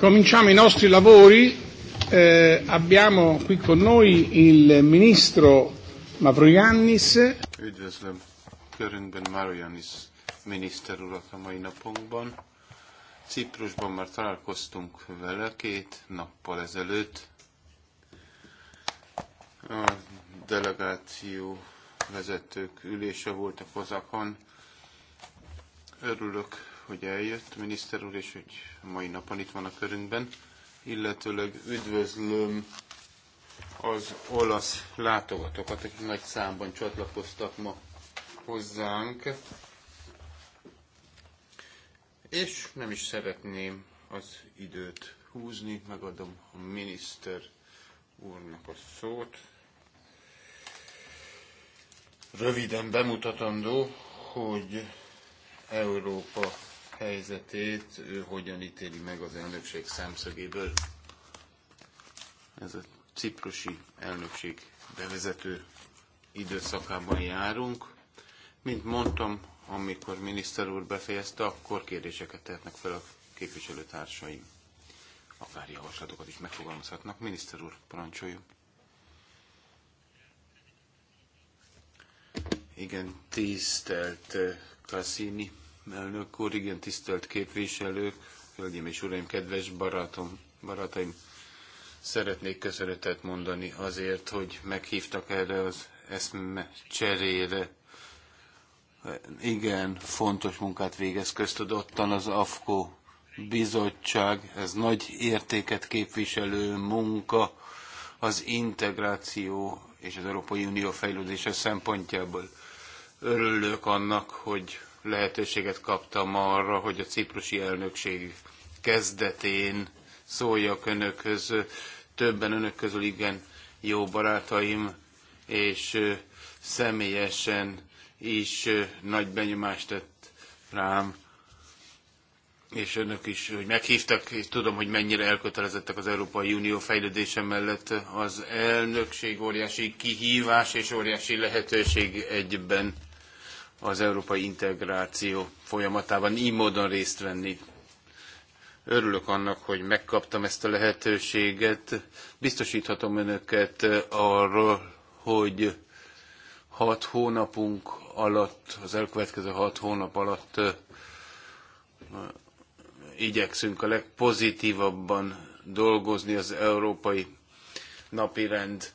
Cominciamo i nostri lavori. Eh, abbiamo qui con noi il ministro Mavroiannis. Üdvözlöm körünkben Marianis miniszter urat a mai napunkban. Ciprusban már találkoztunk vele két nappal ezelőtt. A delegáció vezetők ülése volt a Kozakon. Örülök hogy eljött miniszter úr, és hogy mai napon itt van a körünkben, illetőleg üdvözlöm az olasz látogatókat, akik nagy számban csatlakoztak ma hozzánk. És nem is szeretném az időt húzni, megadom a miniszter úrnak a szót. Röviden bemutatandó, hogy Európa helyzetét ő hogyan ítéli meg az elnökség szemszögéből. Ez a ciprusi elnökség bevezető időszakában járunk. Mint mondtam, amikor miniszter úr befejezte, akkor kérdéseket tehetnek fel a képviselőtársaim. Akár javaslatokat is megfogalmazhatnak. Miniszter úr, parancsoljon. Igen, tisztelt eh, Cassini elnök úr, igen, tisztelt képviselők, hölgyeim és uraim, kedves barátom, barátaim, szeretnék köszönetet mondani azért, hogy meghívtak erre az eszme cserére. Igen, fontos munkát végez köztudottan az AFKO bizottság, ez nagy értéket képviselő munka az integráció és az Európai Unió fejlődése szempontjából. Örülök annak, hogy lehetőséget kaptam arra, hogy a ciprusi elnökség kezdetén szóljak önökhöz. Többen önök közül igen jó barátaim, és személyesen is nagy benyomást tett rám, és önök is, hogy meghívtak, és tudom, hogy mennyire elkötelezettek az Európai Unió fejlődése mellett. Az elnökség óriási kihívás és óriási lehetőség egyben az európai integráció folyamatában így módon részt venni. Örülök annak, hogy megkaptam ezt a lehetőséget. Biztosíthatom önöket arról, hogy hat hónapunk alatt, az elkövetkező hat hónap alatt igyekszünk a legpozitívabban dolgozni az európai napirend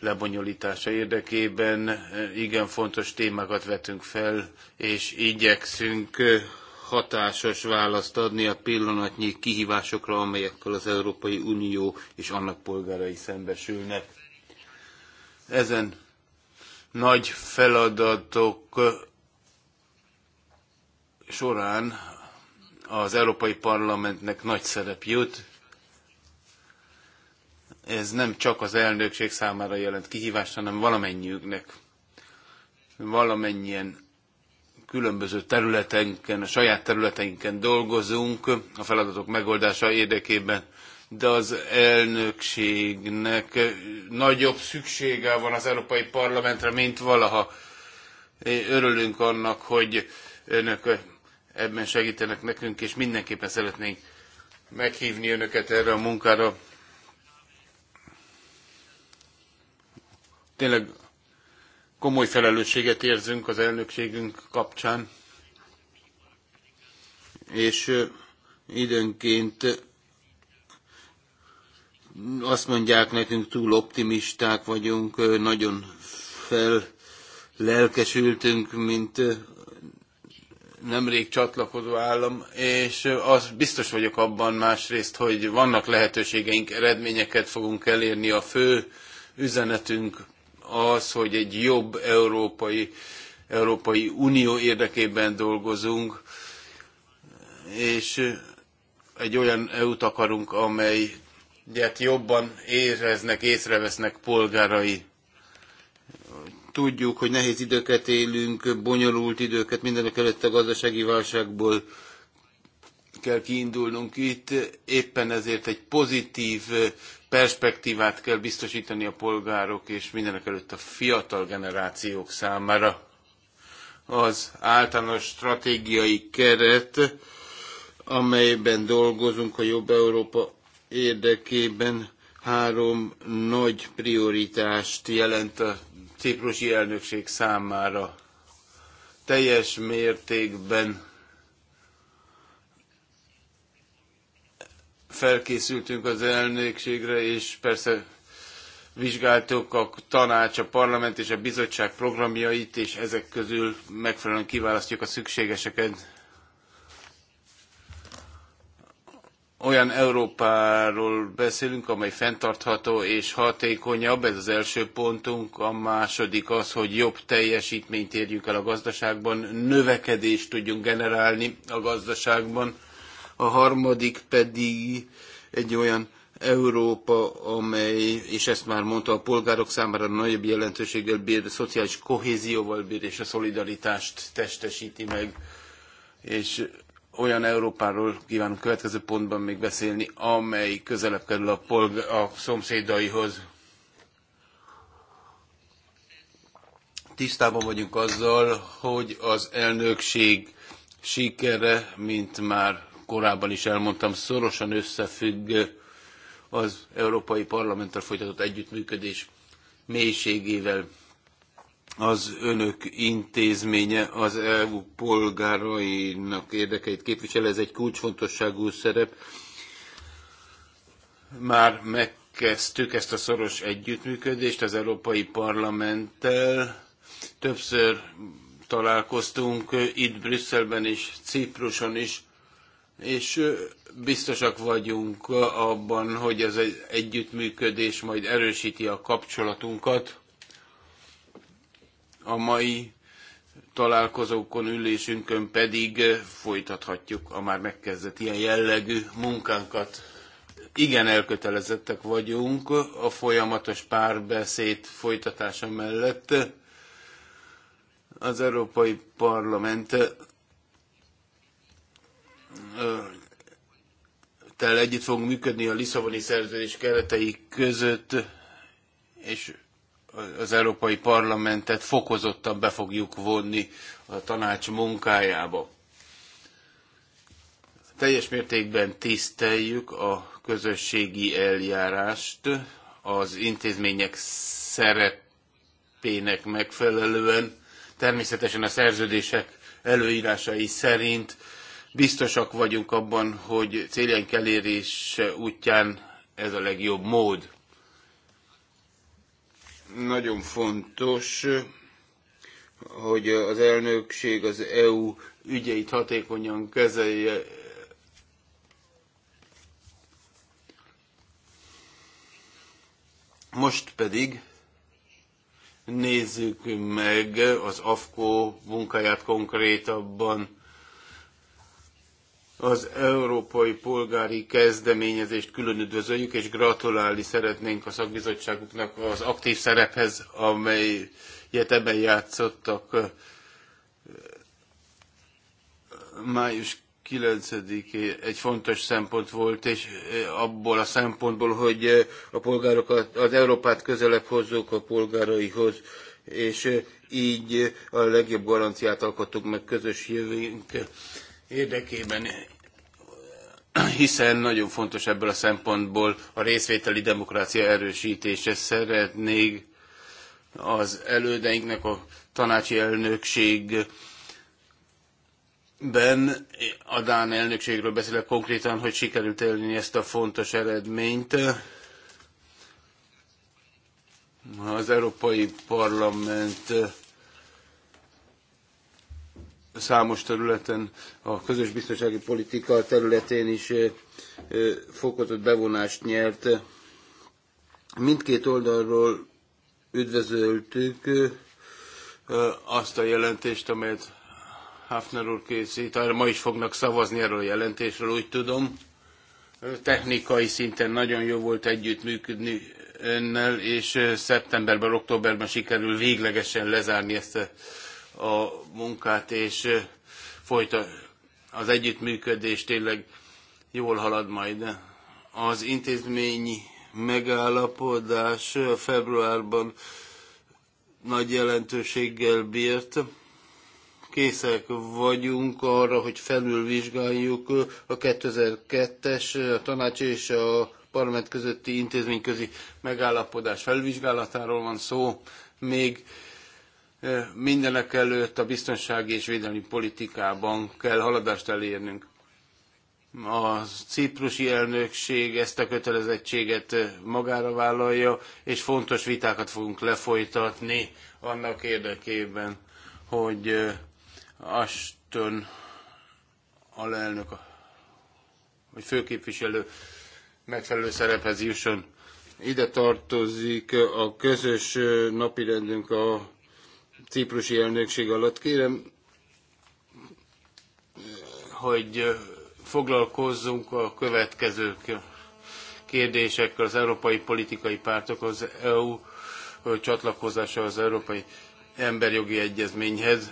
lebonyolítása érdekében eh, igen fontos témákat vetünk fel, és igyekszünk eh, hatásos választ adni a pillanatnyi kihívásokra, amelyekkel az Európai Unió és annak polgárai szembesülnek. Ezen nagy feladatok eh, során az Európai Parlamentnek nagy szerep jut, ez nem csak az elnökség számára jelent kihívást, hanem valamennyiüknek. Valamennyien különböző területenken, a saját területeinken dolgozunk a feladatok megoldása érdekében, de az elnökségnek nagyobb szüksége van az Európai Parlamentre, mint valaha. Örülünk annak, hogy önök ebben segítenek nekünk, és mindenképpen szeretnénk meghívni önöket erre a munkára. tényleg komoly felelősséget érzünk az elnökségünk kapcsán, és időnként azt mondják nekünk, túl optimisták vagyunk, nagyon fel lelkesültünk, mint nemrég csatlakozó állam, és az biztos vagyok abban másrészt, hogy vannak lehetőségeink, eredményeket fogunk elérni. A fő üzenetünk az, hogy egy jobb európai, európai unió érdekében dolgozunk, és egy olyan EU-t akarunk, amelyet jobban éreznek, észrevesznek polgárai. Tudjuk, hogy nehéz időket élünk, bonyolult időket, mindenek előtt a gazdasági válságból kell kiindulnunk itt, éppen ezért egy pozitív perspektívát kell biztosítani a polgárok és mindenek előtt a fiatal generációk számára. Az általános stratégiai keret, amelyben dolgozunk a jobb Európa érdekében, három nagy prioritást jelent a ciprusi elnökség számára. Teljes mértékben felkészültünk az elnökségre, és persze vizsgáltuk a tanács, a parlament és a bizottság programjait, és ezek közül megfelelően kiválasztjuk a szükségeseket. Olyan Európáról beszélünk, amely fenntartható és hatékonyabb, ez az első pontunk. A második az, hogy jobb teljesítményt érjünk el a gazdaságban, növekedést tudjunk generálni a gazdaságban a harmadik pedig egy olyan Európa, amely, és ezt már mondta, a polgárok számára nagyobb jelentőséggel bír, a szociális kohézióval bír, és a szolidaritást testesíti meg. És olyan Európáról kívánunk következő pontban még beszélni, amely közelebb kerül a, polga- a szomszédaihoz. Tisztában vagyunk azzal, hogy az elnökség sikere, mint már korábban is elmondtam, szorosan összefügg az Európai Parlamenttel folytatott együttműködés mélységével. Az önök intézménye az EU polgárainak érdekeit képviseli. ez egy kulcsfontosságú szerep. Már megkezdtük ezt a szoros együttműködést az Európai Parlamenttel. Többször találkoztunk itt Brüsszelben és Cipruson is és biztosak vagyunk abban, hogy ez egy együttműködés majd erősíti a kapcsolatunkat. A mai találkozókon, ülésünkön pedig folytathatjuk a már megkezdett ilyen jellegű munkánkat. Igen elkötelezettek vagyunk a folyamatos párbeszéd folytatása mellett. Az Európai Parlament tel együtt fogunk működni a Lisszaboni szerződés keretei között, és az Európai Parlamentet fokozottan be fogjuk vonni a tanács munkájába. Teljes mértékben tiszteljük a közösségi eljárást az intézmények szerepének megfelelően, természetesen a szerződések előírásai szerint Biztosak vagyunk abban, hogy céljaink elérése útján ez a legjobb mód. Nagyon fontos, hogy az elnökség az EU ügyeit hatékonyan kezelje. Most pedig nézzük meg az AFKO munkáját konkrétabban az európai polgári kezdeményezést külön üdvözöljük, és gratulálni szeretnénk a szakbizottságuknak az aktív szerephez, amelyet ebben játszottak május 9 egy fontos szempont volt, és abból a szempontból, hogy a polgárokat, az Európát közelebb hozzuk a polgáraihoz, és így a legjobb garanciát alkottuk meg közös jövőnk érdekében, hiszen nagyon fontos ebből a szempontból a részvételi demokrácia erősítése. Szeretnék az elődeinknek a tanácsi elnökség Ben a Dán elnökségről beszélek konkrétan, hogy sikerült elérni ezt a fontos eredményt. Az Európai Parlament számos területen, a közös biztonsági politika területén is fokozott bevonást nyert. Mindkét oldalról üdvözöltük azt a jelentést, amelyet Hafner úr készít. Ma is fognak szavazni erről a jelentésről, úgy tudom. Technikai szinten nagyon jó volt együttműködni önnel, és szeptemberben, októberben sikerül véglegesen lezárni ezt a a munkát, és folyta az együttműködés tényleg jól halad majd. Az intézményi megállapodás februárban nagy jelentőséggel bírt. Készek vagyunk arra, hogy felülvizsgáljuk a 2002-es tanács és a parlament közötti intézményközi megállapodás felvizsgálatáról van szó. Még mindenek előtt a biztonsági és védelmi politikában kell haladást elérnünk. A ciprusi elnökség ezt a kötelezettséget magára vállalja, és fontos vitákat fogunk lefolytatni annak érdekében, hogy Aston alelnök, vagy főképviselő megfelelő szerephez jusson. Ide tartozik a közös napirendünk a ciprusi elnökség alatt. Kérem, hogy foglalkozzunk a következő kérdésekkel, az európai politikai pártok, az EU csatlakozása az Európai Emberjogi Egyezményhez.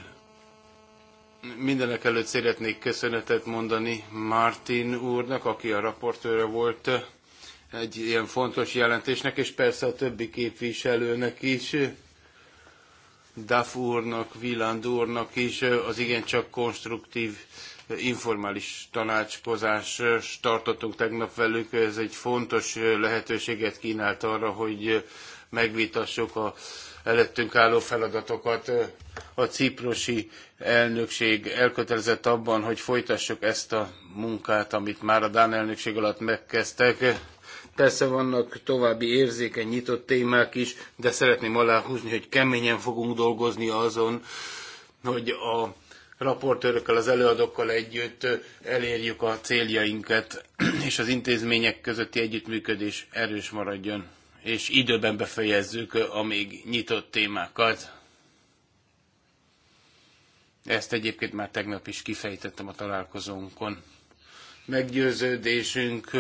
Mindenek előtt szeretnék köszönetet mondani Martin úrnak, aki a raportőre volt egy ilyen fontos jelentésnek, és persze a többi képviselőnek is. Duff úrnak, úrnak is az igencsak konstruktív informális tanácskozás tartottunk tegnap velük. Ez egy fontos lehetőséget kínált arra, hogy megvitassuk a előttünk álló feladatokat. A ciprosi elnökség elkötelezett abban, hogy folytassuk ezt a munkát, amit már a Dán elnökség alatt megkezdtek Persze vannak további érzékeny, nyitott témák is, de szeretném aláhúzni, hogy keményen fogunk dolgozni azon, hogy a raportőrökkel, az előadókkal együtt elérjük a céljainkat, és az intézmények közötti együttműködés erős maradjon, és időben befejezzük a még nyitott témákat. Ezt egyébként már tegnap is kifejtettem a találkozónkon. Meggyőződésünk,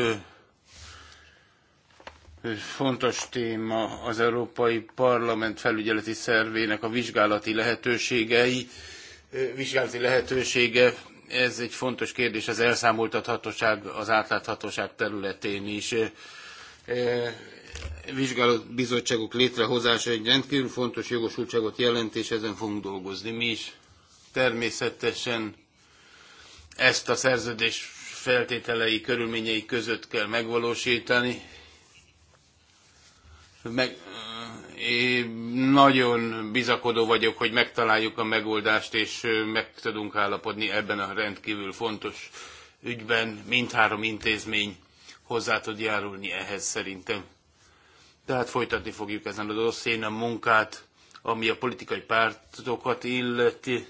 fontos téma az Európai Parlament felügyeleti szervének a vizsgálati lehetőségei, vizsgálati lehetősége. Ez egy fontos kérdés az elszámoltathatóság, az átláthatóság területén is. Vizsgálati bizottságok létrehozása egy rendkívül fontos jogosultságot jelent, és ezen fogunk dolgozni mi is. Természetesen ezt a szerződés feltételei, körülményei között kell megvalósítani, meg, én nagyon bizakodó vagyok, hogy megtaláljuk a megoldást, és meg tudunk állapodni ebben a rendkívül fontos ügyben. Mindhárom intézmény hozzá tud járulni ehhez szerintem. Tehát folytatni fogjuk ezen a dosszén a munkát, ami a politikai pártokat illeti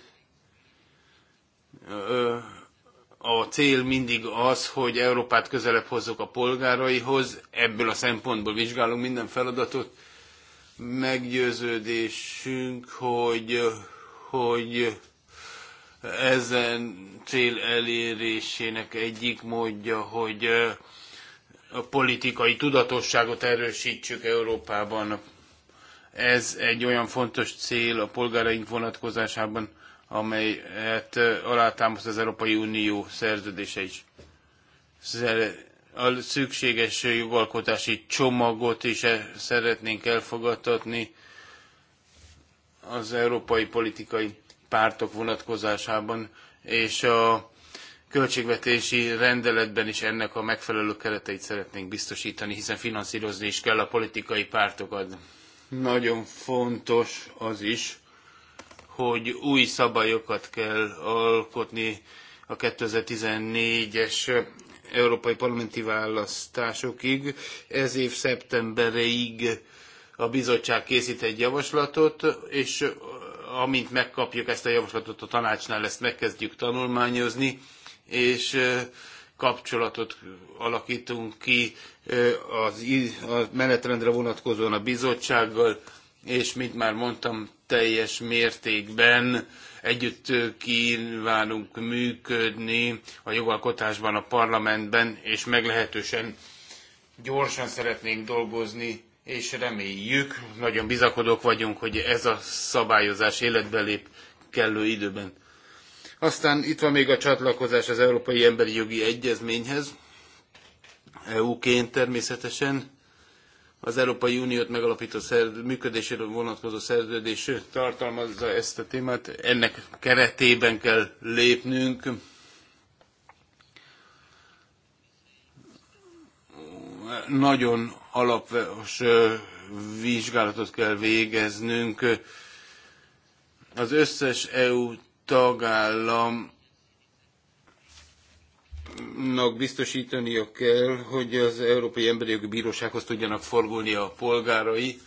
a cél mindig az, hogy Európát közelebb hozzuk a polgáraihoz, ebből a szempontból vizsgálunk minden feladatot. Meggyőződésünk, hogy, hogy ezen cél elérésének egyik módja, hogy a politikai tudatosságot erősítsük Európában. Ez egy olyan fontos cél a polgáraink vonatkozásában, amelyet alátámaszt az Európai Unió szerződése is. A szükséges jogalkotási csomagot is e- szeretnénk elfogadtatni az európai politikai pártok vonatkozásában, és a költségvetési rendeletben is ennek a megfelelő kereteit szeretnénk biztosítani, hiszen finanszírozni is kell a politikai pártokat. Nagyon fontos az is, hogy új szabályokat kell alkotni a 2014-es európai parlamenti választásokig. Ez év szeptemberéig a bizottság készít egy javaslatot, és amint megkapjuk ezt a javaslatot a tanácsnál, ezt megkezdjük tanulmányozni, és kapcsolatot alakítunk ki az, a menetrendre vonatkozóan a bizottsággal, és mint már mondtam, teljes mértékben együtt kívánunk működni a jogalkotásban, a parlamentben, és meglehetősen gyorsan szeretnénk dolgozni, és reméljük, nagyon bizakodók vagyunk, hogy ez a szabályozás életbe lép kellő időben. Aztán itt van még a csatlakozás az Európai Emberi Jogi Egyezményhez, EU-ként természetesen, az Európai Uniót megalapító szerző, működésére vonatkozó szerződés tartalmazza ezt a témát. Ennek keretében kell lépnünk. Nagyon alapos vizsgálatot kell végeznünk. Az összes EU tagállam nak biztosítania kell, hogy az Európai Emberi Jogi Bírósághoz tudjanak fordulni a polgárai.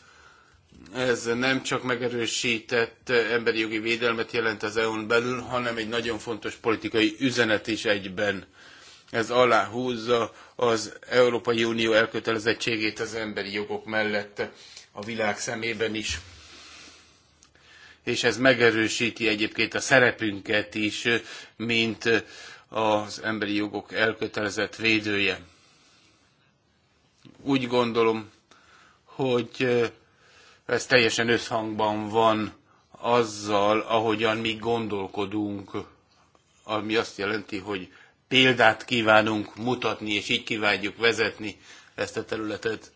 Ez nem csak megerősített emberi jogi védelmet jelent az EU-n belül, hanem egy nagyon fontos politikai üzenet is egyben. Ez aláhúzza az Európai Unió elkötelezettségét az emberi jogok mellett a világ szemében is. És ez megerősíti egyébként a szerepünket is, mint az emberi jogok elkötelezett védője. Úgy gondolom, hogy ez teljesen összhangban van azzal, ahogyan mi gondolkodunk, ami azt jelenti, hogy példát kívánunk mutatni, és így kívánjuk vezetni ezt a területet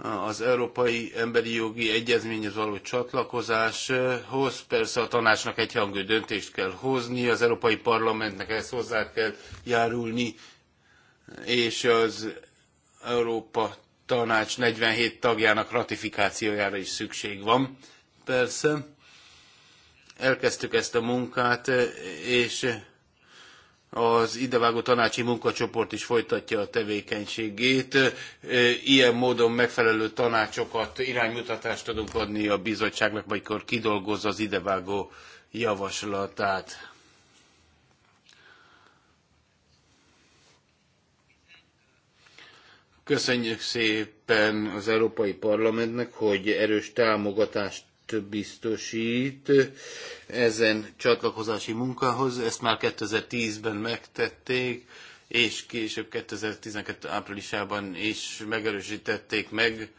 az Európai Emberi Jogi Egyezményhez való csatlakozáshoz persze a tanácsnak egyhangú döntést kell hozni, az Európai Parlamentnek ehhez hozzá kell járulni, és az Európa Tanács 47 tagjának ratifikációjára is szükség van. Persze, elkezdtük ezt a munkát, és az idevágó tanácsi munkacsoport is folytatja a tevékenységét. Ilyen módon megfelelő tanácsokat, iránymutatást tudunk adni a bizottságnak, amikor kidolgozza az idevágó javaslatát. Köszönjük szépen az Európai Parlamentnek, hogy erős támogatást biztosít ezen csatlakozási munkához. Ezt már 2010-ben megtették, és később 2012. áprilisában is megerősítették meg.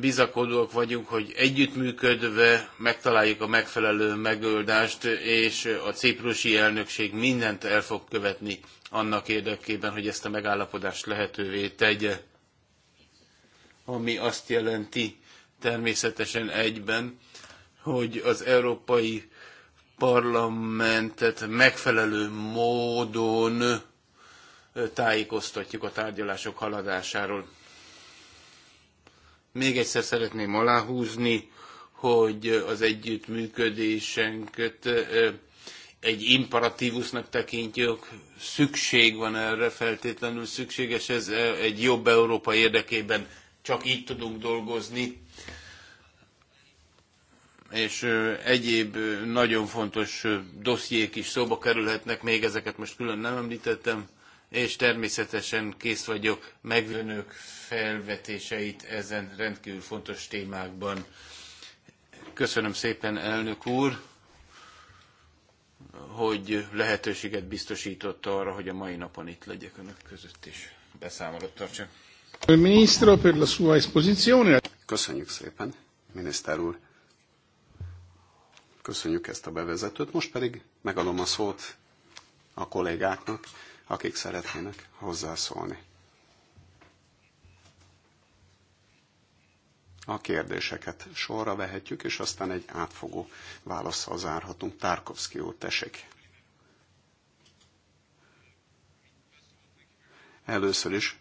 Bizakodóak vagyunk, hogy együttműködve megtaláljuk a megfelelő megoldást, és a ciprusi elnökség mindent el fog követni annak érdekében, hogy ezt a megállapodást lehetővé tegye. Ami azt jelenti, természetesen egyben, hogy az Európai Parlamentet megfelelő módon tájékoztatjuk a tárgyalások haladásáról. Még egyszer szeretném aláhúzni, hogy az együttműködésünket egy imperatívusnak tekintjük, szükség van erre, feltétlenül szükséges, ez egy jobb Európa érdekében csak így tudunk dolgozni, és egyéb nagyon fontos dossziék is szóba kerülhetnek, még ezeket most külön nem említettem, és természetesen kész vagyok megvönök felvetéseit ezen rendkívül fontos témákban. Köszönöm szépen, elnök úr, hogy lehetőséget biztosította arra, hogy a mai napon itt legyek önök között is. Beszámolott tartsak. Köszönjük szépen, miniszter úr. Köszönjük ezt a bevezetőt. Most pedig megadom a szót a kollégáknak, akik szeretnének hozzászólni. A kérdéseket sorra vehetjük, és aztán egy átfogó válaszhoz zárhatunk. Tárkovszki úr, tessék! Először is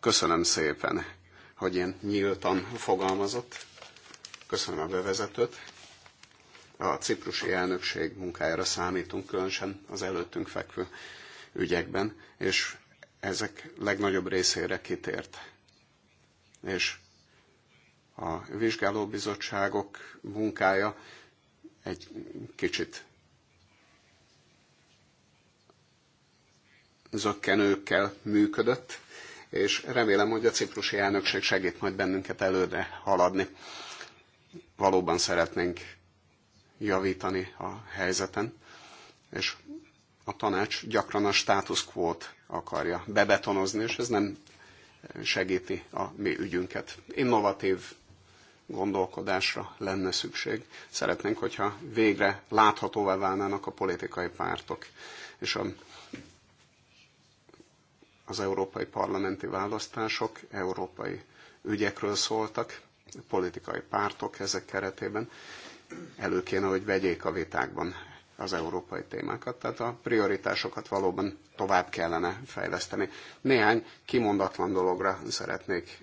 köszönöm szépen, hogy ilyen nyíltan fogalmazott. Köszönöm a bevezetőt a ciprusi elnökség munkájára számítunk, különösen az előttünk fekvő ügyekben, és ezek legnagyobb részére kitért. És a vizsgálóbizottságok munkája egy kicsit zökkenőkkel működött, és remélem, hogy a ciprusi elnökség segít majd bennünket előre haladni. Valóban szeretnénk javítani a helyzeten, és a tanács gyakran a status quo-t akarja bebetonozni, és ez nem segíti a mi ügyünket. Innovatív gondolkodásra lenne szükség. Szeretnénk, hogyha végre láthatóvá válnának a politikai pártok, és a, az európai parlamenti választások európai ügyekről szóltak, politikai pártok ezek keretében, elő kéne, hogy vegyék a vitákban az európai témákat, tehát a prioritásokat valóban tovább kellene fejleszteni. Néhány kimondatlan dologra szeretnék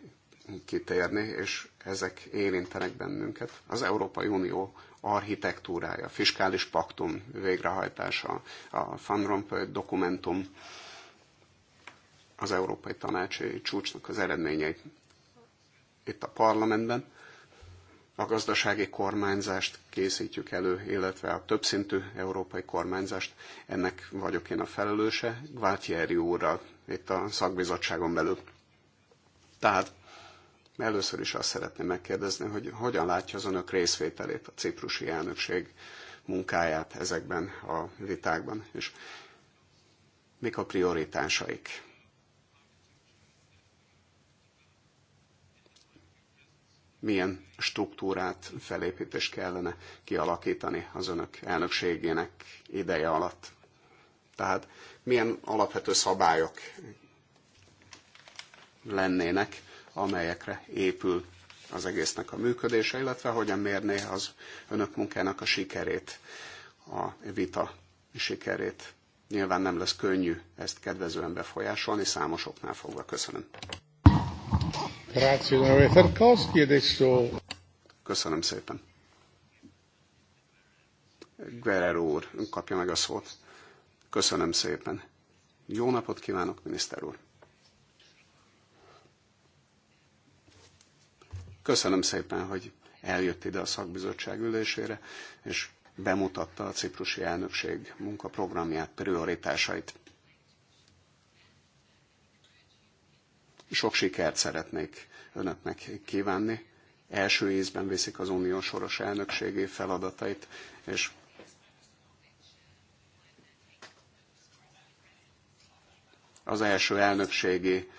kitérni, és ezek érintenek bennünket. Az Európai Unió architektúrája, fiskális paktum végrehajtása, a Van Rompuy dokumentum, az Európai Tanácsi Csúcsnak az eredményei itt a parlamentben a gazdasági kormányzást készítjük elő, illetve a többszintű európai kormányzást. Ennek vagyok én a felelőse, Gváltieri úrral itt a szakbizottságon belül. Tehát először is azt szeretném megkérdezni, hogy hogyan látja az önök részvételét a ciprusi elnökség munkáját ezekben a vitákban, és mik a prioritásaik milyen struktúrát, felépítést kellene kialakítani az önök elnökségének ideje alatt. Tehát milyen alapvető szabályok lennének, amelyekre épül az egésznek a működése, illetve hogyan mérné az önök munkának a sikerét, a vita sikerét. Nyilván nem lesz könnyű ezt kedvezően befolyásolni, számosoknál fogva. Köszönöm. Köszönöm szépen. Gerer úr, ön kapja meg a szót. Köszönöm szépen. Jó napot kívánok, miniszter úr. Köszönöm szépen, hogy eljött ide a szakbizottság ülésére, és bemutatta a ciprusi elnökség munkaprogramját, prioritásait. Sok sikert szeretnék önöknek kívánni. Első ízben viszik az unió soros elnökségé feladatait, és az első elnökségi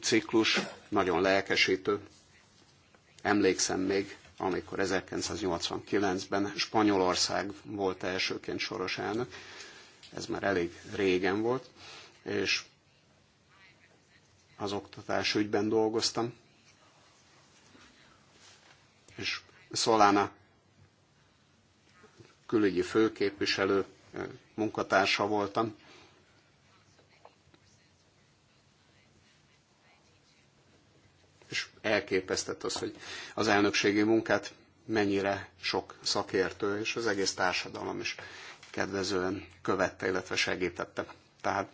ciklus nagyon lelkesítő. Emlékszem még, amikor 1989-ben Spanyolország volt elsőként soros elnök, ez már elég régen volt, és az oktatás ügyben dolgoztam, és Szolána külügyi főképviselő munkatársa voltam. És elképesztett az, hogy az elnökségi munkát mennyire sok szakértő és az egész társadalom is kedvezően követte, illetve segítette. Tehát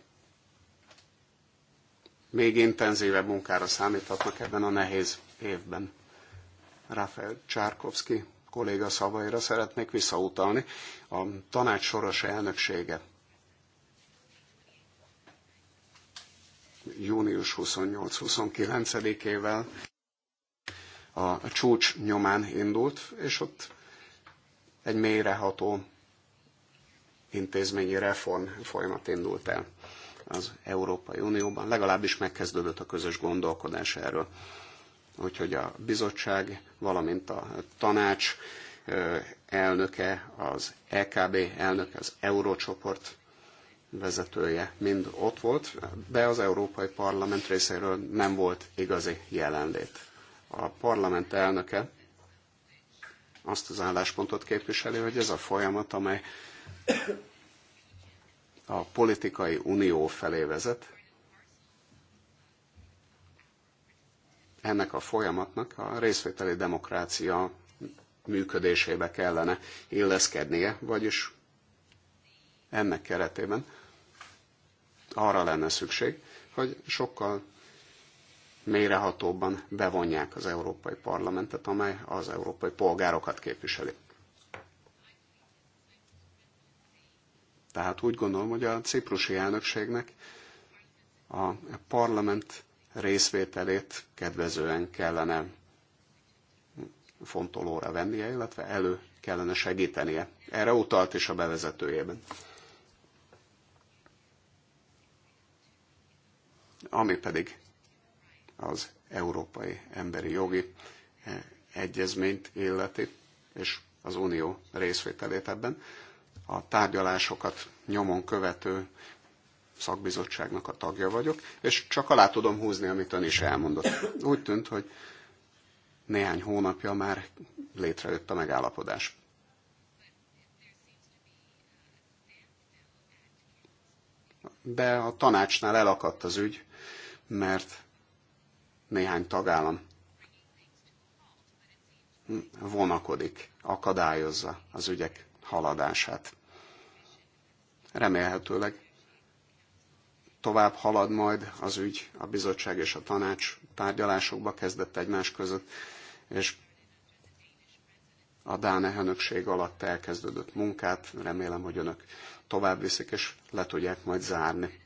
még intenzívebb munkára számíthatnak ebben a nehéz évben. Rafael Csárkovszki kolléga szavaira szeretnék visszautalni. A tanács soros elnöksége június 28-29-ével a csúcs nyomán indult, és ott egy mélyreható intézményi reform folyamat indult el az Európai Unióban, legalábbis megkezdődött a közös gondolkodás erről. Úgyhogy a bizottság, valamint a tanács elnöke, az EKB elnöke, az Eurócsoport vezetője mind ott volt, de az Európai Parlament részéről nem volt igazi jelenlét. A parlament elnöke azt az álláspontot képviseli, hogy ez a folyamat, amely a politikai unió felé vezet. Ennek a folyamatnak a részvételi demokrácia működésébe kellene illeszkednie, vagyis ennek keretében arra lenne szükség, hogy sokkal mélyrehatóbban bevonják az Európai Parlamentet, amely az európai polgárokat képviseli. Tehát úgy gondolom, hogy a ciprusi elnökségnek a parlament részvételét kedvezően kellene fontolóra vennie, illetve elő kellene segítenie. Erre utalt is a bevezetőjében. Ami pedig az Európai Emberi Jogi eh, Egyezményt illeti, és az Unió részvételét ebben a tárgyalásokat nyomon követő szakbizottságnak a tagja vagyok, és csak alá tudom húzni, amit ön is elmondott. Úgy tűnt, hogy néhány hónapja már létrejött a megállapodás. De a tanácsnál elakadt az ügy, mert néhány tagállam vonakodik, akadályozza az ügyek haladását. Remélhetőleg tovább halad majd az ügy, a bizottság és a tanács tárgyalásokba kezdett egymás között, és a Dán elnökség alatt elkezdődött munkát, remélem, hogy önök tovább viszik, és le tudják majd zárni.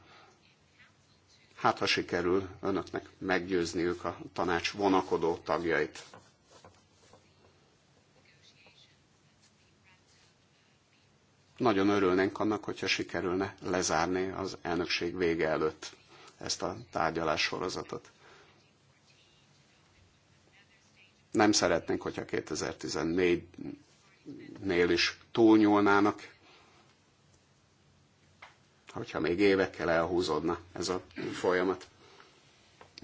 Hát, ha sikerül önöknek meggyőzniük a tanács vonakodó tagjait nagyon örülnénk annak, hogyha sikerülne lezárni az elnökség vége előtt ezt a tárgyalás sorozatot. Nem szeretnénk, hogyha 2014-nél is túlnyúlnának, hogyha még évekkel elhúzódna ez a folyamat,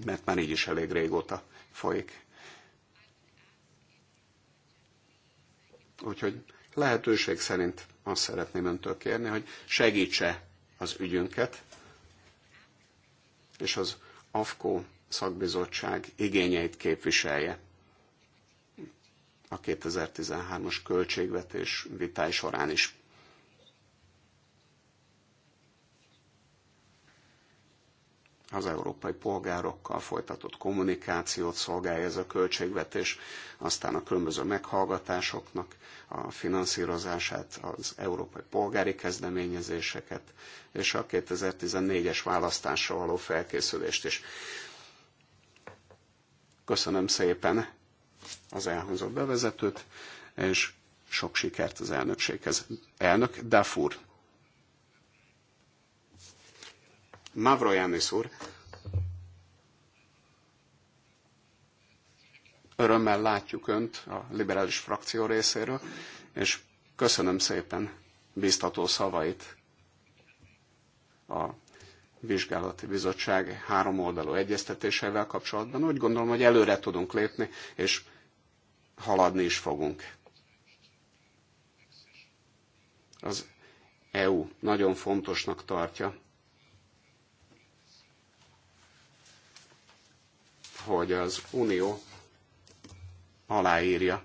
mert már így is elég régóta folyik. Úgyhogy lehetőség szerint azt szeretném öntől kérni, hogy segítse az ügyünket, és az AFKO szakbizottság igényeit képviselje a 2013-as költségvetés vitái során is. az európai polgárokkal folytatott kommunikációt szolgálja ez a költségvetés, aztán a különböző meghallgatásoknak a finanszírozását, az európai polgári kezdeményezéseket, és a 2014-es választásra való felkészülést is. Köszönöm szépen az elhangzott bevezetőt, és sok sikert az elnökséghez. Elnök Dafur Mavroyanis úr, örömmel látjuk Önt a liberális frakció részéről, és köszönöm szépen biztató szavait a vizsgálati bizottság három oldalú egyeztetéseivel kapcsolatban. Úgy gondolom, hogy előre tudunk lépni, és haladni is fogunk. Az EU nagyon fontosnak tartja hogy az Unió aláírja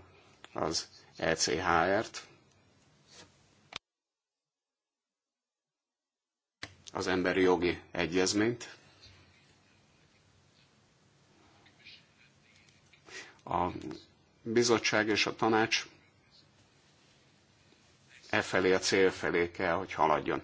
az ECHR-t, az emberi jogi egyezményt, a bizottság és a tanács e felé a cél felé kell, hogy haladjon.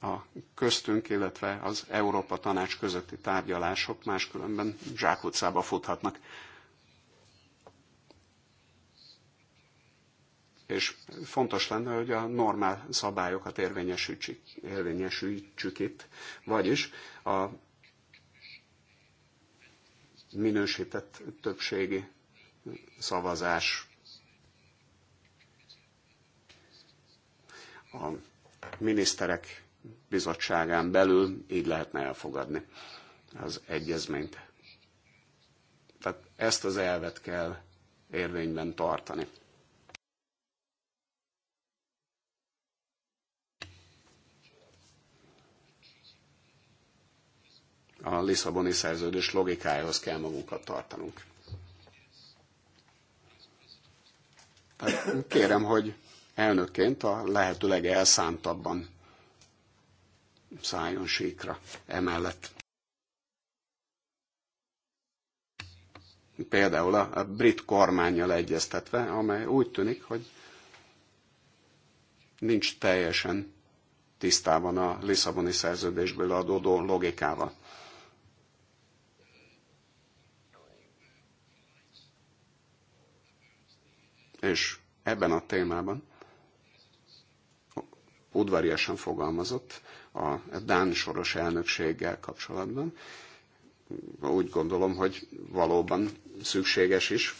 a köztünk, illetve az Európa Tanács közötti tárgyalások máskülönben zsákutcába futhatnak. És fontos lenne, hogy a normál szabályokat érvényesítsük, érvényesítsük itt, vagyis a minősített többségi szavazás a miniszterek bizottságán belül így lehetne elfogadni az egyezményt. Tehát ezt az elvet kell érvényben tartani. a Lisszaboni szerződés logikájához kell magunkat tartanunk. Tehát kérem, hogy elnökként a lehető legelszántabban szálljon sékra emellett. Például a brit kormányjal egyeztetve, amely úgy tűnik, hogy nincs teljesen tisztában a Lisszaboni szerződésből adódó logikával. És ebben a témában udvariasan fogalmazott, a Dán soros elnökséggel kapcsolatban. Úgy gondolom, hogy valóban szükséges is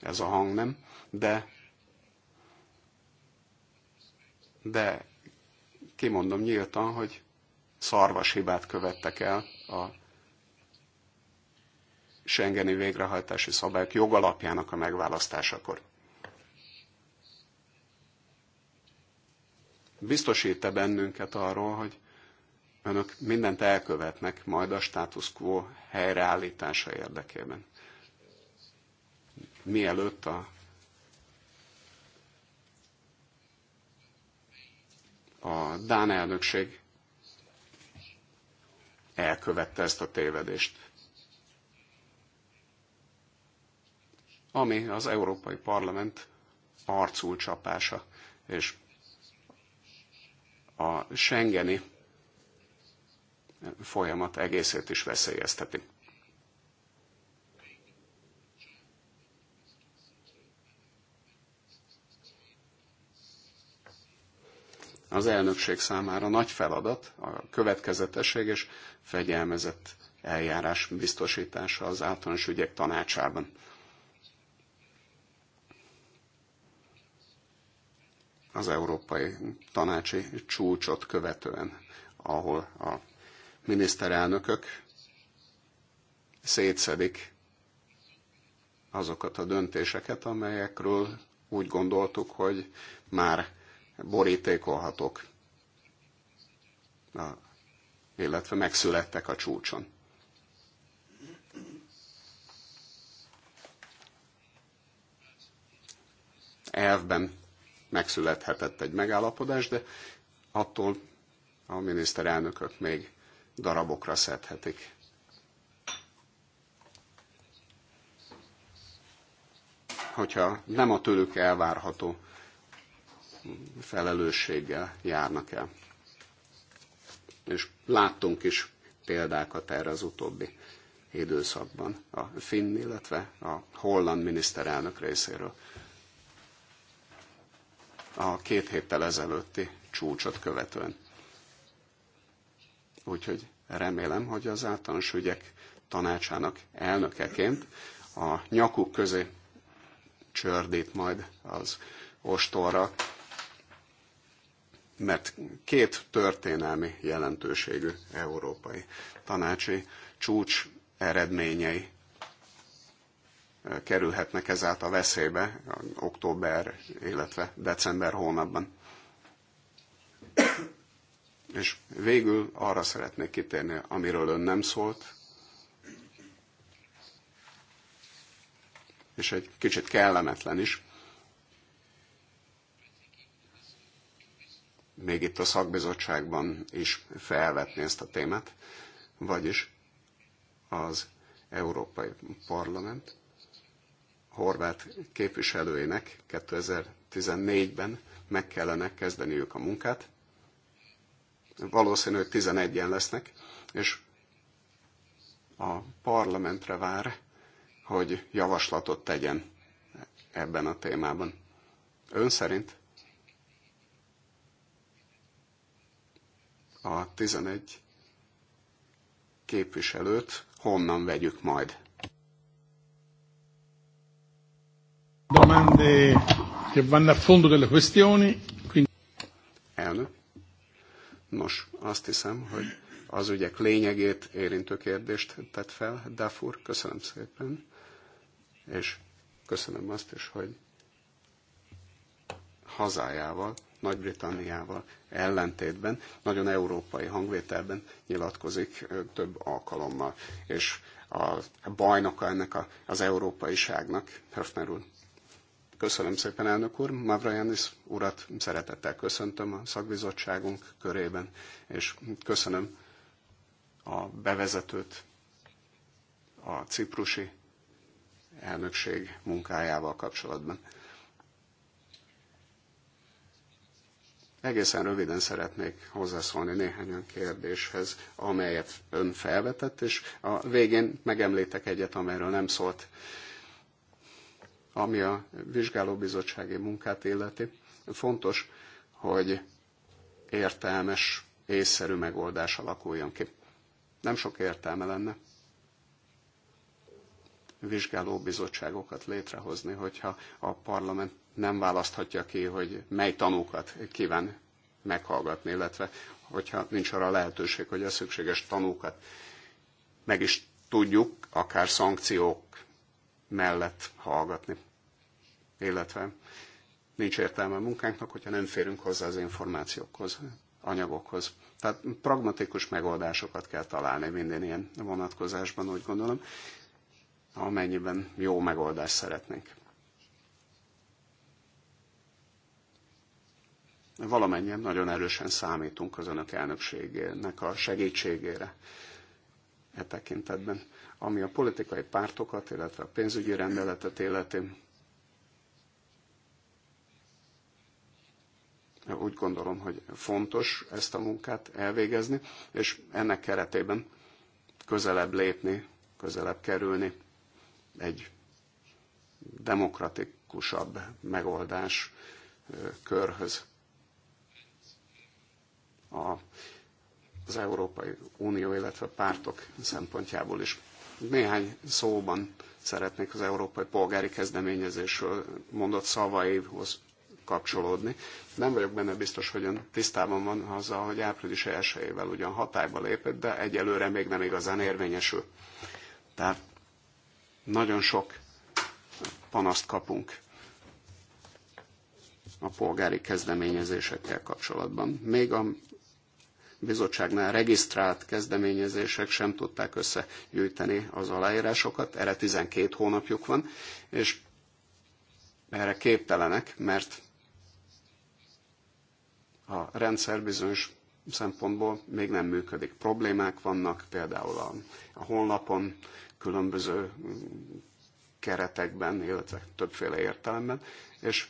ez a hang, nem? De, de kimondom nyíltan, hogy szarvas hibát követtek el a Schengeni végrehajtási szabályok jogalapjának a megválasztásakor. biztosít-e bennünket arról, hogy önök mindent elkövetnek majd a status quo helyreállítása érdekében. Mielőtt a a Dán elnökség elkövette ezt a tévedést. Ami az Európai Parlament arcul csapása és a Schengeni folyamat egészét is veszélyezteti. Az elnökség számára nagy feladat a következetesség és fegyelmezett eljárás biztosítása az általános ügyek tanácsában. az Európai Tanácsi csúcsot követően, ahol a miniszterelnökök szétszedik azokat a döntéseket, amelyekről úgy gondoltuk, hogy már borítékolhatók, illetve megszülettek a csúcson. Elvben megszülethetett egy megállapodás, de attól a miniszterelnökök még darabokra szedhetik. Hogyha nem a tőlük elvárható felelősséggel járnak el. És láttunk is példákat erre az utóbbi időszakban a finn, illetve a holland miniszterelnök részéről a két héttel ezelőtti csúcsot követően. Úgyhogy remélem, hogy az általános ügyek tanácsának elnökeként a nyakuk közé csördít majd az ostorra, mert két történelmi jelentőségű európai tanácsi csúcs eredményei kerülhetnek ezáltal veszélybe október, illetve december hónapban. És végül arra szeretnék kitérni, amiről ön nem szólt, és egy kicsit kellemetlen is. Még itt a szakbizottságban is felvetni ezt a témát, vagyis az Európai Parlament horvát képviselőinek 2014-ben meg kellene kezdeniük a munkát. Valószínű, hogy 11-en lesznek, és a parlamentre vár, hogy javaslatot tegyen ebben a témában. Ön szerint a 11 képviselőt honnan vegyük majd? domande che vanno a fondo delle questioni. Quindi... Elnök. Nos, azt hiszem, hogy az ügyek lényegét érintő kérdést tett fel. Dafur, köszönöm szépen, és köszönöm azt is, hogy hazájával, Nagy-Britanniával ellentétben, nagyon európai hangvételben nyilatkozik több alkalommal, és a bajnoka ennek az európaiságnak, Höfner úr, Köszönöm szépen, elnök úr. Mavrajanis urat szeretettel köszöntöm a szakbizottságunk körében, és köszönöm a bevezetőt a ciprusi elnökség munkájával kapcsolatban. Egészen röviden szeretnék hozzászólni néhány olyan kérdéshez, amelyet ön felvetett, és a végén megemlítek egyet, amelyről nem szólt ami a vizsgálóbizottsági munkát illeti, fontos, hogy értelmes, észszerű megoldás alakuljon ki. Nem sok értelme lenne vizsgálóbizottságokat létrehozni, hogyha a parlament nem választhatja ki, hogy mely tanúkat kíván meghallgatni, illetve hogyha nincs arra lehetőség, hogy a szükséges tanúkat meg is tudjuk, akár szankciók mellett hallgatni. Illetve nincs értelme a munkánknak, hogyha nem férünk hozzá az információkhoz, anyagokhoz. Tehát pragmatikus megoldásokat kell találni minden ilyen vonatkozásban, úgy gondolom, amennyiben jó megoldást szeretnénk. valamennyien nagyon erősen számítunk az önök elnökségének a segítségére e tekintetben ami a politikai pártokat, illetve a pénzügyi rendeletet életi. Úgy gondolom, hogy fontos ezt a munkát elvégezni, és ennek keretében közelebb lépni, közelebb kerülni egy demokratikusabb megoldás körhöz. A, az Európai Unió, illetve a pártok szempontjából is. Néhány szóban szeretnék az európai polgári kezdeményezésről mondott szavaihoz kapcsolódni. Nem vagyok benne biztos, hogy ön tisztában van azzal, hogy április 1 ugyan hatályba lépett, de egyelőre még nem igazán érvényesül. Tehát nagyon sok panaszt kapunk a polgári kezdeményezésekkel kapcsolatban. Még a bizottságnál regisztrált kezdeményezések sem tudták összegyűjteni az aláírásokat, erre 12 hónapjuk van, és erre képtelenek, mert a rendszer bizonyos szempontból még nem működik. Problémák vannak például a, a honlapon, különböző keretekben, illetve többféle értelemben, és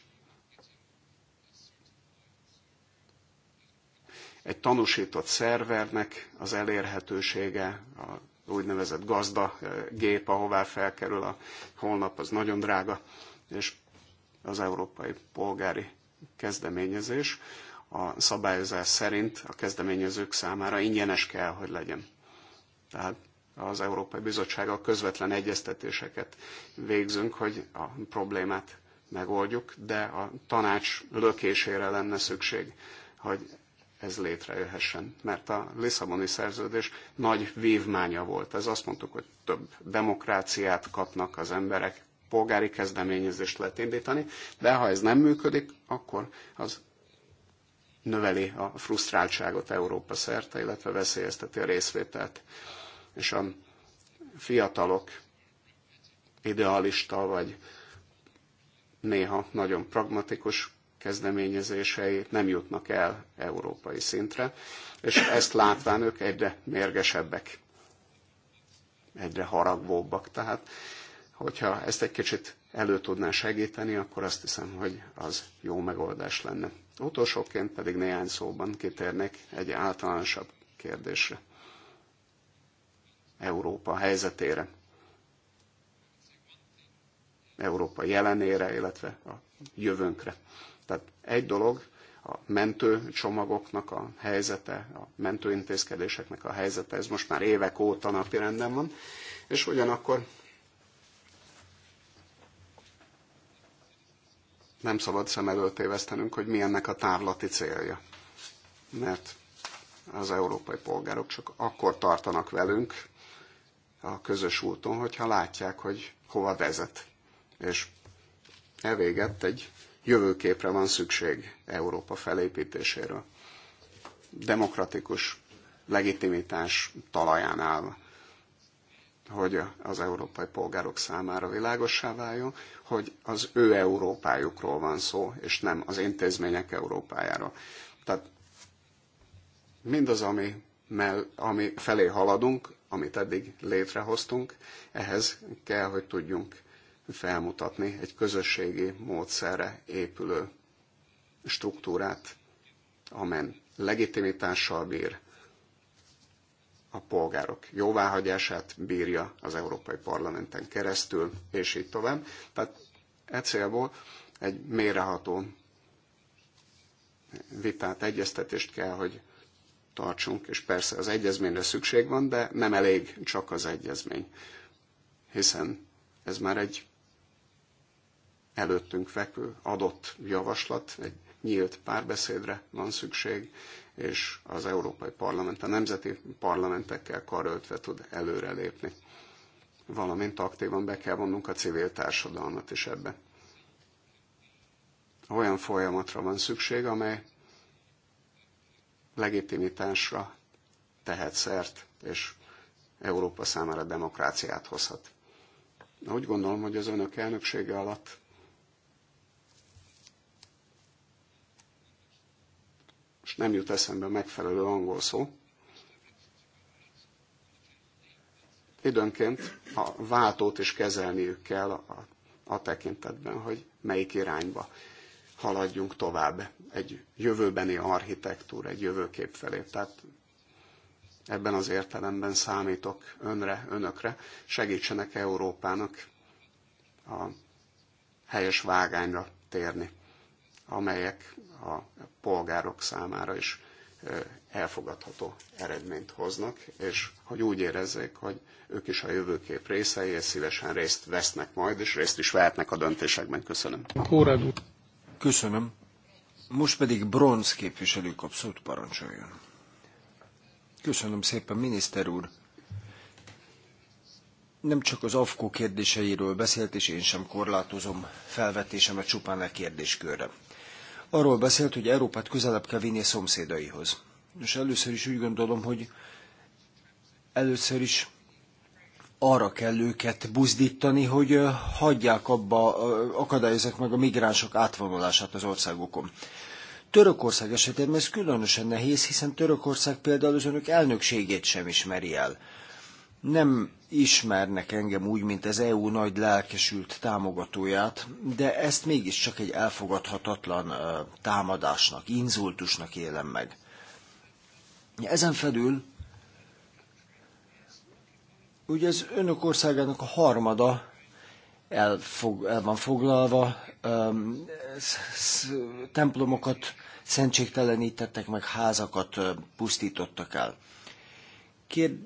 egy tanúsított szervernek az elérhetősége, a úgynevezett gazda eh, gép, ahová felkerül a holnap, az nagyon drága, és az európai polgári kezdeményezés a szabályozás szerint a kezdeményezők számára ingyenes kell, hogy legyen. Tehát az Európai Bizottsággal közvetlen egyeztetéseket végzünk, hogy a problémát megoldjuk, de a tanács lökésére lenne szükség, hogy ez létrejöhessen. Mert a Lisszaboni szerződés nagy vívmánya volt. Ez azt mondtuk, hogy több demokráciát kapnak az emberek, polgári kezdeményezést lehet indítani, de ha ez nem működik, akkor az növeli a frusztráltságot Európa szerte, illetve veszélyezteti a részvételt. És a fiatalok idealista vagy néha nagyon pragmatikus kezdeményezései nem jutnak el európai szintre, és ezt látván ők egyre mérgesebbek, egyre haragvóbbak. Tehát, hogyha ezt egy kicsit elő tudná segíteni, akkor azt hiszem, hogy az jó megoldás lenne. Utolsóként pedig néhány szóban kitérnek egy általánosabb kérdésre. Európa helyzetére, Európa jelenére, illetve a jövőnkre. Tehát egy dolog a mentő csomagoknak a helyzete, a mentőintézkedéseknek a helyzete, ez most már évek óta napirenden van, és ugyanakkor nem szabad szem előtt évesztenünk, hogy mi ennek a távlati célja. Mert az európai polgárok csak akkor tartanak velünk a közös úton, hogyha látják, hogy hova vezet. És elvégett egy jövőképre van szükség Európa felépítéséről. Demokratikus legitimitás talaján áll, hogy az európai polgárok számára világossá váljon, hogy az ő Európájukról van szó, és nem az intézmények Európájáról. Tehát mindaz, ami, mell, ami felé haladunk, amit eddig létrehoztunk, ehhez kell, hogy tudjunk felmutatni egy közösségi módszerre épülő struktúrát, amen legitimitással bír, a polgárok jóváhagyását bírja az Európai Parlamenten keresztül, és így tovább. Tehát e célból egy méreható vitát, egyeztetést kell, hogy tartsunk, és persze az egyezményre szükség van, de nem elég csak az egyezmény, hiszen ez már egy előttünk fekvő adott javaslat, egy nyílt párbeszédre van szükség, és az Európai Parlament, a nemzeti parlamentekkel karöltve tud előrelépni. Valamint aktívan be kell vonnunk a civil társadalmat is ebbe. Olyan folyamatra van szükség, amely legitimitásra tehet szert, és Európa számára demokráciát hozhat. Úgy gondolom, hogy az önök elnöksége alatt most nem jut eszembe megfelelő angol szó, időnként a váltót is kezelniük kell a, a tekintetben, hogy melyik irányba haladjunk tovább egy jövőbeni architektúra, egy jövőkép felé. Tehát ebben az értelemben számítok önre, önökre, segítsenek Európának a helyes vágányra térni amelyek a polgárok számára is elfogadható eredményt hoznak, és hogy úgy érezzék, hogy ők is a jövőkép részei, és szívesen részt vesznek majd, és részt is vehetnek a döntésekben. Köszönöm. Kórádú. Köszönöm. Most pedig bronz képviselő kap szót parancsoljon. Köszönöm szépen, miniszter úr. Nem csak az AFKO kérdéseiről beszélt, és én sem korlátozom felvetésemet csupán a e kérdéskörre arról beszélt, hogy Európát közelebb kell vinni a szomszédaihoz. És először is úgy gondolom, hogy először is arra kell őket buzdítani, hogy hagyják abba, akadályozzák meg a migránsok átvonulását az országokon. Törökország esetében ez különösen nehéz, hiszen Törökország például az önök elnökségét sem ismeri el. Nem ismernek engem úgy, mint az EU nagy lelkesült támogatóját, de ezt mégiscsak egy elfogadhatatlan támadásnak, inzultusnak élem meg. Ezen felül ugye az önök országának a harmada el, fog, el van foglalva, templomokat szentségtelenítettek, meg házakat pusztítottak el. Kérd,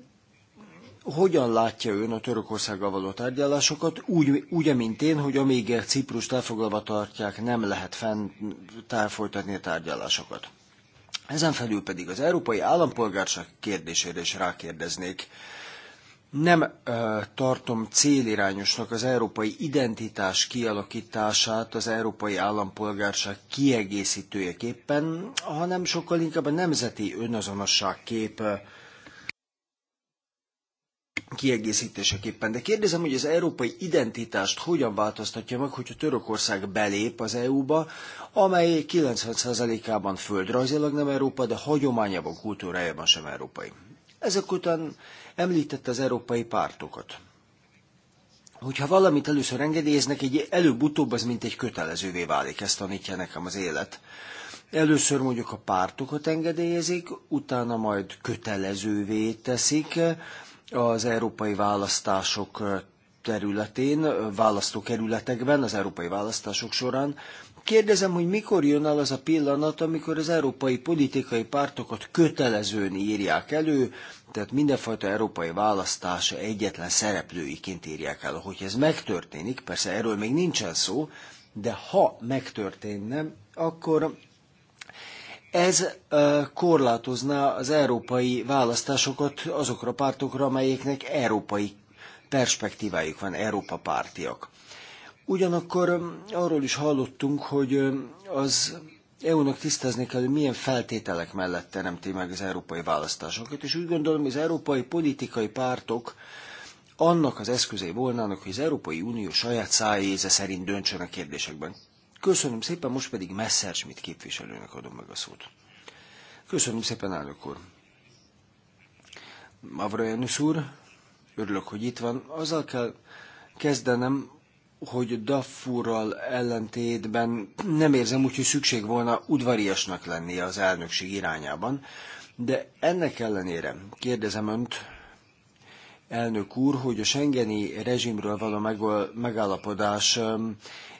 hogyan látja ön a Törökországgal való tárgyalásokat, úgy, úgy mint én, hogy amíg Ciprust elfoglalva tartják, nem lehet fent folytatni a tárgyalásokat. Ezen felül pedig az európai állampolgárság kérdésére is rákérdeznék. Nem ö, tartom célirányosnak az európai identitás kialakítását az európai állampolgárság kiegészítőjeképpen, hanem sokkal inkább a nemzeti önazonosság kép kiegészítéseképpen. De kérdezem, hogy az európai identitást hogyan változtatja meg, hogyha Törökország belép az EU-ba, amely 90%-ában földrajzilag nem Európa, de hagyományában, kultúrájában sem európai. Ezek után említette az európai pártokat. Hogyha valamit először engedélyeznek, egy előbb-utóbb az mint egy kötelezővé válik, ezt tanítja nekem az élet. Először mondjuk a pártokat engedélyezik, utána majd kötelezővé teszik, az európai választások területén, választókerületekben, az európai választások során. Kérdezem, hogy mikor jön el az a pillanat, amikor az európai politikai pártokat kötelezőn írják elő, tehát mindenfajta európai választása egyetlen szereplőiként írják el. Hogy ez megtörténik, persze erről még nincsen szó, de ha megtörténne, akkor ez korlátozná az európai választásokat azokra a pártokra, amelyeknek európai perspektívájuk van, Európa pártiak. Ugyanakkor arról is hallottunk, hogy az EU-nak tisztázni kell, hogy milyen feltételek mellett teremti meg az európai választásokat, és úgy gondolom, hogy az európai politikai pártok annak az eszközei volnának, hogy az Európai Unió saját szájéze szerint döntsön a kérdésekben. Köszönöm szépen, most pedig Messerschmidt képviselőnek adom meg a szót. Köszönöm szépen, elnök úr. Mavrojanus úr, örülök, hogy itt van. Azzal kell kezdenem, hogy Daffurral ellentétben nem érzem úgy, hogy szükség volna udvariasnak lenni az elnökség irányában, de ennek ellenére kérdezem önt, elnök úr, hogy a Schengeni rezsimről való megállapodás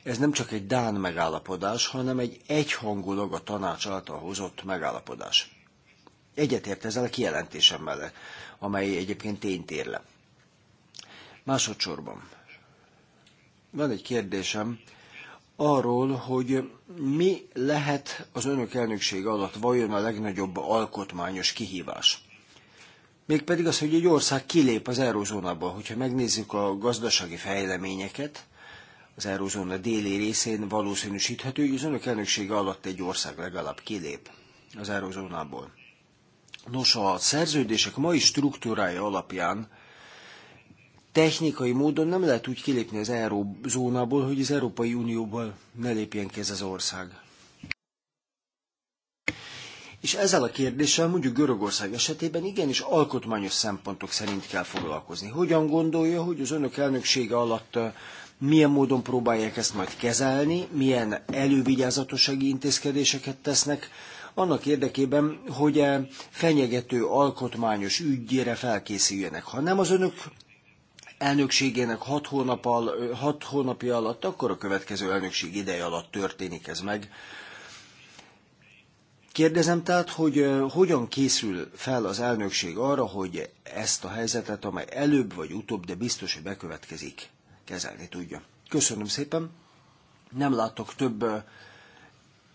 ez nem csak egy Dán megállapodás, hanem egy egyhangulag a tanács által hozott megállapodás. Egyetért ezzel a kijelentésemmel, amely egyébként tényt ér le. Másodszorban van egy kérdésem arról, hogy mi lehet az önök elnökség alatt vajon a legnagyobb alkotmányos kihívás. Mégpedig az, hogy egy ország kilép az eurozónából. Hogyha megnézzük a gazdasági fejleményeket, az Eurózóna déli részén valószínűsíthető, hogy az önök elnöksége alatt egy ország legalább kilép az Eurózónából. Nos, a szerződések mai struktúrája alapján technikai módon nem lehet úgy kilépni az Eurózónából, hogy az Európai Unióból ne lépjen ki ez az ország. És ezzel a kérdéssel mondjuk Görögország esetében igenis alkotmányos szempontok szerint kell foglalkozni. Hogyan gondolja, hogy az önök elnöksége alatt milyen módon próbálják ezt majd kezelni, milyen elővigyázatossági intézkedéseket tesznek, annak érdekében, hogy eh, fenyegető alkotmányos ügyére felkészüljenek. Ha nem az önök elnökségének hat, hónap al, hat hónapja alatt, akkor a következő elnökség ideje alatt történik ez meg. Kérdezem tehát, hogy eh, hogyan készül fel az elnökség arra, hogy ezt a helyzetet, amely előbb vagy utóbb, de biztos, hogy bekövetkezik, kezelni tudja. Köszönöm szépen. Nem látok több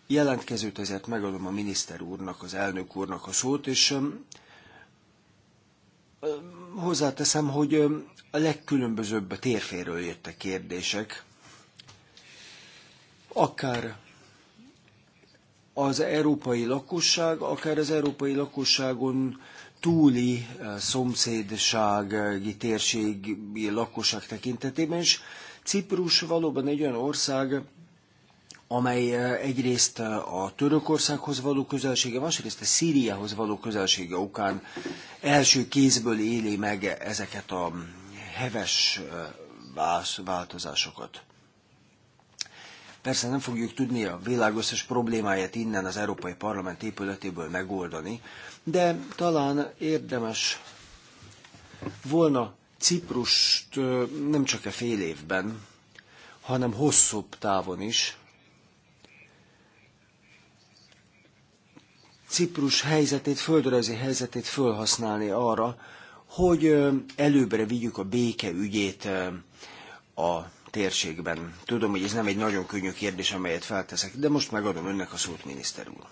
jelentkezőt, ezért megadom a miniszter úrnak, az elnök úrnak a szót, és hozzáteszem, hogy a legkülönbözőbb térféről jöttek kérdések, akár az európai lakosság, akár az európai lakosságon túli eh, szomszédsági térségi lakosság tekintetében, és Ciprus valóban egy olyan ország, amely eh, egyrészt eh, a Törökországhoz való közelsége, másrészt a Szíriához való közelsége okán első kézből éli meg ezeket a heves változásokat. Persze nem fogjuk tudni a világ összes problémáját innen az Európai Parlament épületéből megoldani, de talán érdemes volna Ciprust nem csak a e fél évben, hanem hosszabb távon is. Ciprus helyzetét, földrajzi helyzetét fölhasználni arra, hogy előbbre vigyük a béke ügyét a térségben. Tudom, hogy ez nem egy nagyon könnyű kérdés, amelyet felteszek, de most megadom önnek a szót, miniszter úr.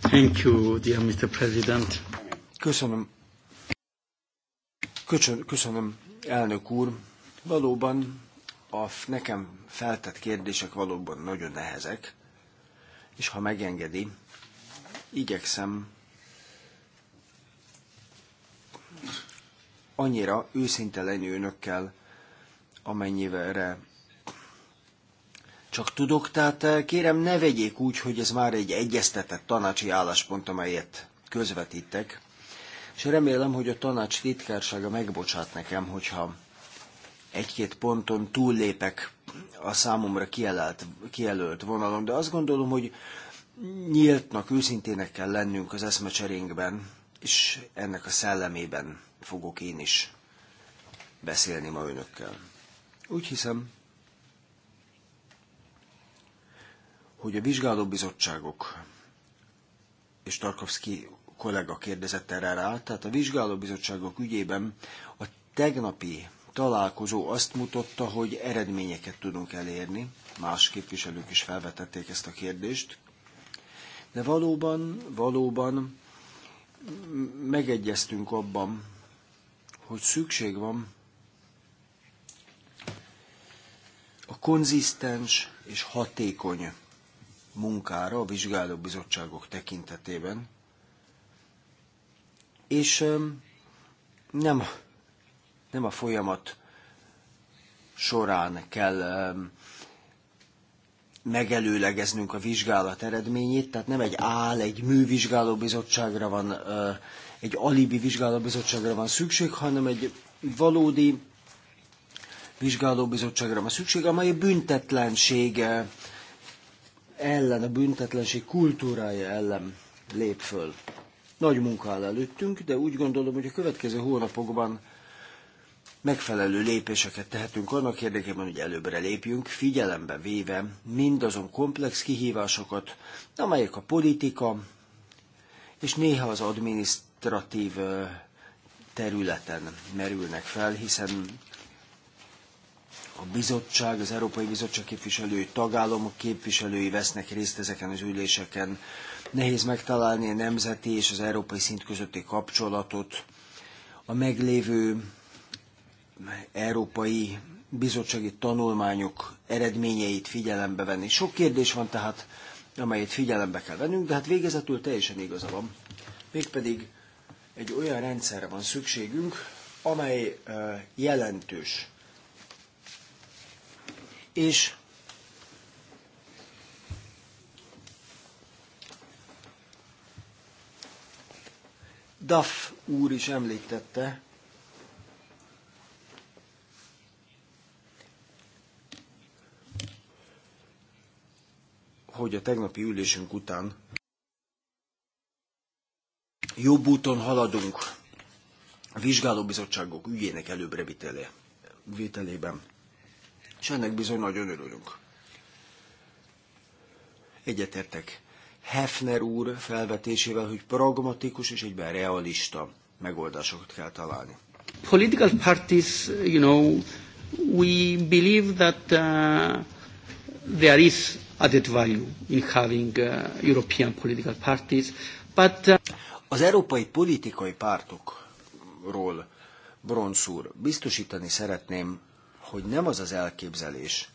Thank you, dear Mr. President. Köszönöm. Köszönöm, köszönöm elnök úr. Valóban a nekem feltett kérdések valóban nagyon nehezek, és ha megengedi, igyekszem annyira őszinte lenni önökkel, amennyire csak tudok, tehát eh, kérem ne vegyék úgy, hogy ez már egy egyeztetett tanácsi álláspont, amelyet közvetítek, és remélem, hogy a tanács titkársága megbocsát nekem, hogyha egy-két ponton túllépek a számomra kielelt, kijelölt vonalon, de azt gondolom, hogy nyíltnak, őszintének kell lennünk az eszmecserénkben, és ennek a szellemében fogok én is beszélni ma önökkel. Úgy hiszem, hogy a vizsgálóbizottságok, és Tarkovszki kollega kérdezett erre rá, tehát a vizsgálóbizottságok ügyében a tegnapi találkozó azt mutatta, hogy eredményeket tudunk elérni, más képviselők is felvetették ezt a kérdést, de valóban, valóban megegyeztünk abban, hogy szükség van a konzisztens és hatékony munkára a vizsgálóbizottságok tekintetében, és nem, nem a folyamat során kell megelőlegeznünk a vizsgálat eredményét, tehát nem egy áll, egy művizsgálóbizottságra van egy alibi vizsgálóbizottságra van szükség, hanem egy valódi vizsgálóbizottságra van szükség, amely a büntetlenség eh, ellen, a büntetlenség kultúrája ellen lép föl. Nagy munka áll előttünk, de úgy gondolom, hogy a következő hónapokban megfelelő lépéseket tehetünk annak érdekében, hogy előbbre lépjünk, figyelembe véve mindazon komplex kihívásokat, amelyek a politika és néha az adminiszt administratív területen merülnek fel, hiszen a bizottság, az Európai Bizottság képviselői, tagállamok képviselői vesznek részt ezeken az üléseken. Nehéz megtalálni a nemzeti és az európai szint közötti kapcsolatot. A meglévő európai bizottsági tanulmányok eredményeit figyelembe venni. Sok kérdés van tehát, amelyet figyelembe kell vennünk, de hát végezetül teljesen igaza van. Mégpedig egy olyan rendszerre van szükségünk, amely jelentős. És Duff úr is említette, hogy a tegnapi ülésünk után jobb úton haladunk a vizsgálóbizottságok ügyének előbbre vitele, vételében. És ennek bizony nagyon örülünk. Egyetértek Hefner úr felvetésével, hogy pragmatikus és egyben realista megoldásokat kell találni. Political parties, you know, we believe that uh, there is added value in having uh, European political parties, but uh... Az európai politikai pártokról, Bronszúr, biztosítani szeretném, hogy nem az az elképzelés,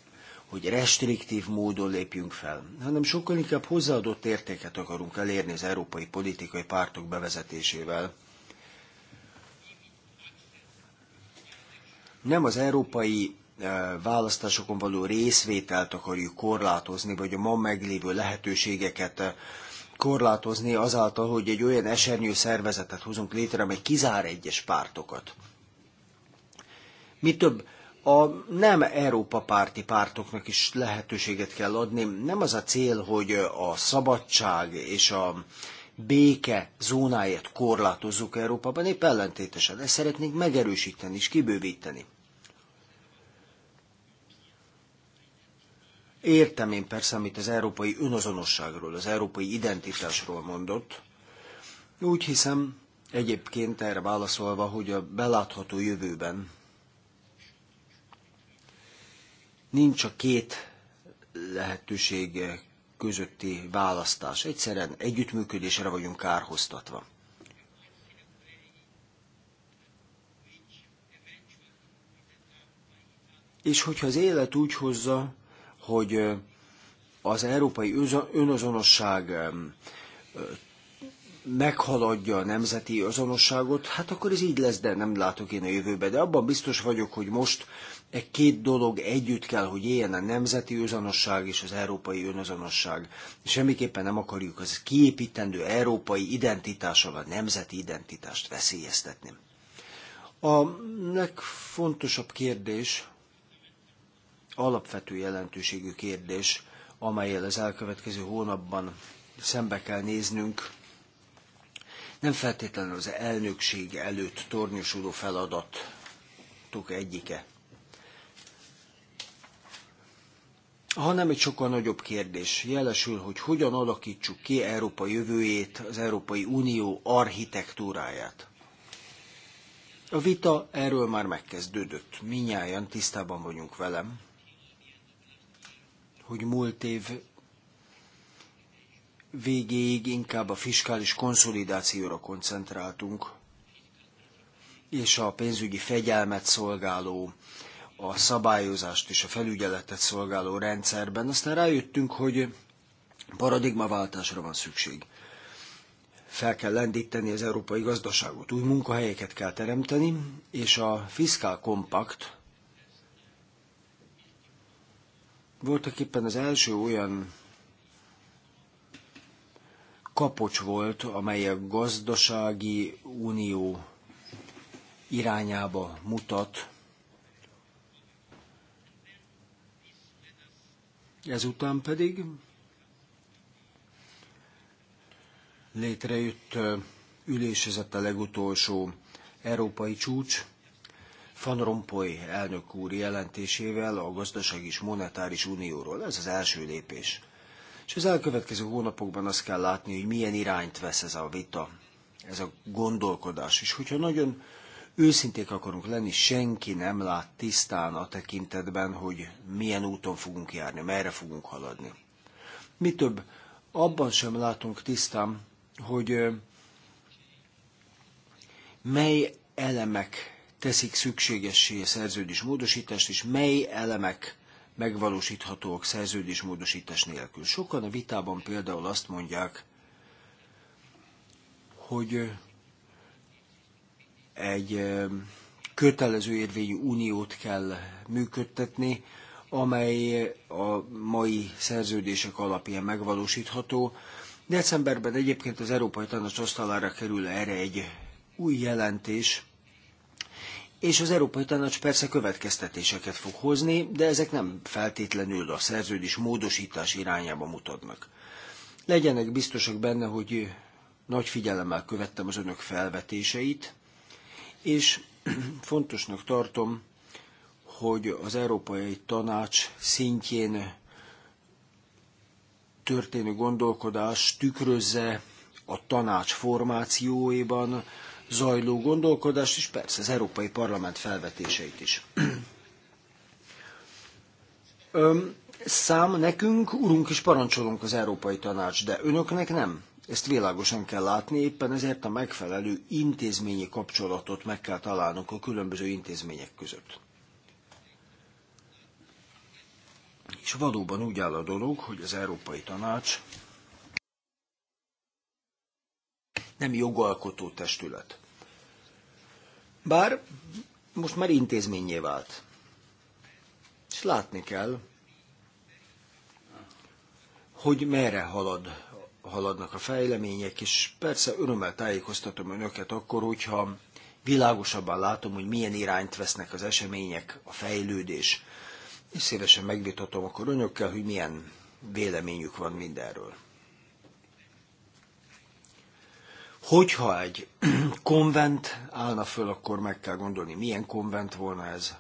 hogy restriktív módon lépjünk fel, hanem sokkal inkább hozzáadott értéket akarunk elérni az európai politikai pártok bevezetésével. Nem az európai eh, választásokon való részvételt akarjuk korlátozni, vagy a ma meglévő lehetőségeket eh, korlátozni azáltal, hogy egy olyan esernyő szervezetet hozunk létre, amely kizár egyes pártokat. Mi több, a nem Európa párti pártoknak is lehetőséget kell adni. Nem az a cél, hogy a szabadság és a béke zónáját korlátozzuk Európában, épp ellentétesen ezt szeretnénk megerősíteni és kibővíteni. Értem én persze, amit az európai önazonosságról, az európai identitásról mondott. Úgy hiszem, egyébként erre válaszolva, hogy a belátható jövőben nincs a két lehetőség közötti választás. Egyszerűen együttműködésre vagyunk kárhoztatva. És hogyha az élet úgy hozza, hogy az európai önazonosság meghaladja a nemzeti azonosságot, hát akkor ez így lesz, de nem látok én a jövőbe. De abban biztos vagyok, hogy most e két dolog együtt kell, hogy éljen a nemzeti önazonosság és az európai önazonosság. Semmiképpen nem akarjuk az kiépítendő európai identitással a nemzeti identitást veszélyeztetni. A legfontosabb kérdés alapvető jelentőségű kérdés, amelyel az elkövetkező hónapban szembe kell néznünk. Nem feltétlenül az elnökség előtt tornyosuló feladatok egyike, hanem egy sokkal nagyobb kérdés. Jelesül, hogy hogyan alakítsuk ki Európa jövőjét, az Európai Unió architektúráját. A vita erről már megkezdődött. Minnyáján tisztában vagyunk velem hogy múlt év végéig inkább a fiskális konszolidációra koncentráltunk, és a pénzügyi fegyelmet szolgáló, a szabályozást és a felügyeletet szolgáló rendszerben. Aztán rájöttünk, hogy paradigmaváltásra van szükség. Fel kell lendíteni az európai gazdaságot, új munkahelyeket kell teremteni, és a fiskál kompakt, voltak éppen az első olyan kapocs volt, amely a gazdasági unió irányába mutat. Ezután pedig létrejött ülésezett a legutolsó európai csúcs, van Rompuy elnök úr jelentésével a gazdaság és monetáris unióról. Ez az első lépés. És az elkövetkező hónapokban azt kell látni, hogy milyen irányt vesz ez a vita, ez a gondolkodás. És hogyha nagyon őszinték akarunk lenni, senki nem lát tisztán a tekintetben, hogy milyen úton fogunk járni, merre fogunk haladni. Mi több, abban sem látunk tisztán, hogy mely elemek teszik szükségessé a szerződés módosítást, és mely elemek megvalósíthatóak szerződés módosítás nélkül. Sokan a vitában például azt mondják, hogy egy kötelező érvényű uniót kell működtetni, amely a mai szerződések alapján megvalósítható. Decemberben egyébként az Európai Tanács asztalára kerül erre egy új jelentés, és az Európai Tanács persze következtetéseket fog hozni, de ezek nem feltétlenül a szerződés módosítás irányába mutatnak. Legyenek biztosak benne, hogy nagy figyelemmel követtem az önök felvetéseit, és fontosnak tartom, hogy az Európai Tanács szintjén történő gondolkodás tükrözze a tanács formációiban zajló gondolkodást, és persze az Európai Parlament felvetéseit is. szám nekünk, urunk is parancsolunk az Európai Tanács, de önöknek nem. Ezt világosan kell látni, éppen ezért a megfelelő intézményi kapcsolatot meg kell találnunk a különböző intézmények között. És valóban úgy áll a dolog, hogy az Európai Tanács nem jogalkotó testület. Bár most már intézményé vált. És látni kell, hogy merre halad, haladnak a fejlemények, és persze örömmel tájékoztatom önöket akkor, hogyha világosabban látom, hogy milyen irányt vesznek az események, a fejlődés, és szívesen megvitatom akkor önökkel, hogy milyen véleményük van mindenről. Hogyha egy konvent állna föl, akkor meg kell gondolni, milyen konvent volna ez,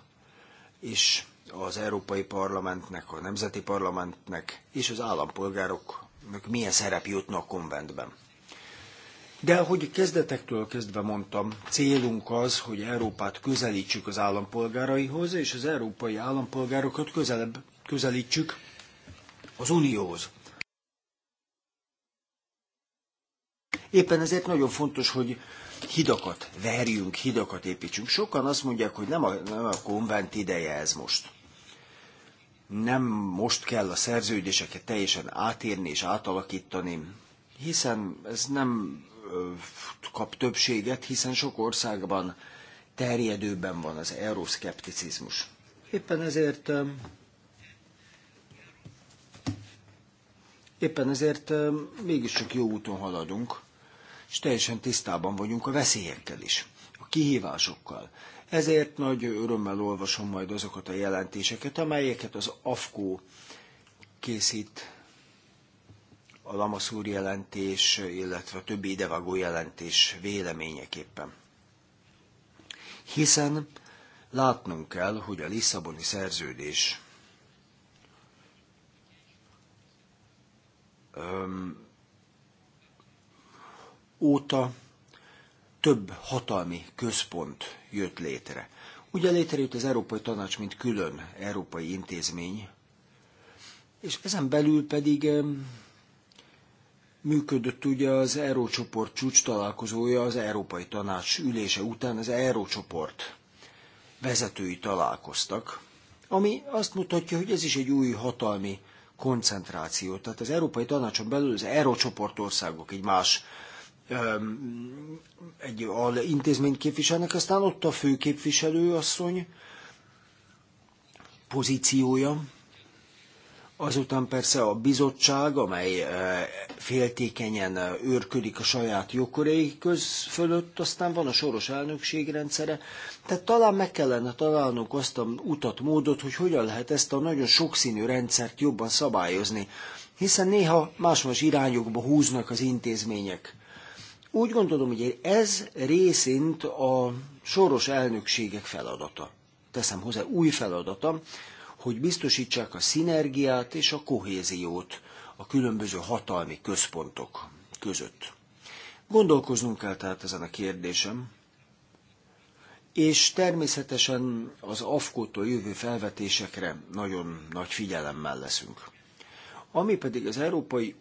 és az Európai Parlamentnek, a Nemzeti Parlamentnek és az állampolgároknak milyen szerep jutna a konventben. De ahogy kezdetektől kezdve mondtam, célunk az, hogy Európát közelítsük az állampolgáraihoz, és az európai állampolgárokat közelebb közelítsük az Unióhoz. Éppen ezért nagyon fontos, hogy hidakat verjünk, hidakat építsünk. Sokan azt mondják, hogy nem a, nem a konvent ideje ez most. Nem most kell a szerződéseket teljesen átírni és átalakítani, hiszen ez nem kap többséget, hiszen sok országban terjedőben van az euroszkepticizmus. Éppen ezért éppen ezért mégiscsak jó úton haladunk és teljesen tisztában vagyunk a veszélyekkel is, a kihívásokkal. Ezért nagy örömmel olvasom majd azokat a jelentéseket, amelyeket az AFKO készít, a Lamaszúr jelentés, illetve a többi idevágó jelentés véleményeképpen. Hiszen látnunk kell, hogy a Lisszaboni szerződés óta több hatalmi központ jött létre. Ugye létrejött az Európai Tanács, mint külön európai intézmény, és ezen belül pedig működött ugye az Eurócsoport csúcs találkozója az Európai Tanács ülése után, az Eurócsoport vezetői találkoztak, ami azt mutatja, hogy ez is egy új hatalmi koncentráció. Tehát az Európai Tanácson belül az Eurócsoport országok egy más egy al intézményt képviselnek, aztán ott a fő képviselő asszony pozíciója, azután persze a bizottság, amely féltékenyen őrködik a saját jogkorei köz fölött, aztán van a soros elnökség rendszere. Tehát talán meg kellene találnunk azt a utat, módot, hogy hogyan lehet ezt a nagyon sokszínű rendszert jobban szabályozni. Hiszen néha más-más irányokba húznak az intézmények. Úgy gondolom, hogy ez részint a soros elnökségek feladata. Teszem hozzá új feladata, hogy biztosítsák a szinergiát és a kohéziót a különböző hatalmi központok között. Gondolkoznunk kell tehát ezen a kérdésem, és természetesen az afko jövő felvetésekre nagyon nagy figyelemmel leszünk. Ami pedig az Európai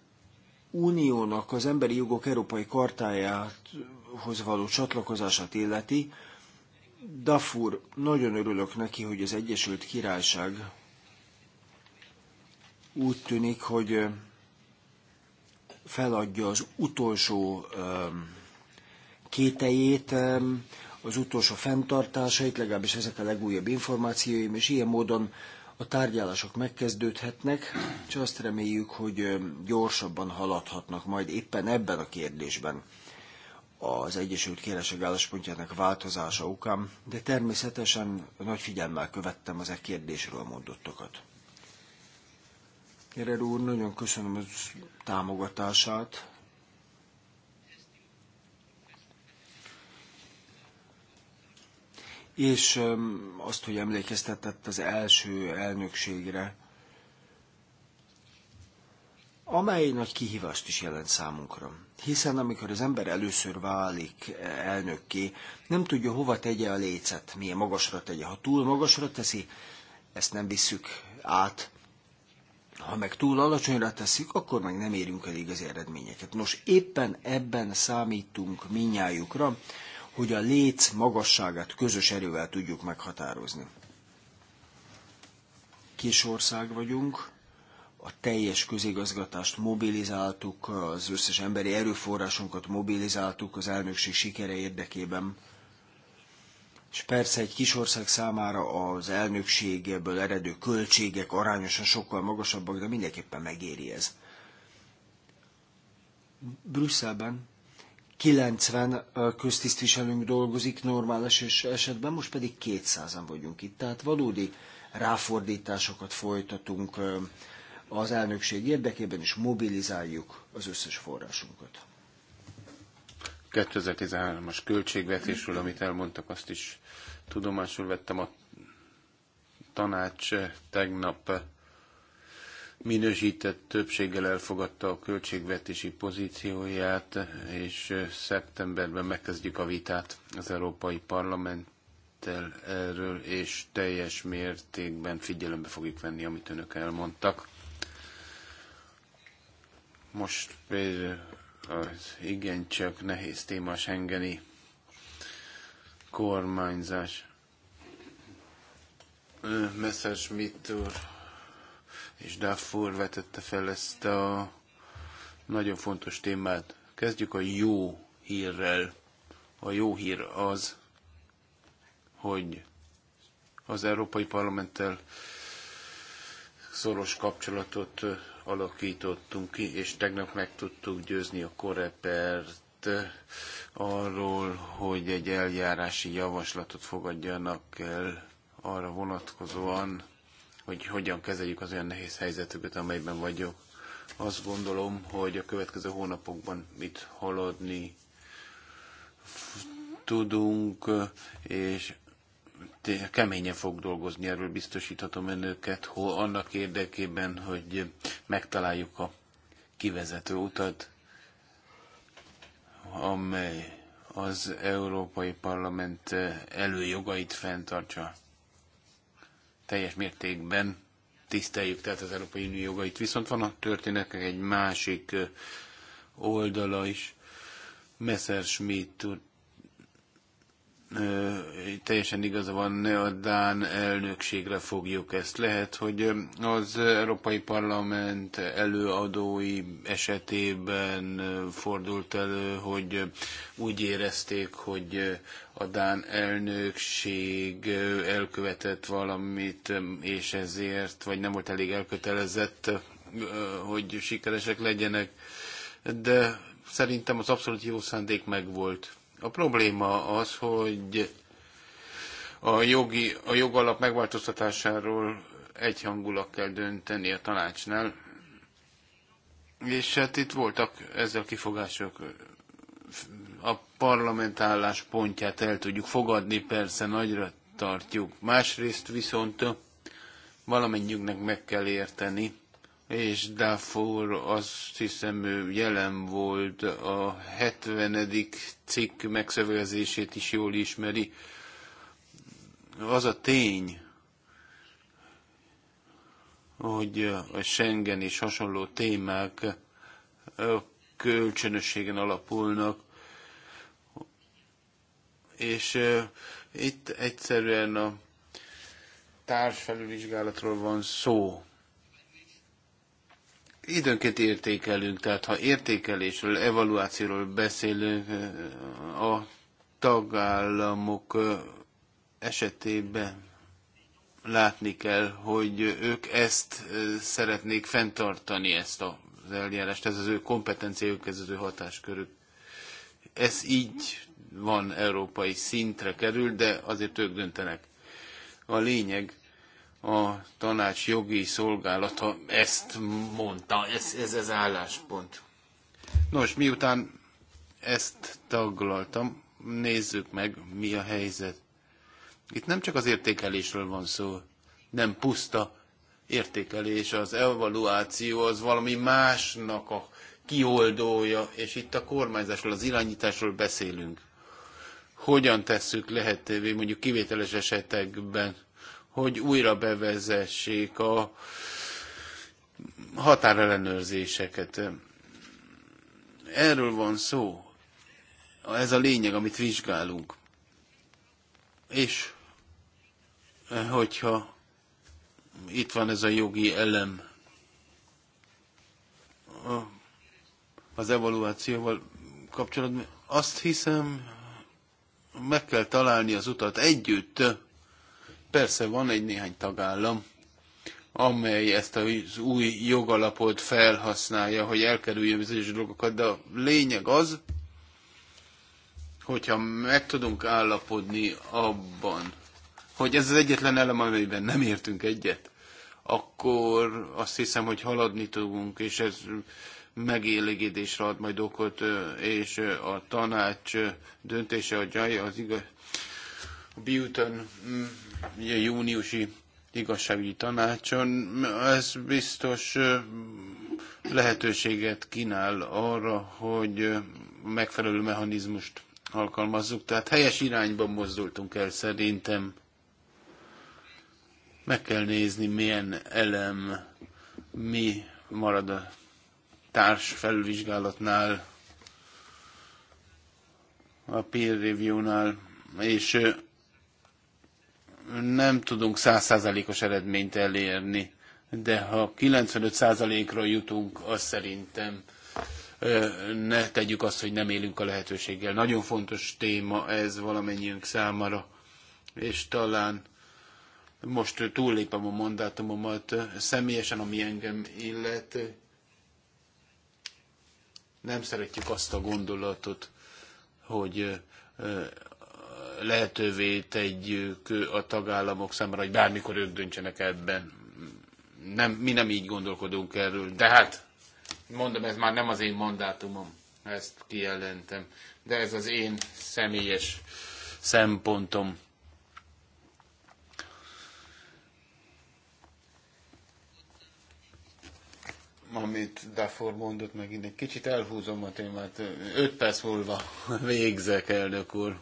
Uniónak az emberi jogok európai kartájához való csatlakozását illeti, Dafur, nagyon örülök neki, hogy az Egyesült Királyság úgy tűnik, hogy feladja az utolsó kétejét, az utolsó fenntartásait, legalábbis ezek a legújabb információim, és ilyen módon a tárgyalások megkezdődhetnek, és azt reméljük, hogy gyorsabban haladhatnak majd éppen ebben a kérdésben az Egyesült Királyság álláspontjának változása okán, de természetesen nagy figyelmmel követtem az e kérdésről mondottakat. Gerer úr, nagyon köszönöm az támogatását, és azt, hogy emlékeztetett az első elnökségre, amely nagy kihívást is jelent számunkra. Hiszen amikor az ember először válik e, elnökké, nem tudja hova tegye a lécet, milyen magasra tegye. Ha túl magasra teszi, ezt nem visszük át. Ha meg túl alacsonyra teszik, akkor meg nem érünk el igazi eredményeket. Nos, éppen ebben számítunk minnyájukra, hogy a léc magasságát közös erővel tudjuk meghatározni. Kis ország vagyunk, a teljes közigazgatást mobilizáltuk, az összes emberi erőforrásunkat mobilizáltuk az elnökség sikere érdekében. És persze egy kis ország számára az elnökségből eredő költségek arányosan sokkal magasabbak, de mindenképpen megéri ez. Brüsszelben 90 köztisztviselünk dolgozik normális esetben, most pedig 200-an vagyunk itt. Tehát valódi ráfordításokat folytatunk az elnökség érdekében, és mobilizáljuk az összes forrásunkat. 2013-as költségvetésről, amit elmondtak, azt is tudomásul vettem. A tanács tegnap minősített többséggel elfogadta a költségvetési pozícióját, és szeptemberben megkezdjük a vitát az Európai Parlamenttel erről, és teljes mértékben figyelembe fogjuk venni, amit önök elmondtak. Most például az igencsak nehéz téma a Schengeni kormányzás. Messerschmitt úr és Duffur vetette fel ezt a nagyon fontos témát. Kezdjük a jó hírrel. A jó hír az, hogy az Európai Parlamenttel szoros kapcsolatot alakítottunk ki, és tegnap meg tudtuk győzni a korepert arról, hogy egy eljárási javaslatot fogadjanak el arra vonatkozóan, hogy hogyan kezeljük az olyan nehéz helyzetüket, amelyben vagyok. Azt gondolom, hogy a következő hónapokban mit haladni tudunk, és keményen fog dolgozni, erről biztosíthatom önöket, hol annak érdekében, hogy megtaláljuk a kivezető utat, amely az Európai Parlament előjogait fenntartsa teljes mértékben tiszteljük, tehát az Európai Unió jogait. Viszont van a történetnek egy másik oldala is. Messerschmitt úr teljesen igaza van, a Dán elnökségre fogjuk ezt. Lehet, hogy az Európai Parlament előadói esetében fordult elő, hogy úgy érezték, hogy a Dán elnökség elkövetett valamit, és ezért, vagy nem volt elég elkötelezett, hogy sikeresek legyenek. De szerintem az abszolút jó szándék megvolt a probléma az, hogy a, jogi, a jogalap megváltoztatásáról egyhangulak kell dönteni a tanácsnál, és hát itt voltak ezzel kifogások. A parlament álláspontját el tudjuk fogadni, persze nagyra tartjuk. Másrészt viszont valamennyiünknek meg kell érteni, és Dafur azt hiszem ő jelen volt a 70. cikk megszövegezését is jól ismeri. Az a tény, hogy a Schengen és hasonló témák kölcsönösségen alapulnak, és itt egyszerűen a társfelülvizsgálatról van szó időnként értékelünk, tehát ha értékelésről, evaluációról beszélünk, eh, a tagállamok eh, esetében látni kell, hogy ők ezt eh, szeretnék fenntartani, ezt az eljárást, ez az ő kompetenciájuk, ez az ő hatáskörük. Ez így van európai szintre kerül, de azért ők döntenek. A lényeg, a tanács jogi szolgálata ezt mondta, ez, ez az álláspont. Nos, miután ezt taglaltam, nézzük meg, mi a helyzet. Itt nem csak az értékelésről van szó, nem puszta értékelés, az evaluáció az valami másnak a kioldója, és itt a kormányzásról, az irányításról beszélünk. Hogyan tesszük lehetővé mondjuk kivételes esetekben hogy újra bevezessék a határellenőrzéseket. Erről van szó. Ez a lényeg, amit vizsgálunk. És hogyha itt van ez a jogi elem az evaluációval kapcsolatban, azt hiszem, meg kell találni az utat együtt Persze van egy néhány tagállam, amely ezt az új jogalapot felhasználja, hogy elkerülje bizonyos dolgokat, de a lényeg az, hogyha meg tudunk állapodni abban, hogy ez az egyetlen elem, amelyben nem értünk egyet, akkor azt hiszem, hogy haladni tudunk, és ez megélégedésre ad majd okot, és a tanács döntése a Jai az igaz, Button mm, júniusi igazságügyi tanácson, ez biztos lehetőséget kínál arra, hogy megfelelő mechanizmust alkalmazzuk. Tehát helyes irányban mozdultunk el szerintem. Meg kell nézni, milyen elem mi marad a társ felvizsgálatnál, a peer review-nál, és nem tudunk százszázalékos eredményt elérni, de ha 95%-ra jutunk, az szerintem ne tegyük azt, hogy nem élünk a lehetőséggel. Nagyon fontos téma ez valamennyiünk számára, és talán most túllépem a mandátumomat személyesen, ami engem illet. Nem szeretjük azt a gondolatot, hogy lehetővé tegyük a tagállamok számára, hogy bármikor ők döntsenek ebben. Nem, mi nem így gondolkodunk erről. De hát, mondom, ez már nem az én mandátumom, ezt kijelentem. De ez az én személyes szempontom. amit Dafor mondott, megint egy kicsit elhúzom a témát. Öt perc múlva végzek, elnök úr.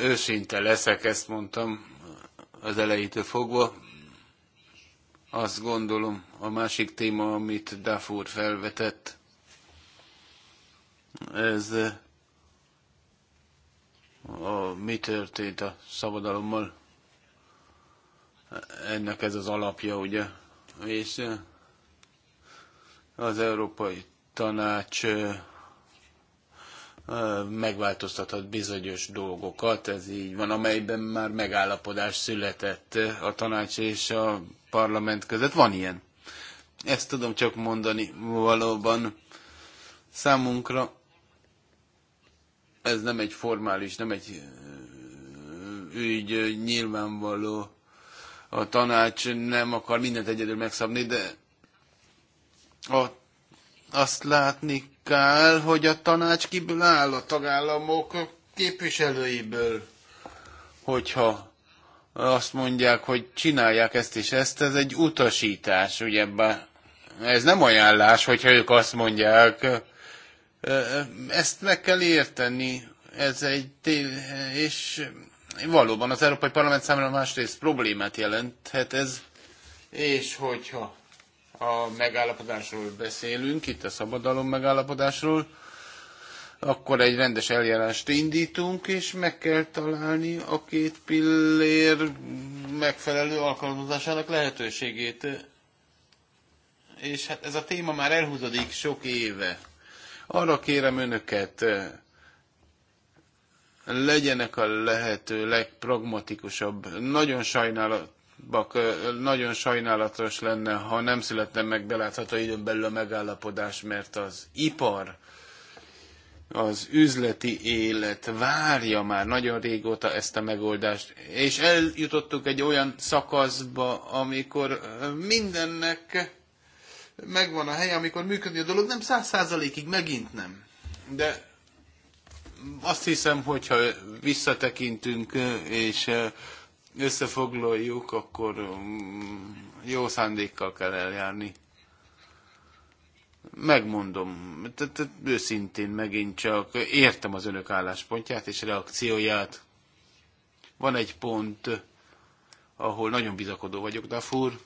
Őszinte leszek, ezt mondtam az elejétől fogva. Azt gondolom, a másik téma, amit Dafur felvetett, ez a, mi történt a szabadalommal. Ennek ez az alapja, ugye? És az Európai Tanács megváltoztathat bizonyos dolgokat, ez így van, amelyben már megállapodás született a tanács és a parlament között. Van ilyen. Ezt tudom csak mondani valóban. Számunkra ez nem egy formális, nem egy ügy nyilvánvaló. A tanács nem akar mindent egyedül megszabni, de a azt látni kell, hogy a tanács kiből áll a tagállamok képviselőiből, hogyha azt mondják, hogy csinálják ezt és ezt, ez egy utasítás, ugye Ez nem ajánlás, hogyha ők azt mondják. Ezt meg kell érteni. Ez egy és valóban az Európai Parlament számára másrészt problémát jelenthet ez, és hogyha a megállapodásról beszélünk, itt a szabadalom megállapodásról, akkor egy rendes eljárást indítunk, és meg kell találni a két pillér megfelelő alkalmazásának lehetőségét. És hát ez a téma már elhúzódik sok éve. Arra kérem önöket, legyenek a lehető legpragmatikusabb. Nagyon sajnálat, bak, nagyon sajnálatos lenne, ha nem születne meg belátható időn belül a megállapodás, mert az ipar, az üzleti élet várja már nagyon régóta ezt a megoldást, és eljutottuk egy olyan szakaszba, amikor mindennek megvan a helye, amikor működni a dolog, nem száz százalékig megint nem. De azt hiszem, hogyha visszatekintünk, és összefoglaljuk, akkor um, jó szándékkal kell eljárni. Megmondom, őszintén megint csak értem az önök álláspontját és reakcióját. Van egy pont, ahol nagyon bizakodó vagyok, Dafur.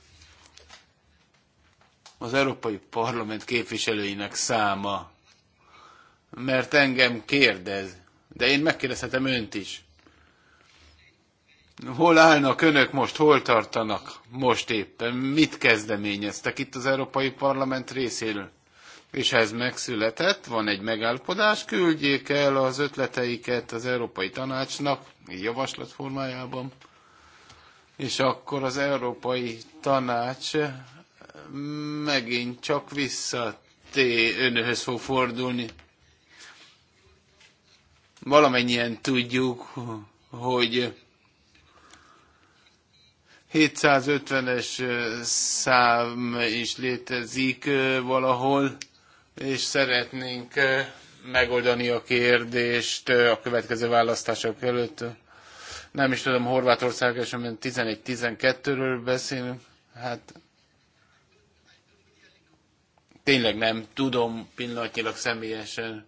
Az Európai Parlament képviselőinek száma. Mert engem kérdez, de én megkérdezhetem önt is Hol állnak önök most, hol tartanak most éppen? Mit kezdeményeztek itt az Európai Parlament részéről? És ha ez megszületett, van egy megállapodás, küldjék el az ötleteiket az Európai Tanácsnak, javaslat formájában, és akkor az Európai Tanács mm, megint csak visszaté önhöz fog fordulni. Valamennyien tudjuk, hogy 750-es szám is létezik valahol, és szeretnénk megoldani a kérdést a következő választások előtt. Nem is tudom, Horvátország esetben 11-12-ről beszélünk. Hát tényleg nem tudom pillanatnyilag személyesen.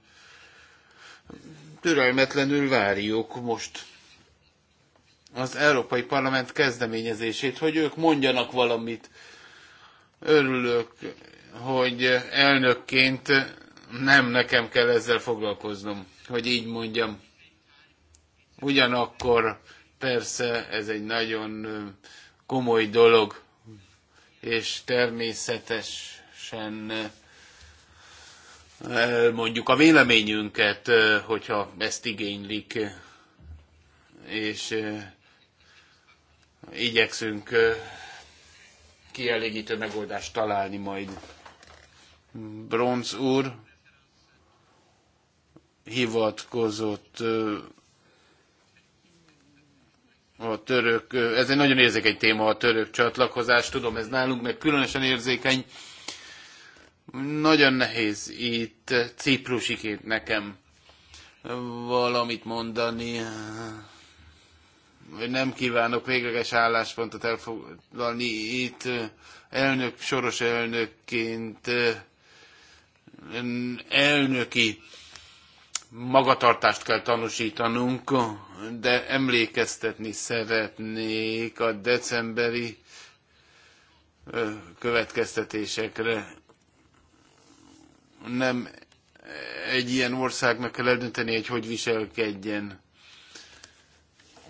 Türelmetlenül várjuk most az Európai Parlament kezdeményezését, hogy ők mondjanak valamit. Örülök, hogy elnökként nem nekem kell ezzel foglalkoznom, hogy így mondjam. Ugyanakkor persze ez egy nagyon komoly dolog, és természetesen mondjuk a véleményünket, hogyha ezt igénylik, és igyekszünk kielégítő megoldást találni majd. Bronz úr hivatkozott a török, ez egy nagyon érzékeny téma a török csatlakozás, tudom, ez nálunk meg különösen érzékeny. Nagyon nehéz itt ciprusiként nekem valamit mondani nem kívánok végleges álláspontot elfoglalni itt elnök, soros elnökként elnöki magatartást kell tanúsítanunk, de emlékeztetni szeretnék a decemberi következtetésekre. Nem egy ilyen országnak kell eldönteni, hogy hogy viselkedjen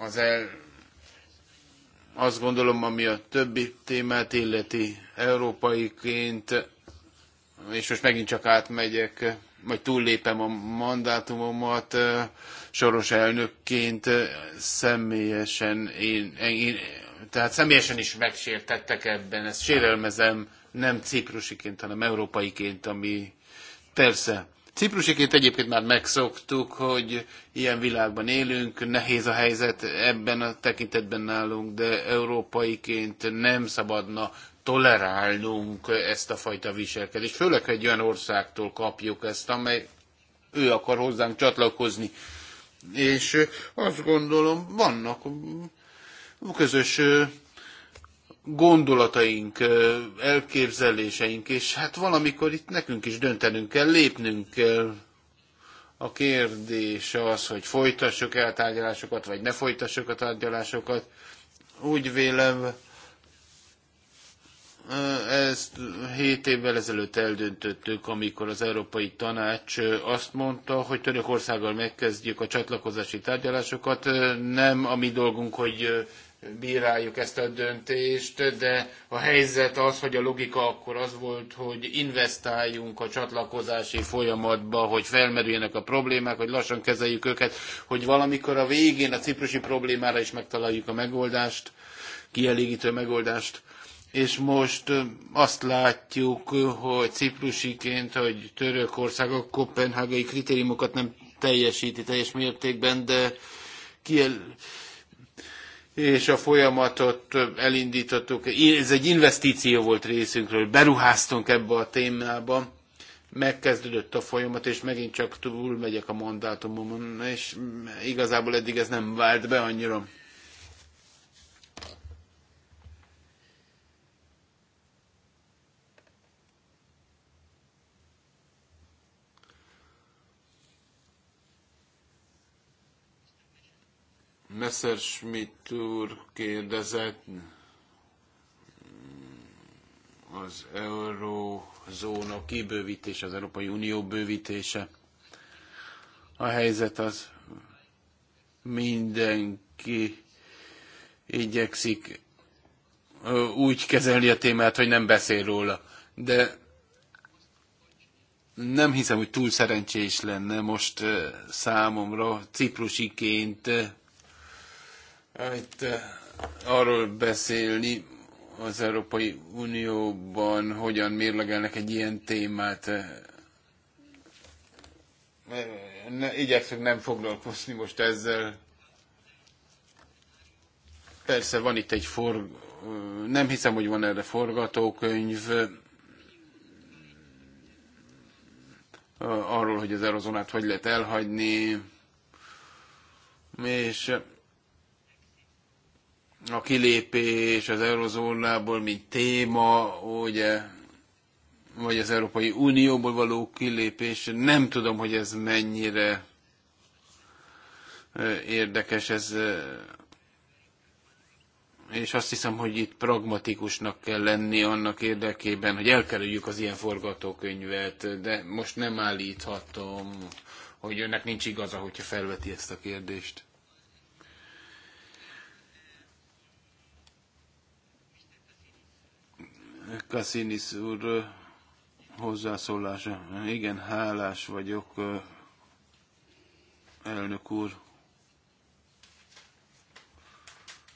az el, azt gondolom, ami a többi témát illeti európaiként, és most megint csak átmegyek, vagy túllépem a mandátumomat soros elnökként személyesen, én, én, tehát személyesen is megsértettek ebben, ezt sérelmezem nem ciprusiként, hanem európaiként, ami persze Ciprusiként egyébként már megszoktuk, hogy ilyen világban élünk, nehéz a helyzet ebben a tekintetben nálunk, de európaiként nem szabadna tolerálnunk ezt a fajta viselkedést. Főleg, egy olyan országtól kapjuk ezt, amely ő akar hozzánk csatlakozni. És azt gondolom, vannak közös gondolataink, elképzeléseink, és hát valamikor itt nekünk is döntenünk kell, lépnünk kell. A kérdés az, hogy folytassuk el a tárgyalásokat, vagy ne folytassuk a tárgyalásokat. Úgy vélem, ezt hét évvel ezelőtt eldöntöttük, amikor az Európai Tanács azt mondta, hogy Törökországgal megkezdjük a csatlakozási tárgyalásokat. Nem a mi dolgunk, hogy bíráljuk ezt a döntést, de a helyzet az, hogy a logika akkor az volt, hogy investáljunk a csatlakozási folyamatba, hogy felmerüljenek a problémák, hogy lassan kezeljük őket, hogy valamikor a végén a ciprusi problémára is megtaláljuk a megoldást, kielégítő megoldást. És most azt látjuk, hogy ciprusiként, hogy Törökország a kopenhágai kritériumokat nem teljesíti teljes mértékben, de kiel és a folyamatot elindítottuk. Ez egy investíció volt részünkről, beruháztunk ebbe a témába, megkezdődött a folyamat, és megint csak túl megyek a mandátumomon, és igazából eddig ez nem vált be annyira. Messerschmitt úr kérdezett az eurózóna kibővítése, az Európai Unió bővítése. A helyzet az mindenki igyekszik úgy kezelni a témát, hogy nem beszél róla. De nem hiszem, hogy túl szerencsés lenne most számomra ciprusiként itt eh, arról beszélni az Európai Unióban, hogyan mérlegelnek egy ilyen témát. Eh, eh, ne, igyekszünk nem foglalkozni most ezzel. Persze van itt egy for... Nem hiszem, hogy van erre forgatókönyv. Arról, hogy az erozonát hogy lehet elhagyni. És a kilépés az eurozónából, mint téma, ugye, vagy az Európai Unióból való kilépés, nem tudom, hogy ez mennyire e, érdekes, ez e, és azt hiszem, hogy itt pragmatikusnak kell lenni annak érdekében, hogy elkerüljük az ilyen forgatókönyvet, de most nem állíthatom, hogy önnek nincs igaza, hogyha felveti ezt a kérdést. Kassinis úr hozzászólása. Igen, hálás vagyok, elnök úr.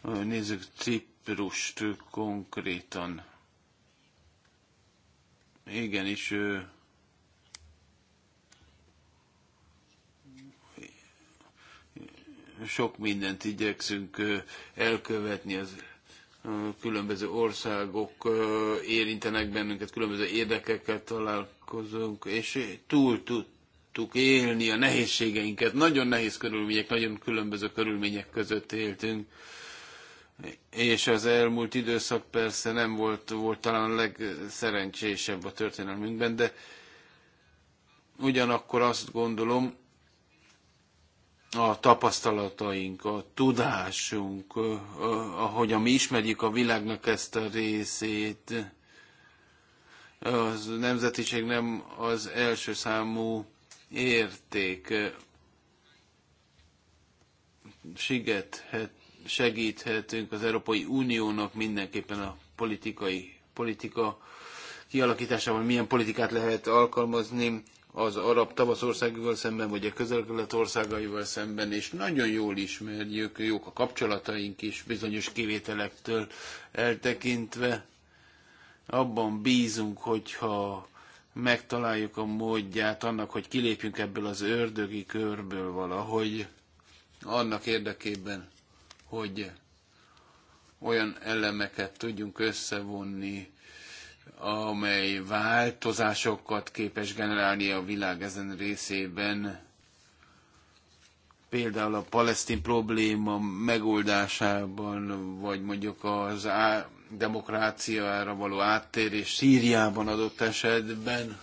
Nézzük Ciprust konkrétan. Igen, és sok mindent igyekszünk elkövetni az különböző országok érintenek bennünket, különböző érdekekkel találkozunk, és túl tudtuk élni a nehézségeinket. Nagyon nehéz körülmények, nagyon különböző körülmények között éltünk. És az elmúlt időszak persze nem volt, volt talán a legszerencsésebb a történelmünkben, de ugyanakkor azt gondolom, a tapasztalataink, a tudásunk, ahogyan mi ismerjük a világnak ezt a részét, az nemzetiség nem az első számú érték. Sigethet, segíthetünk az Európai Uniónak mindenképpen a politikai politika kialakításában, milyen politikát lehet alkalmazni, az arab tavasz országaival szemben, vagy a közel-kelet országaival szemben, és nagyon jól ismerjük, jók a kapcsolataink is bizonyos kivételektől eltekintve. Abban bízunk, hogyha megtaláljuk a módját annak, hogy kilépjünk ebből az ördögi körből valahogy, annak érdekében, hogy olyan elemeket tudjunk összevonni, amely változásokat képes generálni a világ ezen részében, például a palesztin probléma megoldásában, vagy mondjuk az á- demokráciára való áttérés Szíriában adott esetben,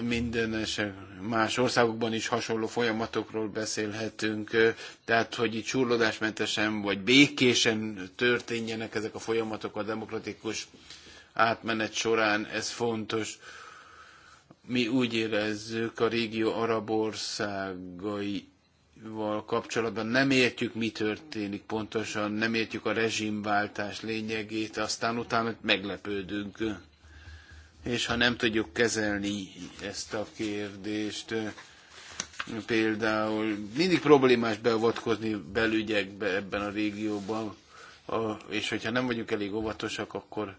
minden eset, más országokban is hasonló folyamatokról beszélhetünk, tehát hogy itt csúrlódásmentesen vagy békésen történjenek ezek a folyamatok a demokratikus átmenet során ez fontos. Mi úgy érezzük a régió arab országai kapcsolatban nem értjük, mi történik pontosan, nem értjük a rezsimváltás lényegét, aztán utána meglepődünk. És ha nem tudjuk kezelni ezt a kérdést, például mindig problémás beavatkozni belügyekbe ebben a régióban, és hogyha nem vagyunk elég óvatosak, akkor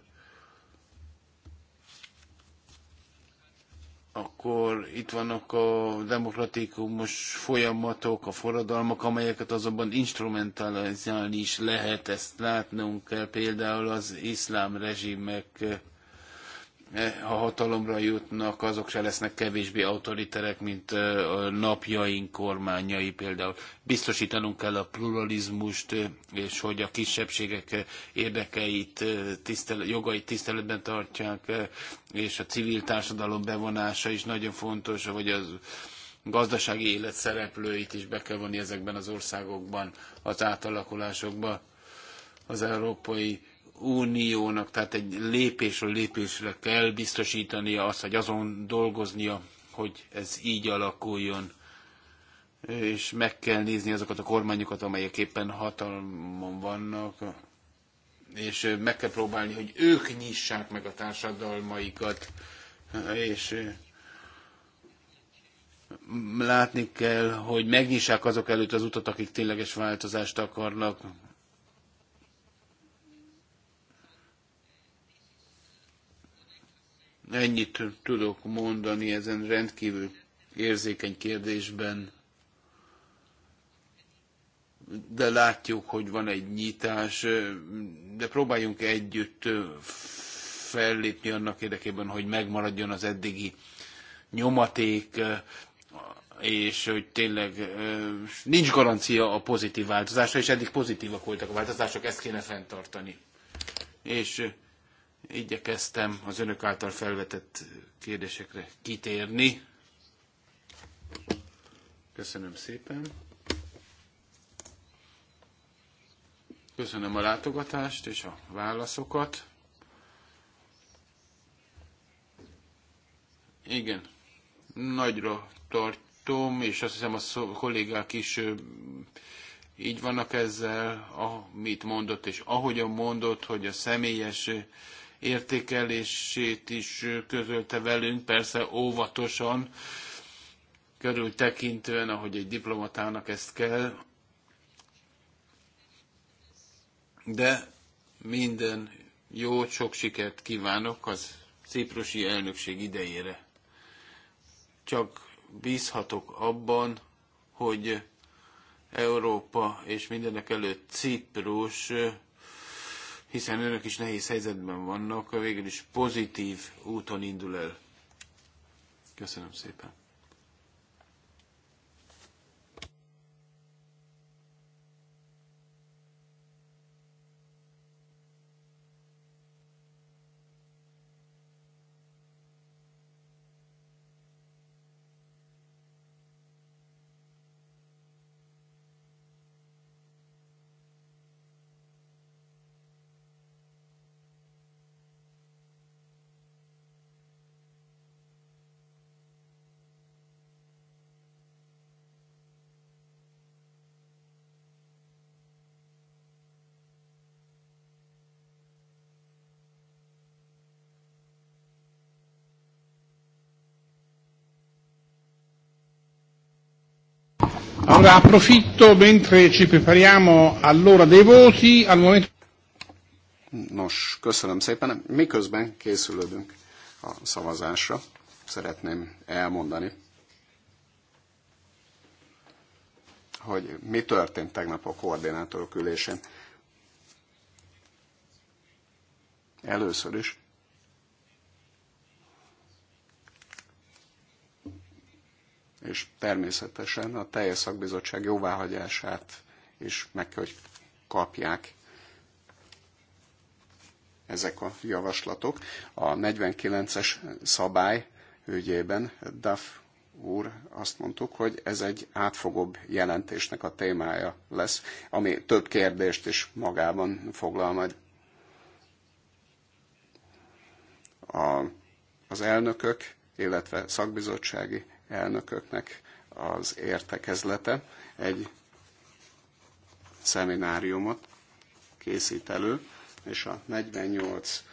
akkor itt vannak a demokratikus folyamatok, a forradalmak, amelyeket azonban instrumentalizálni is lehet, ezt látnunk kell például az iszlám rezsimek E, ha hatalomra jutnak, azok se lesznek kevésbé autoriterek, mint e, a napjaink kormányai például. Biztosítanunk kell a pluralizmust, e, és hogy a kisebbségek érdekeit, tisztel, jogait tiszteletben tartják, és a civil társadalom bevonása is nagyon fontos, hogy az gazdasági élet szereplőit is be kell vonni ezekben az országokban, az átalakulásokban. Az európai Uniónak, tehát egy lépésről lépésre kell biztosítania azt, hogy azon dolgoznia, hogy ez így alakuljon, és meg kell nézni azokat a kormányokat, amelyek éppen hatalmon vannak, és meg kell próbálni, hogy ők nyissák meg a társadalmaikat, és látni kell, hogy megnyissák azok előtt az utat, akik tényleges változást akarnak, Ennyit tudok mondani ezen rendkívül érzékeny kérdésben, de látjuk, hogy van egy nyitás, de próbáljunk együtt fellépni annak érdekében, hogy megmaradjon az eddigi nyomaték, és hogy tényleg nincs garancia a pozitív változásra, és eddig pozitívak voltak a változások, ezt kéne fenntartani. És Igyekeztem az önök által felvetett kérdésekre kitérni. Köszönöm szépen. Köszönöm a látogatást és a válaszokat. Igen, nagyra tartom, és azt hiszem a kollégák is így vannak ezzel, amit mondott, és ahogyan mondott, hogy a személyes értékelését is közölte velünk, persze óvatosan, körültekintően, ahogy egy diplomatának ezt kell. De minden jó, sok sikert kívánok az ciprusi elnökség idejére. Csak bízhatok abban, hogy Európa és mindenek előtt Ciprus hiszen önök is nehéz helyzetben vannak, végül is pozitív úton indul el. Köszönöm szépen. Allora approfitto mentre ci prepariamo all'ora dei voti, al momento... Nos, köszönöm szépen. Miközben készülődünk a szavazásra, szeretném elmondani, hogy mi történt tegnap a koordinátorok ülésén. Először is és természetesen a teljes szakbizottság jóváhagyását is meg kell, hogy kapják ezek a javaslatok. A 49-es szabály ügyében Duff úr azt mondtuk, hogy ez egy átfogóbb jelentésnek a témája lesz, ami több kérdést is magában foglal majd. A, az elnökök, illetve szakbizottsági elnököknek az értekezlete egy szemináriumot készít elő, és a 48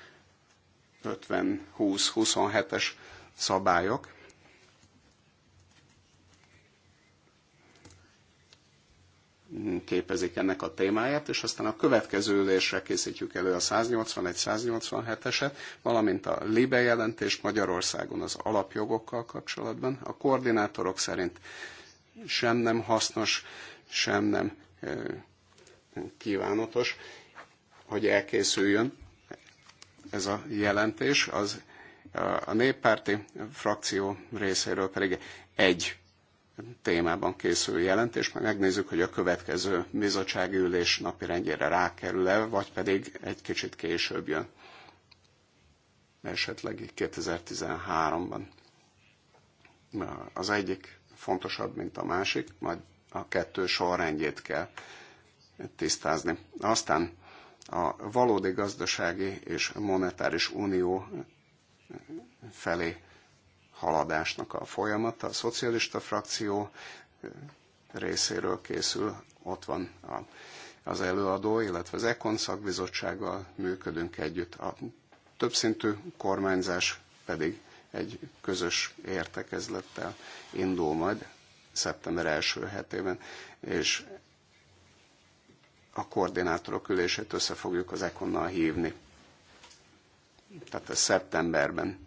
50 20 27-es szabályok képezik ennek a témáját, és aztán a következő ülésre készítjük elő a 181-187-eset, valamint a LIBE jelentés Magyarországon az alapjogokkal kapcsolatban. A koordinátorok szerint sem nem hasznos, sem nem kívánatos, hogy elkészüljön ez a jelentés. Az, a néppárti frakció részéről pedig egy témában készül jelentés, majd megnézzük, hogy a következő bizottsági ülés napirendjére rákerül-e, vagy pedig egy kicsit később jön, esetleg 2013-ban. Az egyik fontosabb, mint a másik, majd a kettő sorrendjét kell tisztázni. Aztán a valódi gazdasági és monetáris unió felé haladásnak a folyamata. A szocialista frakció részéről készül, ott van a, az előadó, illetve az Ekon szakbizottsággal működünk együtt. A többszintű kormányzás pedig egy közös értekezlettel indul majd szeptember első hetében, és a koordinátorok ülését össze fogjuk az Ekonnal hívni. Tehát ez szeptemberben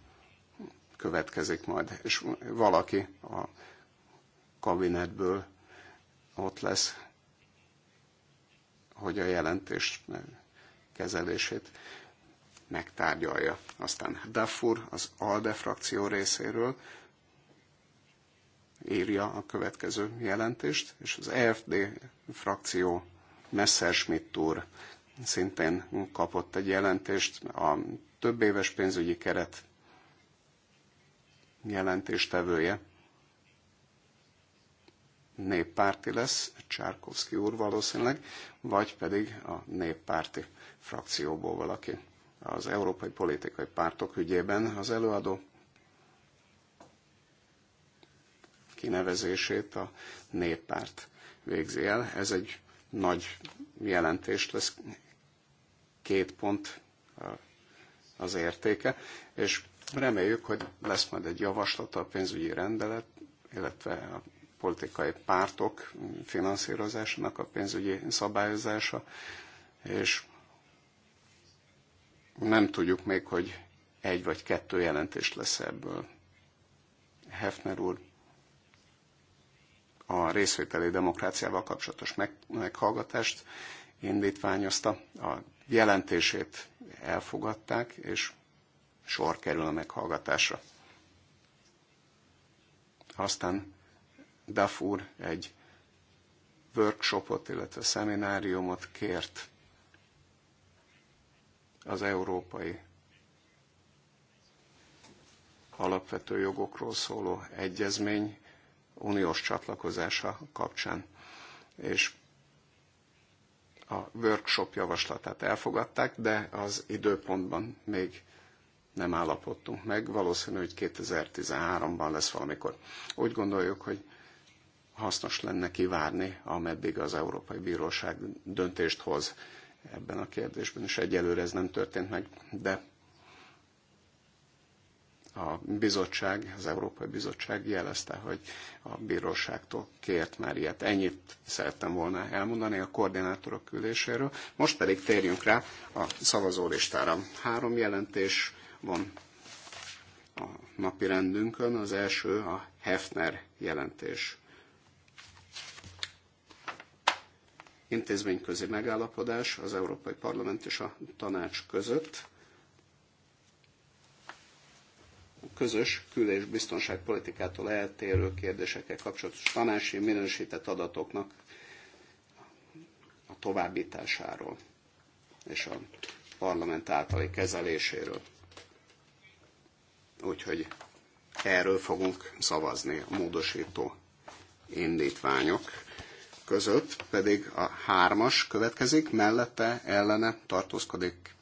következik majd, és valaki a kabinetből ott lesz, hogy a jelentés kezelését megtárgyalja. Aztán Dafur az ALDE frakció részéről írja a következő jelentést, és az EFD frakció Messerschmitt úr szintén kapott egy jelentést a több éves pénzügyi keret jelentéstevője néppárti lesz, Csárkovszki úr valószínűleg, vagy pedig a néppárti frakcióból valaki. Az európai politikai pártok ügyében az előadó kinevezését a néppárt végzi el. Ez egy nagy jelentést lesz, két pont az értéke, és Reméljük, hogy lesz majd egy javaslat a pénzügyi rendelet, illetve a politikai pártok finanszírozásának a pénzügyi szabályozása, és nem tudjuk még, hogy egy vagy kettő jelentés lesz ebből. Hefner úr a részvételi demokráciával kapcsolatos meghallgatást indítványozta, a jelentését elfogadták, és sor kerül a meghallgatásra. Aztán Duff úr egy workshopot, illetve szemináriumot kért az európai alapvető jogokról szóló egyezmény uniós csatlakozása kapcsán. És a workshop javaslatát elfogadták, de az időpontban még nem állapodtunk meg, valószínű, hogy 2013-ban lesz valamikor. Úgy gondoljuk, hogy hasznos lenne kivárni, ameddig az Európai Bíróság döntést hoz ebben a kérdésben, és egyelőre ez nem történt meg, de a bizottság, az Európai Bizottság jelezte, hogy a bíróságtól kért már ilyet. Ennyit szerettem volna elmondani a koordinátorok üléséről. Most pedig térjünk rá a szavazólistára. Három jelentés van a napi rendünkön. Az első a Hefner jelentés. Intézményközi megállapodás az Európai Parlament és a Tanács között. közös kül- és biztonságpolitikától eltérő kérdésekkel kapcsolatos tanási minősített adatoknak a továbbításáról és a parlament általi kezeléséről. Úgyhogy erről fogunk szavazni a módosító indítványok között, pedig a hármas következik, mellette ellene tartózkodik.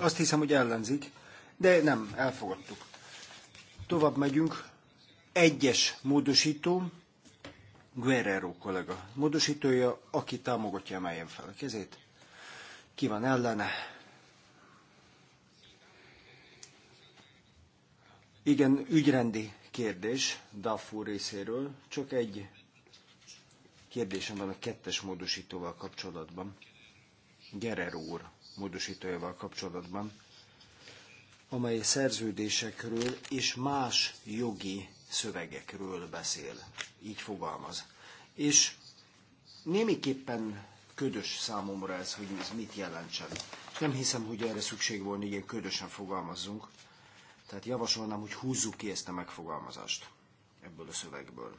Azt hiszem, hogy ellenzik, de nem, elfogadtuk. Tovább megyünk. Egyes módosító, Guerrero kollega módosítója, aki támogatja, emeljen fel a kezét. Ki van ellene? Igen, ügyrendi kérdés Duffur részéről. Csak egy kérdésem van a kettes módosítóval kapcsolatban. Gerer úr módosítójával kapcsolatban, amely szerződésekről és más jogi szövegekről beszél. Így fogalmaz. És némiképpen ködös számomra ez, hogy ez mit jelentsen. Nem hiszem, hogy erre szükség volna, igen, ködösen fogalmazzunk. Tehát javasolnám, hogy húzzuk ki ezt a megfogalmazást ebből a szövegből.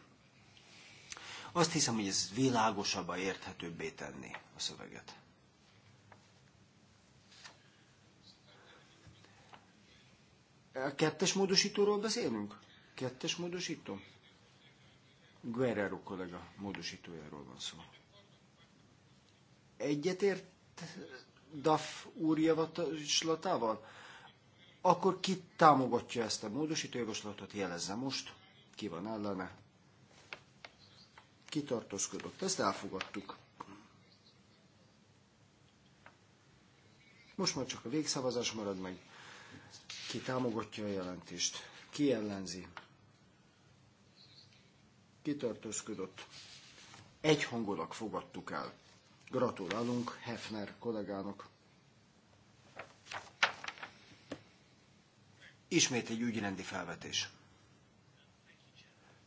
Azt hiszem, hogy ez világosabban érthetőbbé tenni a szöveget. A kettes módosítóról beszélünk? Kettes módosító? Guerrero kollega módosítójáról van szó. Egyetért Duff úr javaslatával? akkor ki támogatja ezt a módosító javaslatot, jelezze most, ki van ellene. Kitartózkodott, ezt elfogadtuk. Most már csak a végszavazás marad meg. Ki támogatja a jelentést, ki ellenzi. Kitartózkodott. Egy hangulag fogadtuk el. Gratulálunk Hefner kollégának. Ismét egy ügyrendi felvetés.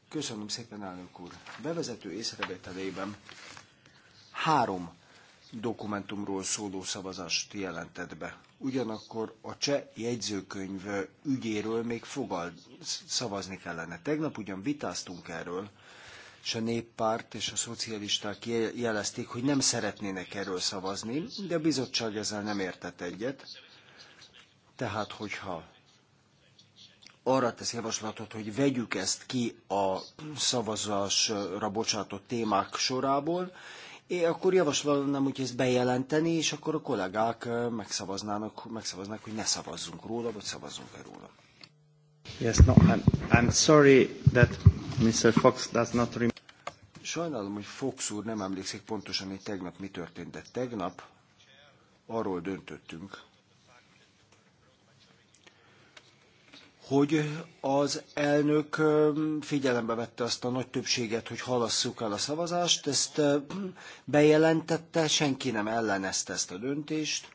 Köszönöm szépen, elnök úr. Bevezető észrevételében három dokumentumról szóló szavazást jelentett be. Ugyanakkor a cseh jegyzőkönyv ügyéről még fogal szavazni kellene. Tegnap ugyan vitáztunk erről, és a néppárt és a szocialisták jelezték, hogy nem szeretnének erről szavazni, de a bizottság ezzel nem értett egyet. Tehát, hogyha arra tesz javaslatot, hogy vegyük ezt ki a szavazásra bocsátott témák sorából, én akkor javasolnám, hogy ezt bejelenteni, és akkor a kollégák megszavaznának, megszavaznák, hogy ne szavazzunk róla, vagy szavazzunk -e róla. Yes, no, I'm, I'm sorry that Mr. Fox does not rem- Sajnálom, hogy Fox úr nem emlékszik pontosan, hogy tegnap mi történt, de tegnap arról döntöttünk, hogy az elnök figyelembe vette azt a nagy többséget, hogy halasszuk el a szavazást, ezt bejelentette, senki nem ellenezte ezt a döntést.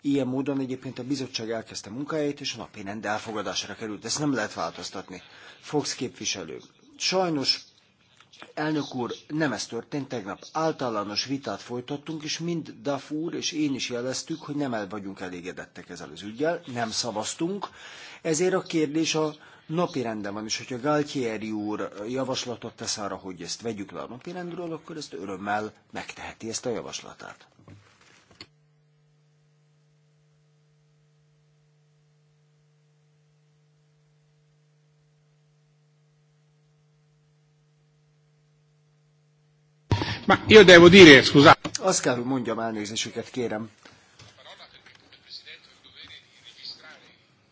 Ilyen módon egyébként a bizottság elkezdte munkáját, és a napi rend elfogadására került. Ezt nem lehet változtatni. Fox képviselő. Sajnos Elnök úr, nem ez történt tegnap. Általános vitát folytattunk, és mind Duff úr és én is jeleztük, hogy nem el vagyunk elégedettek ezzel az ügyel, nem szavaztunk, ezért a kérdés a napi renden van, és hogyha Galtieri úr javaslatot tesz arra, hogy ezt vegyük le a napi rendről, akkor ezt örömmel megteheti ezt a javaslatát. Ma io devo dire, scusate. Azt kell, hogy mondjam elnézésüket, kérem.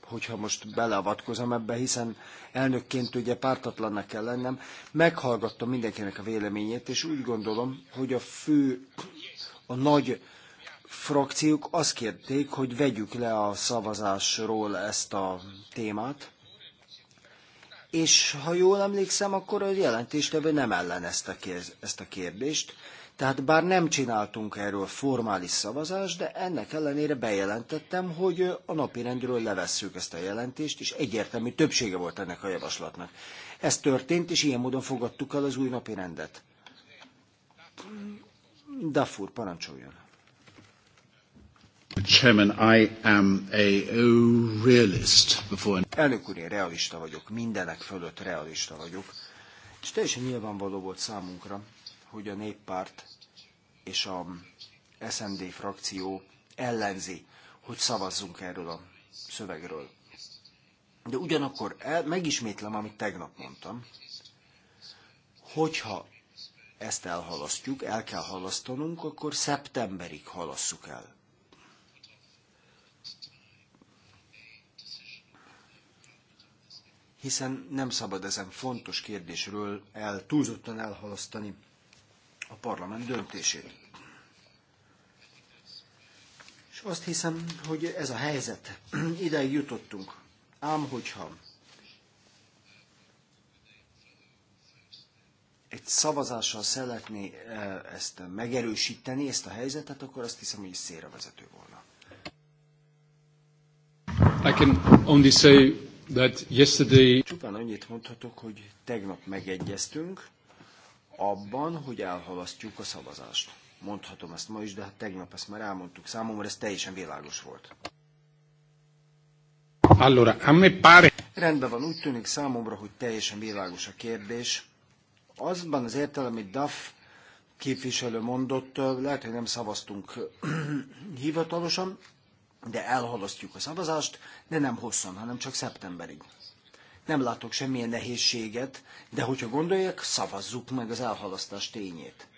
hogyha most beleavatkozom ebbe, hiszen elnökként ugye pártatlannak kell lennem, meghallgattam mindenkinek a véleményét, és úgy gondolom, hogy a fő, a nagy frakciók azt kérték, hogy vegyük le a szavazásról ezt a témát, és ha jól emlékszem, akkor a jelentéstevő nem ellenezte ezt a kérdést. Tehát bár nem csináltunk erről formális szavazást, de ennek ellenére bejelentettem, hogy a napirendről levesszük ezt a jelentést, és egyértelmű többsége volt ennek a javaslatnak. Ez történt, és ilyen módon fogadtuk el az új napirendet. Dafur, parancsoljon. Chairman, I am a realist before... Elnök úr, én realista vagyok, mindenek fölött realista vagyok. És teljesen nyilvánvaló volt számunkra, hogy a néppárt és a SND frakció ellenzi, hogy szavazzunk erről a szövegről. De ugyanakkor el, megismétlem, amit tegnap mondtam, hogyha ezt elhalasztjuk, el kell halasztanunk, akkor szeptemberig halasszuk el. hiszen nem szabad ezen fontos kérdésről el, túlzottan elhalasztani a parlament döntését. És azt hiszem, hogy ez a helyzet. Ideig jutottunk. Ám hogyha egy szavazással szeretné e, ezt megerősíteni, ezt a helyzetet, akkor azt hiszem, hogy vezető volna. I can only say that yesterday... Csupán annyit mondhatok, hogy tegnap megegyeztünk abban, hogy elhalasztjuk a szavazást. Mondhatom ezt ma is, de hát tegnap ezt már elmondtuk. Számomra ez teljesen világos volt. Allora, a me pare... Rendben van, úgy tűnik számomra, hogy teljesen világos a kérdés. Azban az értelem, amit DAF képviselő mondott, lehet, hogy nem szavaztunk hivatalosan, de elhalasztjuk a szavazást, de nem hosszan, hanem csak szeptemberig. Nem látok semmilyen nehézséget, de hogyha gondolják, szavazzuk meg az elhalasztás tényét.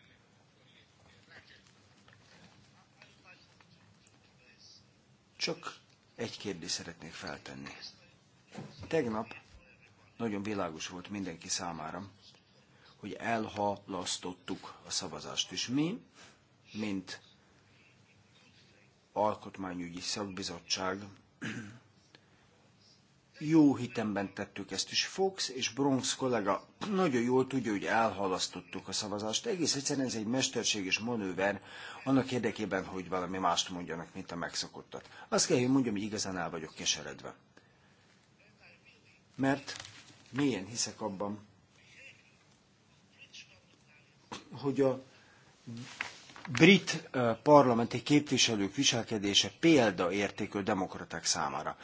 Csak egy kérdést szeretnék feltenni. Tegnap nagyon világos volt mindenki számára, hogy elhalasztottuk a szavazást, és mi, mint Alkotmányügyi Szakbizottság jó hitemben tettük ezt is. Fox és Bronx kollega nagyon jól tudja, hogy elhalasztottuk a szavazást. Egész egyszerűen ez egy mesterséges manőver annak érdekében, hogy valami mást mondjanak, mint a megszokottat. Azt kell, hogy mondjam, hogy igazán el vagyok keseredve. Mert milyen hiszek abban, hogy a brit parlamenti képviselők viselkedése példaértékű demokraták számára.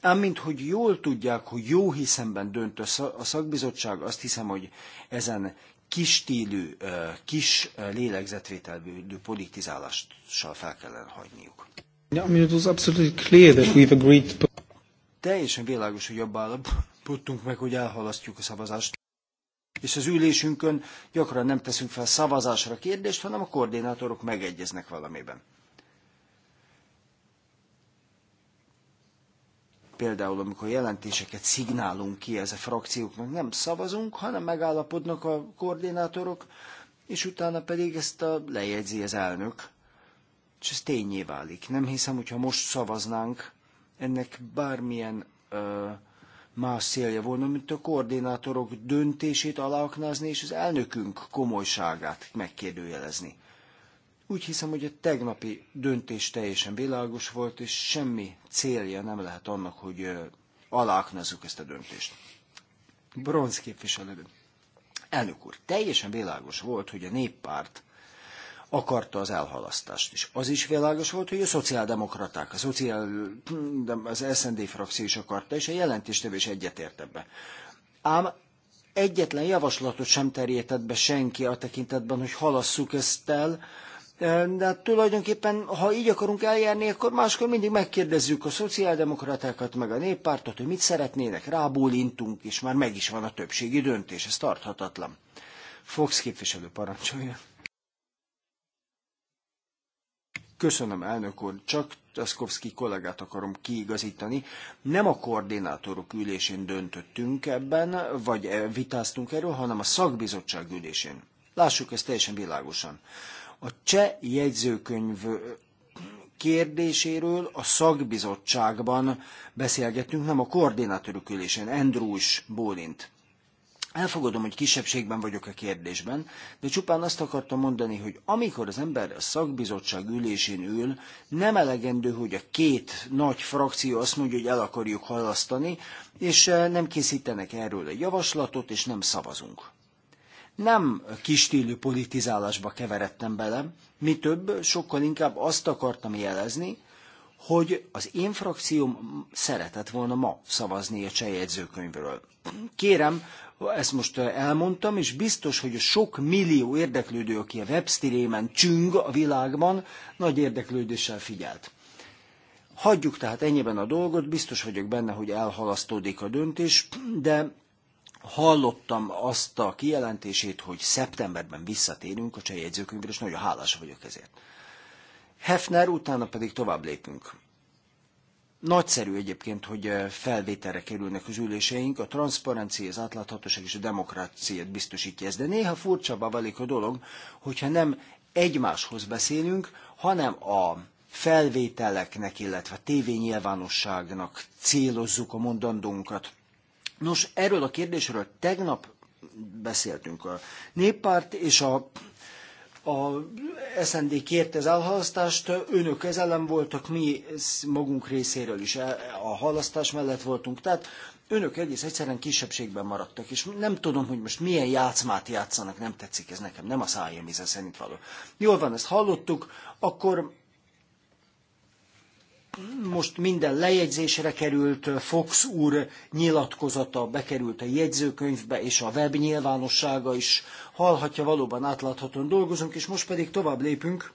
Ám mint hogy jól tudják, hogy jó hiszemben dönt a szakbizottság, azt hiszem, hogy ezen kis stílű, kis lélegzetvételű politizálással fel kellene hagyniuk. Teljesen világos, hogy abban állapodtunk meg, hogy elhalasztjuk a szavazást és az ülésünkön gyakran nem teszünk fel szavazásra kérdést, hanem a koordinátorok megegyeznek valamiben. Például, amikor jelentéseket szignálunk ki ez a frakcióknak, nem szavazunk, hanem megállapodnak a koordinátorok, és utána pedig ezt a, lejegyzi az elnök, és ez tényé válik. Nem hiszem, hogyha most szavaznánk, ennek bármilyen uh, más célja volna, mint a koordinátorok döntését aláaknázni és az elnökünk komolyságát megkérdőjelezni. Úgy hiszem, hogy a tegnapi döntés teljesen világos volt, és semmi célja nem lehet annak, hogy aláaknázzuk ezt a döntést. Bronz képviselő. Elnök úr, teljesen világos volt, hogy a néppárt akarta az elhalasztást is. Az is világos volt, hogy a szociáldemokraták, a szociál, az SND frakció is akarta, és a jelentéstevő is egyetért ebbe. Ám egyetlen javaslatot sem terjedett be senki a tekintetben, hogy halasszuk ezt el, de hát tulajdonképpen, ha így akarunk eljárni, akkor máskor mindig megkérdezzük a szociáldemokratákat, meg a néppártot, hogy mit szeretnének, rábólintunk, és már meg is van a többségi döntés, ez tarthatatlan. Fox képviselő parancsolja. Köszönöm, elnök úr, csak Taszkovszki kollégát akarom kiigazítani. Nem a koordinátorok ülésén döntöttünk ebben, vagy eh, vitáztunk erről, hanem a szakbizottság ülésén. Lássuk ezt teljesen világosan. A cseh jegyzőkönyv eh, kérdéséről a szakbizottságban beszélgettünk, nem a koordinátorok ülésén, Andrews Bólint. Elfogadom, hogy kisebbségben vagyok a kérdésben, de csupán azt akartam mondani, hogy amikor az ember a szakbizottság ülésén ül, nem elegendő, hogy a két nagy frakció azt mondja, hogy el akarjuk halasztani, és eh, nem készítenek erről egy javaslatot, és nem szavazunk. Nem kistílű politizálásba keveredtem bele, mi több, sokkal inkább azt akartam jelezni, hogy az én frakcióm szeretett volna ma szavazni a csejegyzőkönyvről. Kérem, ezt most eh, elmondtam, és biztos, hogy a sok millió érdeklődő, aki a webstreamen csüng a világban, nagy érdeklődéssel figyelt. Hagyjuk tehát ennyiben a dolgot, biztos vagyok benne, hogy elhalasztódik a döntés, de hallottam azt a kijelentését, hogy szeptemberben visszatérünk a cseh jegyzőkönyvre, és nagyon hálás vagyok ezért. Hefner, utána pedig tovább lépünk. Nagyszerű egyébként, hogy eh, felvételre kerülnek az üléseink, a transzparencia, az átláthatóság és a demokráciát biztosítja ez. De néha furcsábbá válik a dolog, hogyha nem egymáshoz beszélünk, hanem a felvételeknek, illetve tévényilvánosságnak célozzuk a mondandónkat. Nos, erről a kérdésről tegnap beszéltünk a néppárt és a a SND kérte az elhalasztást, önök ezelem voltak, mi magunk részéről is e, a halasztás mellett voltunk. Tehát önök egész egyszerűen kisebbségben maradtak, és nem tudom, hogy most milyen játszmát játszanak, nem tetszik ez nekem, nem a szájem, ez szerint való. Jól van, ezt hallottuk, akkor most minden lejegyzésre került, Fox úr nyilatkozata bekerült a jegyzőkönyvbe, és a web nyilvánossága is hallhatja, valóban átláthatóan dolgozunk, és most pedig tovább lépünk,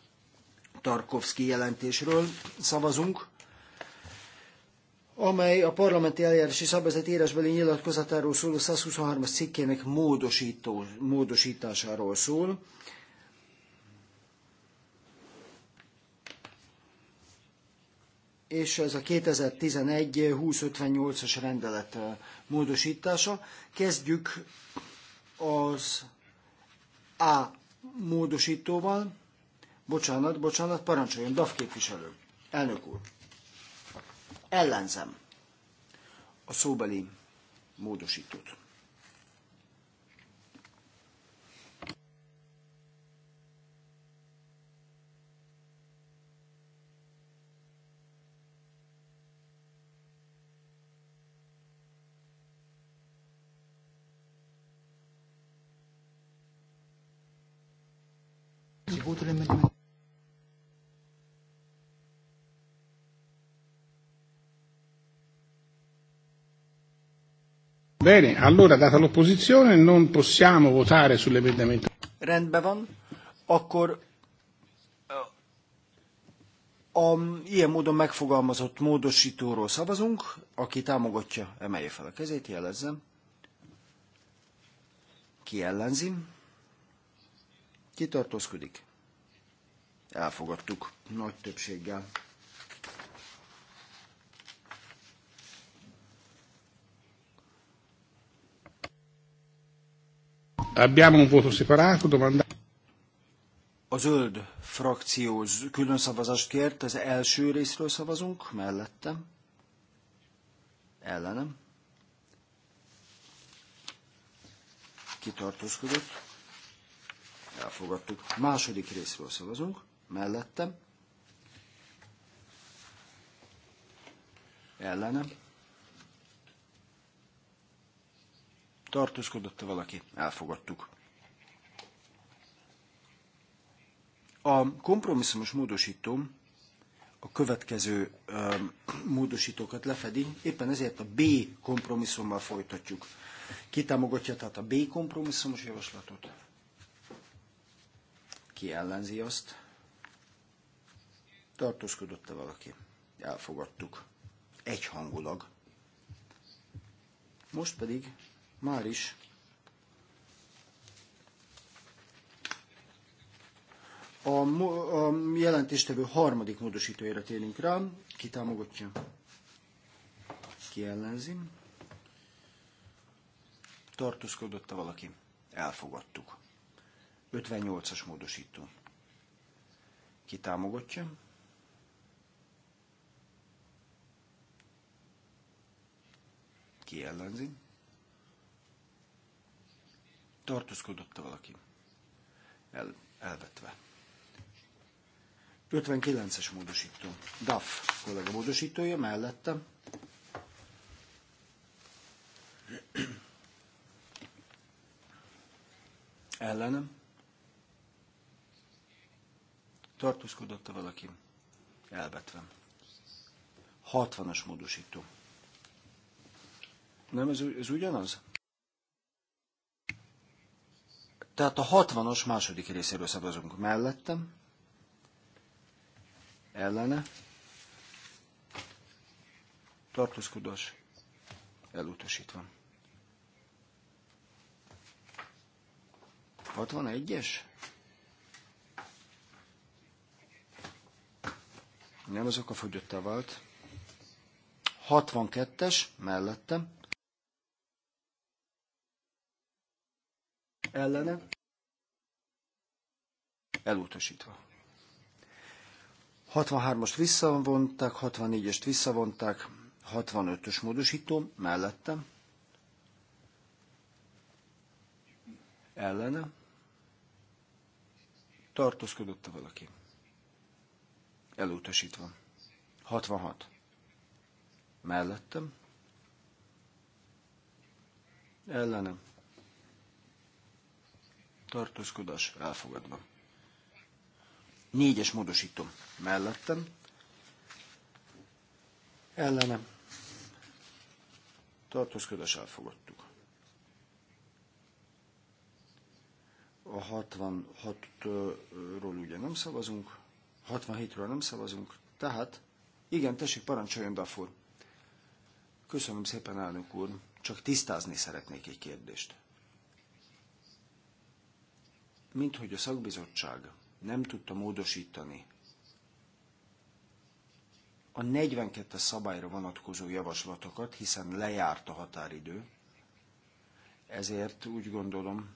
Tarkovsky jelentésről szavazunk, amely a parlamenti eljárási szabályzat írásbeli nyilatkozatáról szóló 123 cikkének módosító, módosításáról szól. és ez a 2011-2058-as rendelet módosítása. Kezdjük az A módosítóval. Bocsánat, bocsánat, parancsoljon, DAF képviselő. Elnök úr. Ellenzem a szóbeli módosítót. Bene, allora data l'opposizione non possiamo votare sull'emendamento. Rendben van, akkor a ilyen módon megfogalmazott módosítóról szavazunk, aki támogatja, emelje fel a kezét, jelezzem. Ki ellenzi? Kitartózkodik. Elfogadtuk nagy többséggel. Abbiamo un voto separato, domanda. A zöld frakció külön szavazást kért, az első részről szavazunk, mellettem, ellenem, kitartózkodott, Elfogadtuk. Második részről szavazunk. Mellettem. Ellenem. Tartózkodott-e valaki? Elfogadtuk. A kompromisszumos módosító a következő ö, módosítókat lefedi, éppen ezért a B kompromisszummal folytatjuk. Ki támogatja tehát a B kompromisszumos javaslatot? Ki ellenzi azt? Tartózkodott-e valaki? Elfogadtuk. Egyhangulag. Most pedig már is A, a jelentéstevő harmadik módosítójára térünk rá. Ki támogatja? Ki ellenzi? Tartózkodott-e valaki? Elfogadtuk. 58-as módosító. Ki támogatja? Ki ellenzi? Tartózkodott -e valaki. El, elvetve. 59-es módosító. DAF kollega módosítója mellette. Ellenem. Tartózkodott-e valaki? Elvetve. 60-as módosító. Nem, ez, ez ugyanaz? Tehát a 60-as második részéről szavazunk mellettem, ellene, tartózkodás elutasítva. 61-es? nem az a okafogyottá vált. 62-es mellette. Ellene. Elutasítva. 63-ast visszavonták, 64-est visszavonták, 65-ös módosító mellette. Ellene. Tartózkodott -e valaki? elutasítva. 66. Mellettem. Ellenem. Tartózkodás elfogadva. Négyes módosítom. Mellettem. Ellenem. Tartózkodás elfogadtuk. A 66-ról ugye nem szavazunk. 67-ről nem szavazunk, tehát igen, tessék, parancsoljon Dafur. Köszönöm szépen, elnök úr. Csak tisztázni szeretnék egy kérdést. Mint hogy a szakbizottság nem tudta módosítani a 42-es szabályra vonatkozó javaslatokat, hiszen lejárt a határidő, ezért úgy gondolom,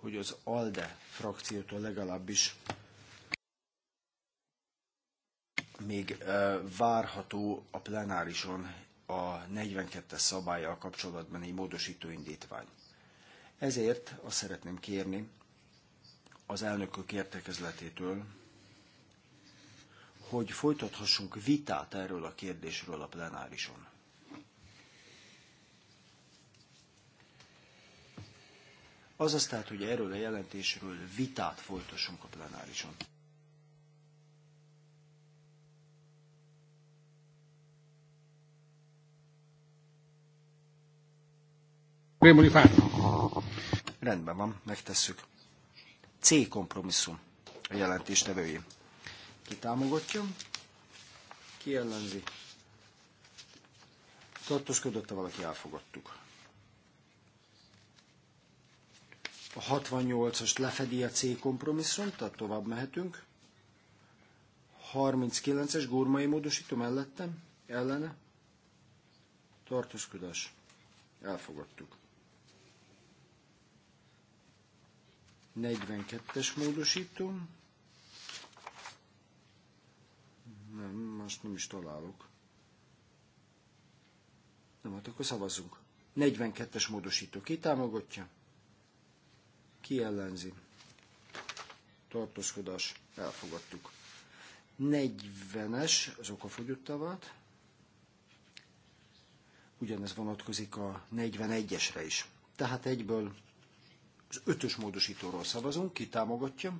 hogy az ALDE frakciótól legalábbis még várható a plenárison a 42-es szabályjal kapcsolatban egy módosító indítvány. Ezért azt szeretném kérni az elnökök értekezletétől, hogy folytathassunk vitát erről a kérdésről a plenárison. Azaz tehát, hogy erről a jelentésről vitát folytassunk a plenárison. Rémoli Rendben van, megtesszük. C kompromisszum a jelentés nevői. Ki támogatja? Ki ellenzi? Tartózkodott, ha valaki elfogadtuk. A 68-ast lefedi a C kompromisszum, tehát tovább mehetünk. 39-es gurmai módosító mellettem, ellene. Tartózkodás. Elfogadtuk. 42-es módosító. Nem, most nem is találok. Nem, hát akkor szavazzunk. 42-es módosító. Ki támogatja? Ki ellenzi? Tartózkodás. Elfogadtuk. 40-es, az okafogyott tavát. Ugyanez vonatkozik a 41-esre is. Tehát egyből az ötös módosítóról szavazunk, ki támogatja,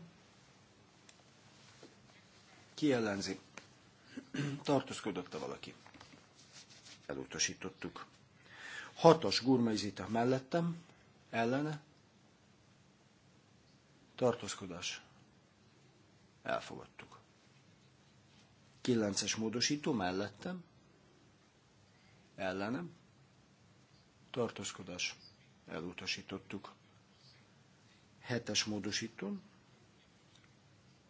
ki ellenzi. Tartózkodott-e valaki? Elutasítottuk. Hatas gurmaizita mellettem, ellene, tartózkodás. Elfogadtuk. Kilences módosító mellettem, ellenem, tartózkodás. Elutasítottuk. Hetes módosító.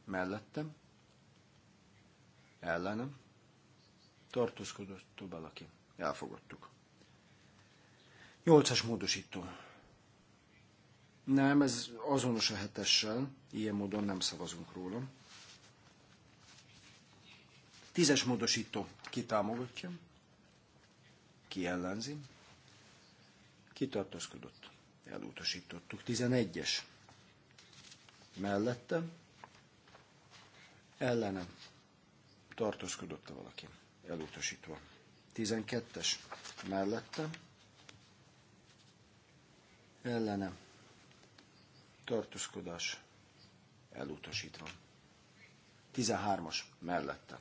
Mellettem. Ellenem. Tartózkodott valaki. Elfogadtuk. Nyolcas módosító. Nem, ez azonos a hetessel, ilyen módon nem szavazunk róla. Tízes módosító. Ki támogatja? Ki ellenzi? Ki tartózkodott? Elutasítottuk. Tizenegyes mellettem, ellenem tartózkodott -e valaki, elutasítva. 12-es mellettem, ellenem tartózkodás elutasítva. 13-as mellette.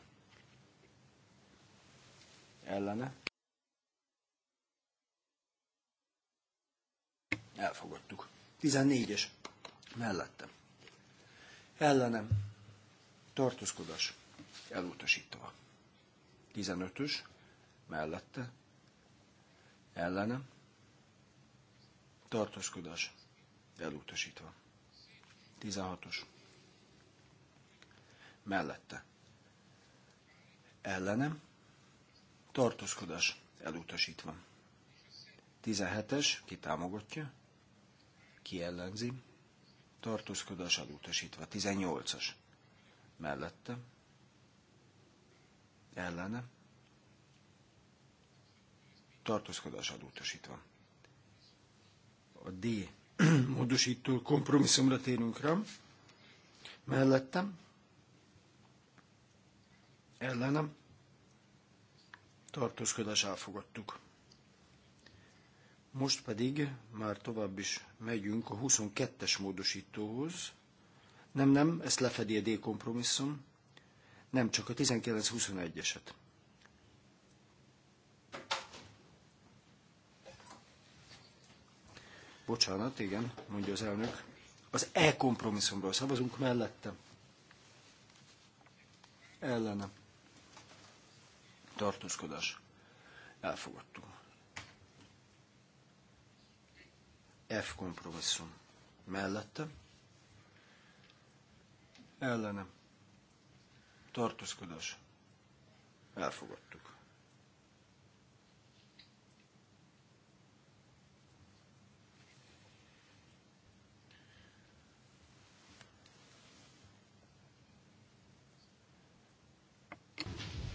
Ellene. Elfogadtuk. 14-es mellettem ellenem tartózkodás elutasítva. 15-ös mellette ellenem tartózkodás elutasítva. 16-os mellette ellenem tartózkodás elutasítva. 17-es kitámogatja, kiellenzi, tartózkodás elutasítva. 18-as mellette, ellene, tartózkodás elutasítva. A D módosító kompromisszumra térünk rá, mellettem, ellenem, tartózkodás elfogadtuk. Most pedig már tovább is megyünk a 22-es módosítóhoz. Nem, nem, ezt lefedi a D-kompromisszum. Nem, csak a 19-21-eset. Bocsánat, igen, mondja az elnök. Az E-kompromisszumról szavazunk mellette. Ellene. Tartózkodás. Elfogadtunk. F kompromisszum. Mellette. Ellenem. Tartózkodás. Elfogadtuk.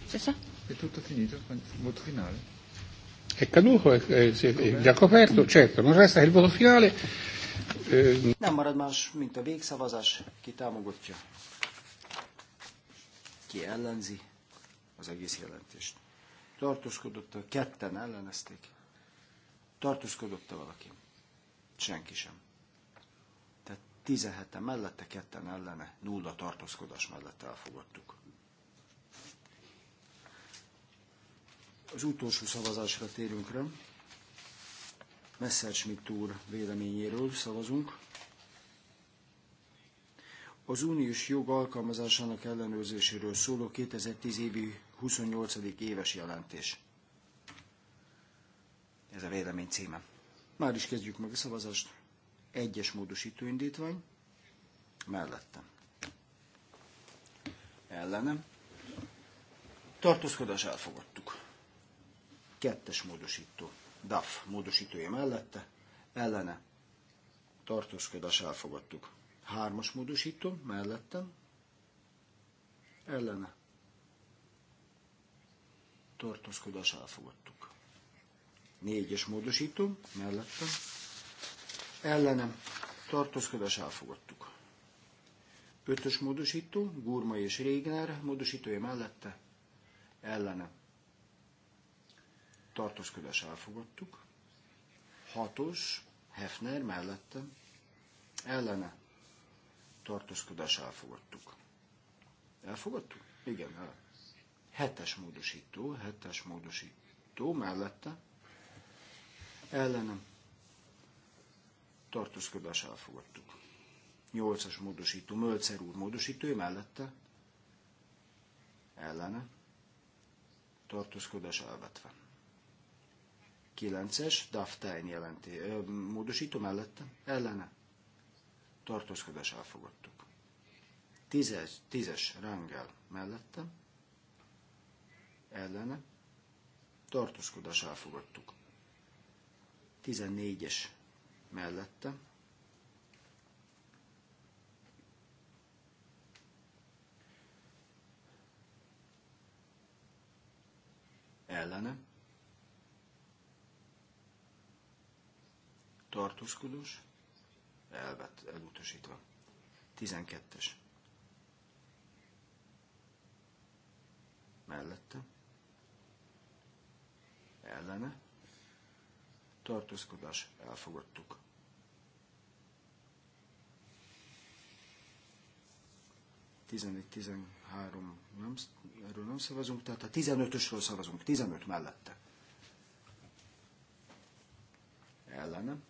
C'est ça? È tutto finito, voto finale è caduto, è, è, è è già coperto, certo, non resta che il voto finale. Eh, Nem marad más, mint a végszavazás, ki támogatja, ki ellenzi az egész jelentést. Tartózkodott, a ketten ellenezték. Tartózkodott e valaki? Senki sem. Tehát 17 mellette, ketten ellene, nulla tartózkodás mellett elfogadtuk. az utolsó szavazásra térünk rá. Messerschmitt úr véleményéről szavazunk. Az uniós jog alkalmazásának ellenőrzéséről szóló 2010 évi 28. éves jelentés. Ez a vélemény címe. Már is kezdjük meg a szavazást. Egyes módosító indítvány. Mellettem. Ellenem. Tartózkodás elfogadtuk. Kettes módosító. DAF módosítója mellette, ellene, tartózkodás elfogadtuk. Hármas módosító, mellettem, ellene, tartózkodás elfogadtuk. Négyes módosító, mellettem, ellene tartózkodás elfogadtuk. Ötös módosító, Gurma és Régner módosítója mellette, ellene, tartózkodás elfogadtuk. Hatos, Hefner mellette, ellene tartózkodás elfogadtuk. Elfogadtuk? Igen, el. Hetes módosító, hetes módosító mellette, ellene tartózkodás elfogadtuk. Nyolcas módosító, Mölcer úr módosítő mellette, ellene tartózkodás elvetve. 9-es Daftány jelenti. Módosító mellette? Ellene. Tartózkodás elfogadtuk. 10-es, 10 Rangel mellette? Ellene. Tartózkodás elfogadtuk. 14-es mellette. Ellene tartózkodós, elvet, elutasítva. 12-es. Mellette. Ellene. Tartózkodás. Elfogadtuk. Tizenegy, tizenhárom, nem, erről nem szavazunk, tehát a tizenötösről szavazunk, Tizenöt mellette. Ellenem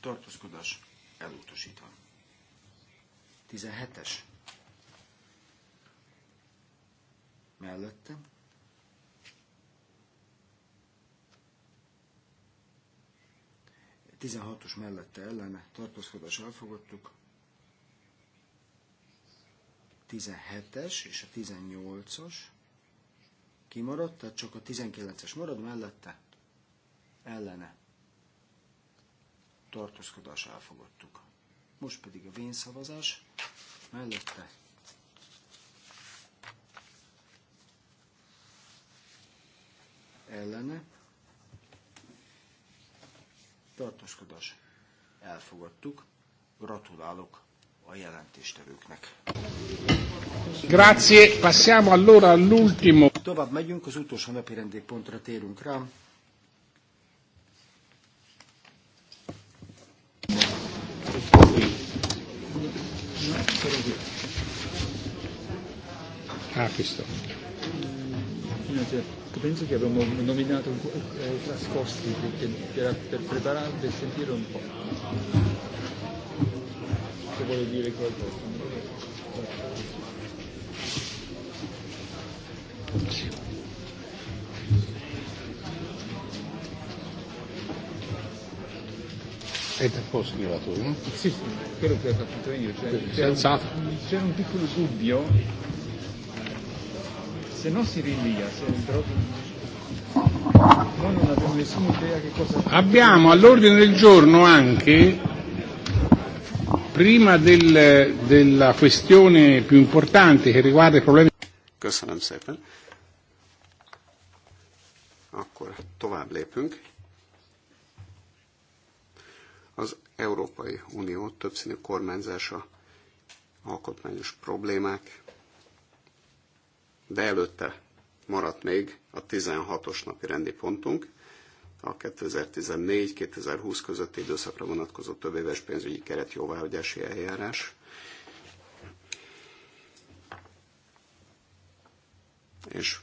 tartózkodás elutasítva. 17-es mellette Tizenhatos mellette ellene tartózkodás elfogadtuk, 17-es és a 18-as kimaradt, tehát csak a 19-es marad mellette, ellene tartózkodás elfogadtuk. Most pedig a vénszavazás mellette ellene tartózkodás elfogadtuk. Gratulálok a jelentéstevőknek. Grazie, passiamo allora all'ultimo. Tovább megyünk, az utolsó napi rendékpontra térünk rá. Ah, Penso che abbiamo nominato Frascosti eh, era per preparare, per sentire un po'. Se vuole dire qualcosa. Ed è posto no? Sì, sì, quello che ho capito io. Cioè, c'era, un, c'era un piccolo dubbio se no si rinvia, se entro... Noi non abbiamo nessuna idea che cosa... Abbiamo all'ordine del giorno anche, prima del, della questione più importante che riguarda i problemi... Köszönöm szépen. Akkor tovább lépünk. Az Európai Unió többszínű kormányzása alkotmányos problémák de előtte maradt még a 16-os napi rendi pontunk, a 2014-2020 közötti időszakra vonatkozó éves pénzügyi keret jóváhagyási eljárás. És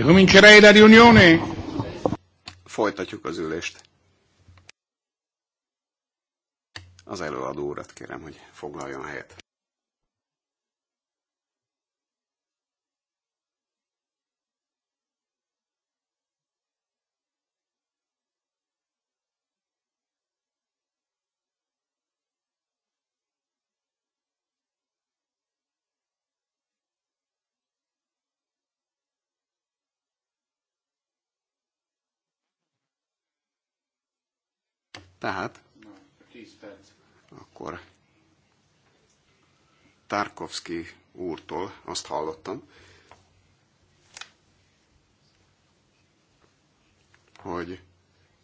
Ricomincerei la riunione. Folytatjuk az ülést. Az előadó urat kérem, hogy foglaljon helyet. Tehát akkor Tarkovsky úrtól azt hallottam, hogy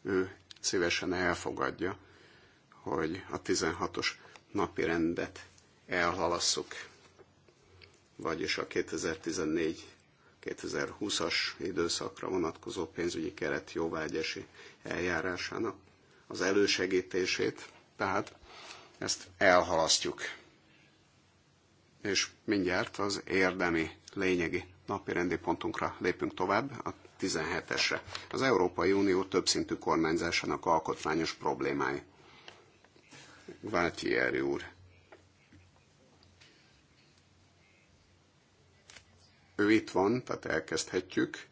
ő szívesen elfogadja, hogy a 16-os napi rendet elhalasszuk, vagyis a 2014-2020-as időszakra vonatkozó pénzügyi keret jóvágyási eljárásának az elősegítését, tehát ezt elhalasztjuk. És mindjárt az érdemi, lényegi napirendi pontunkra lépünk tovább, a 17-esre. Az Európai Unió többszintű kormányzásának alkotmányos problémái. Gváltieri úr. Ő itt van, tehát elkezdhetjük,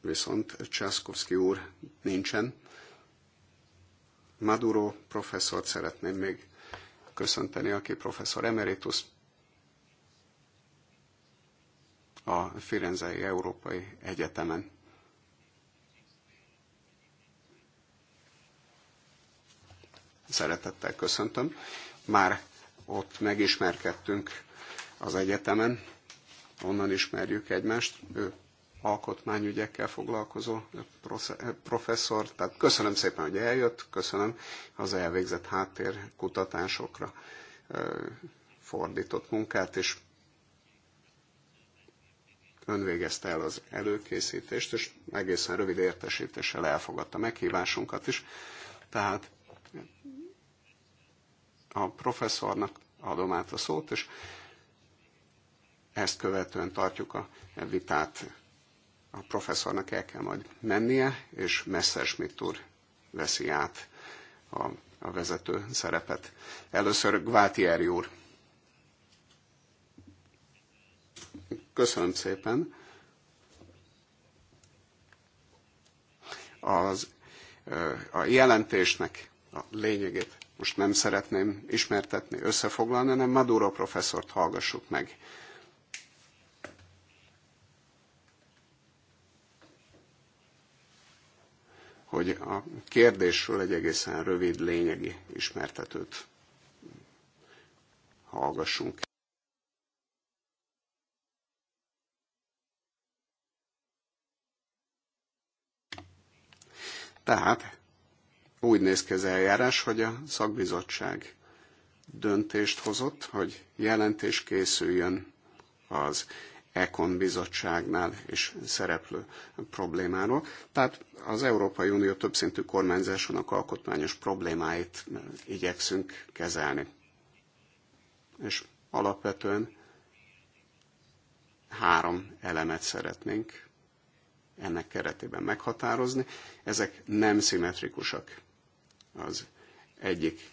viszont Császkowski úr nincsen, Maduro professzort szeretném még köszönteni, aki professzor emeritus a Firenzei Európai Egyetemen. Szeretettel köszöntöm. Már ott megismerkedtünk az egyetemen, onnan ismerjük egymást. Ő alkotmányügyekkel foglalkozó professzor. Tehát köszönöm szépen, hogy eljött, köszönöm az elvégzett háttérkutatásokra fordított munkát, és ön végezte el az előkészítést, és egészen rövid értesítéssel elfogadta meghívásunkat is. Tehát a professzornak adom át a szót, és ezt követően tartjuk a vitát a professzornak el kell majd mennie, és Messerschmitt úr veszi át a, a vezető szerepet. Először Gvátieri úr. Köszönöm szépen. Az, a jelentésnek a lényegét most nem szeretném ismertetni, összefoglalni, hanem Maduro professzort hallgassuk meg hogy a kérdésről egy egészen rövid lényegi ismertetőt hallgassunk. Tehát úgy néz ki az eljárás, hogy a szakbizottság döntést hozott, hogy jelentés készüljön az Econ bizottságnál is szereplő problémáról. Tehát az Európai Unió többszintű kormányzásának alkotmányos problémáit igyekszünk kezelni. És alapvetően három elemet szeretnénk ennek keretében meghatározni. Ezek nem szimmetrikusak. Az egyik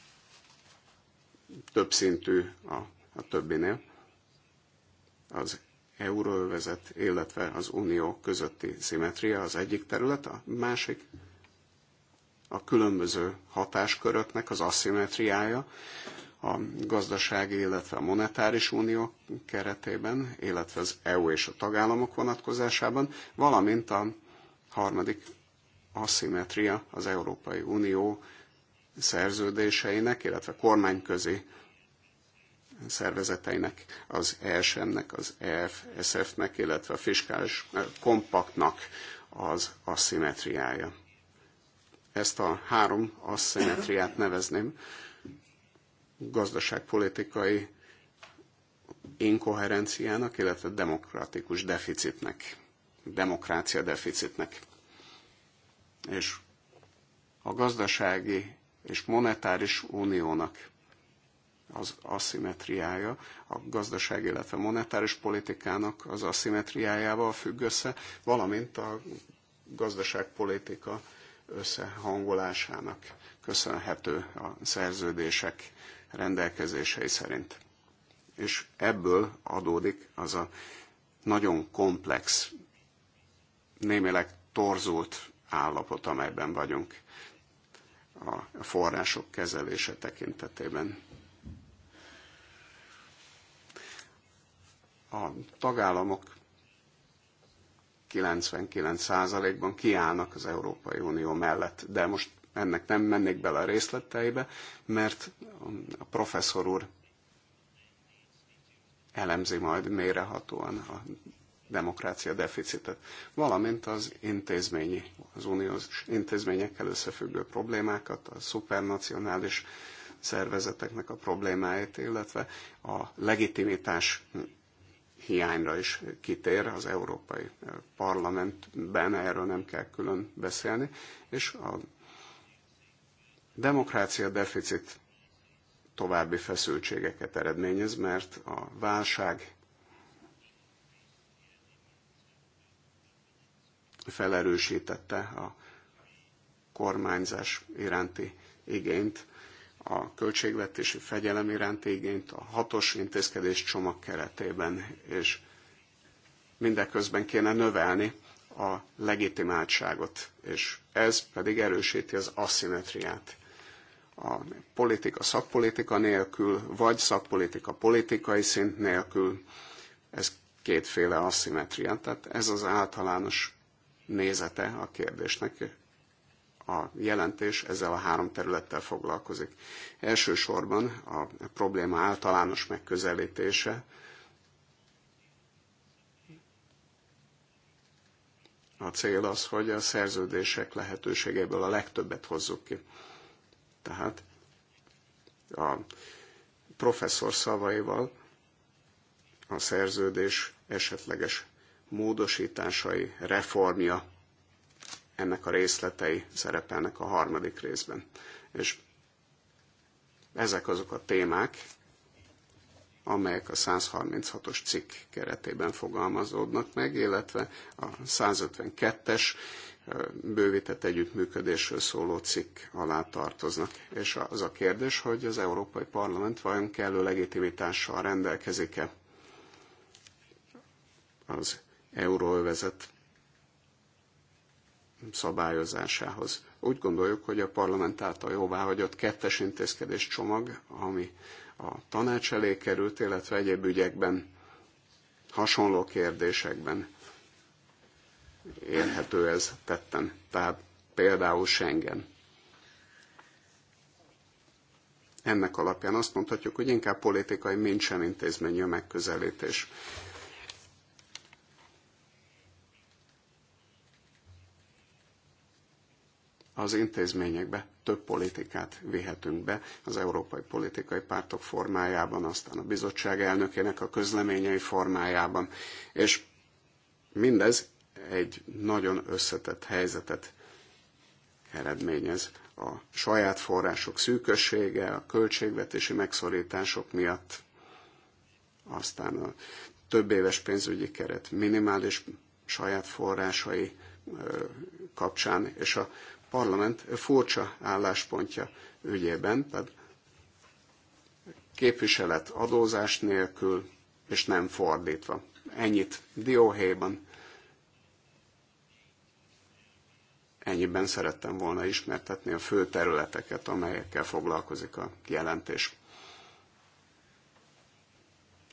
többszintű a, a többinél. Az euróövezet, illetve az unió közötti szimetria az egyik terület, a másik a különböző hatásköröknek az aszimetriája a gazdasági, illetve a monetáris unió keretében, illetve az EU és a tagállamok vonatkozásában, valamint a harmadik aszimetria az Európai Unió szerződéseinek, illetve kormányközi szervezeteinek, az ESM-nek, az EFSF-nek, illetve a fiskális eh, kompaktnak az aszimetriája. Ezt a három aszimetriát nevezném gazdaságpolitikai inkoherenciának, illetve demokratikus deficitnek, demokrácia deficitnek. És a gazdasági és monetáris uniónak az aszimetriája, a gazdaság, illetve monetáris politikának az aszimetriájával függ össze, valamint a gazdaságpolitika összehangolásának köszönhető a szerződések rendelkezései szerint. És ebből adódik az a nagyon komplex, némileg torzult állapot, amelyben vagyunk a források kezelése tekintetében. a tagállamok 99%-ban kiállnak az Európai Unió mellett, de most ennek nem mennék bele a részleteibe, mert a professzor úr elemzi majd mérehatóan a demokrácia deficitet, valamint az intézményi, az uniós intézményekkel összefüggő problémákat, a szupernacionális szervezeteknek a problémáit, illetve a legitimitás hiányra is kitér az Európai Parlamentben, erről nem kell külön beszélni, és a demokrácia deficit további feszültségeket eredményez, mert a válság felerősítette a kormányzás iránti igényt a költségvetési fegyelem iránti igényt a hatos intézkedés csomag keretében, és mindeközben kéne növelni a legitimáltságot, és ez pedig erősíti az aszimetriát. A politika szakpolitika nélkül, vagy szakpolitika politikai szint nélkül, ez kétféle aszimetria. Tehát ez az általános nézete a kérdésnek, a jelentés ezzel a három területtel foglalkozik. Elsősorban a probléma általános megközelítése, a cél az, hogy a szerződések lehetőségeiből a legtöbbet hozzuk ki. Tehát a professzor szavaival a szerződés esetleges módosításai, reformja ennek a részletei szerepelnek a harmadik részben. És ezek azok a témák, amelyek a 136-os cikk keretében fogalmazódnak meg, illetve a 152-es bővített együttműködésről szóló cikk alá tartoznak. És az a kérdés, hogy az Európai Parlament vajon kellő legitimitással rendelkezik-e az euróövezet szabályozásához. Úgy gondoljuk, hogy a parlament által jóváhagyott kettes intézkedés csomag, ami a tanács elé került, illetve egyéb ügyekben, hasonló kérdésekben érhető ez tetten. Tehát például Schengen. Ennek alapján azt mondhatjuk, hogy inkább politikai, sem intézményi a megközelítés. az intézményekbe több politikát vihetünk be az európai politikai pártok formájában, aztán a bizottság elnökének a közleményei formájában, és mindez egy nagyon összetett helyzetet eredményez. A saját források szűkössége, a költségvetési megszorítások miatt, aztán a több éves pénzügyi keret minimális saját forrásai kapcsán, és a parlament furcsa álláspontja ügyében, tehát képviselet adózás nélkül, és nem fordítva. Ennyit dióhéjban. Ennyiben szerettem volna ismertetni a fő területeket, amelyekkel foglalkozik a jelentés.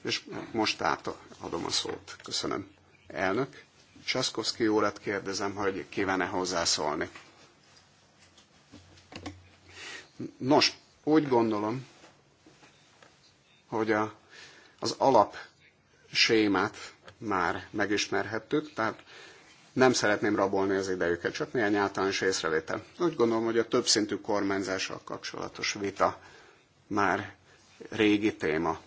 És most átadom a szót. Köszönöm. Elnök, Csaszkowski úrat kérdezem, hogy kívánne hozzászólni. Nos, úgy gondolom, hogy a, az alap sémát már megismerhettük, tehát nem szeretném rabolni az idejüket, csak néhány általános észrevétel. Úgy gondolom, hogy a többszintű kormányzással kapcsolatos vita már régi téma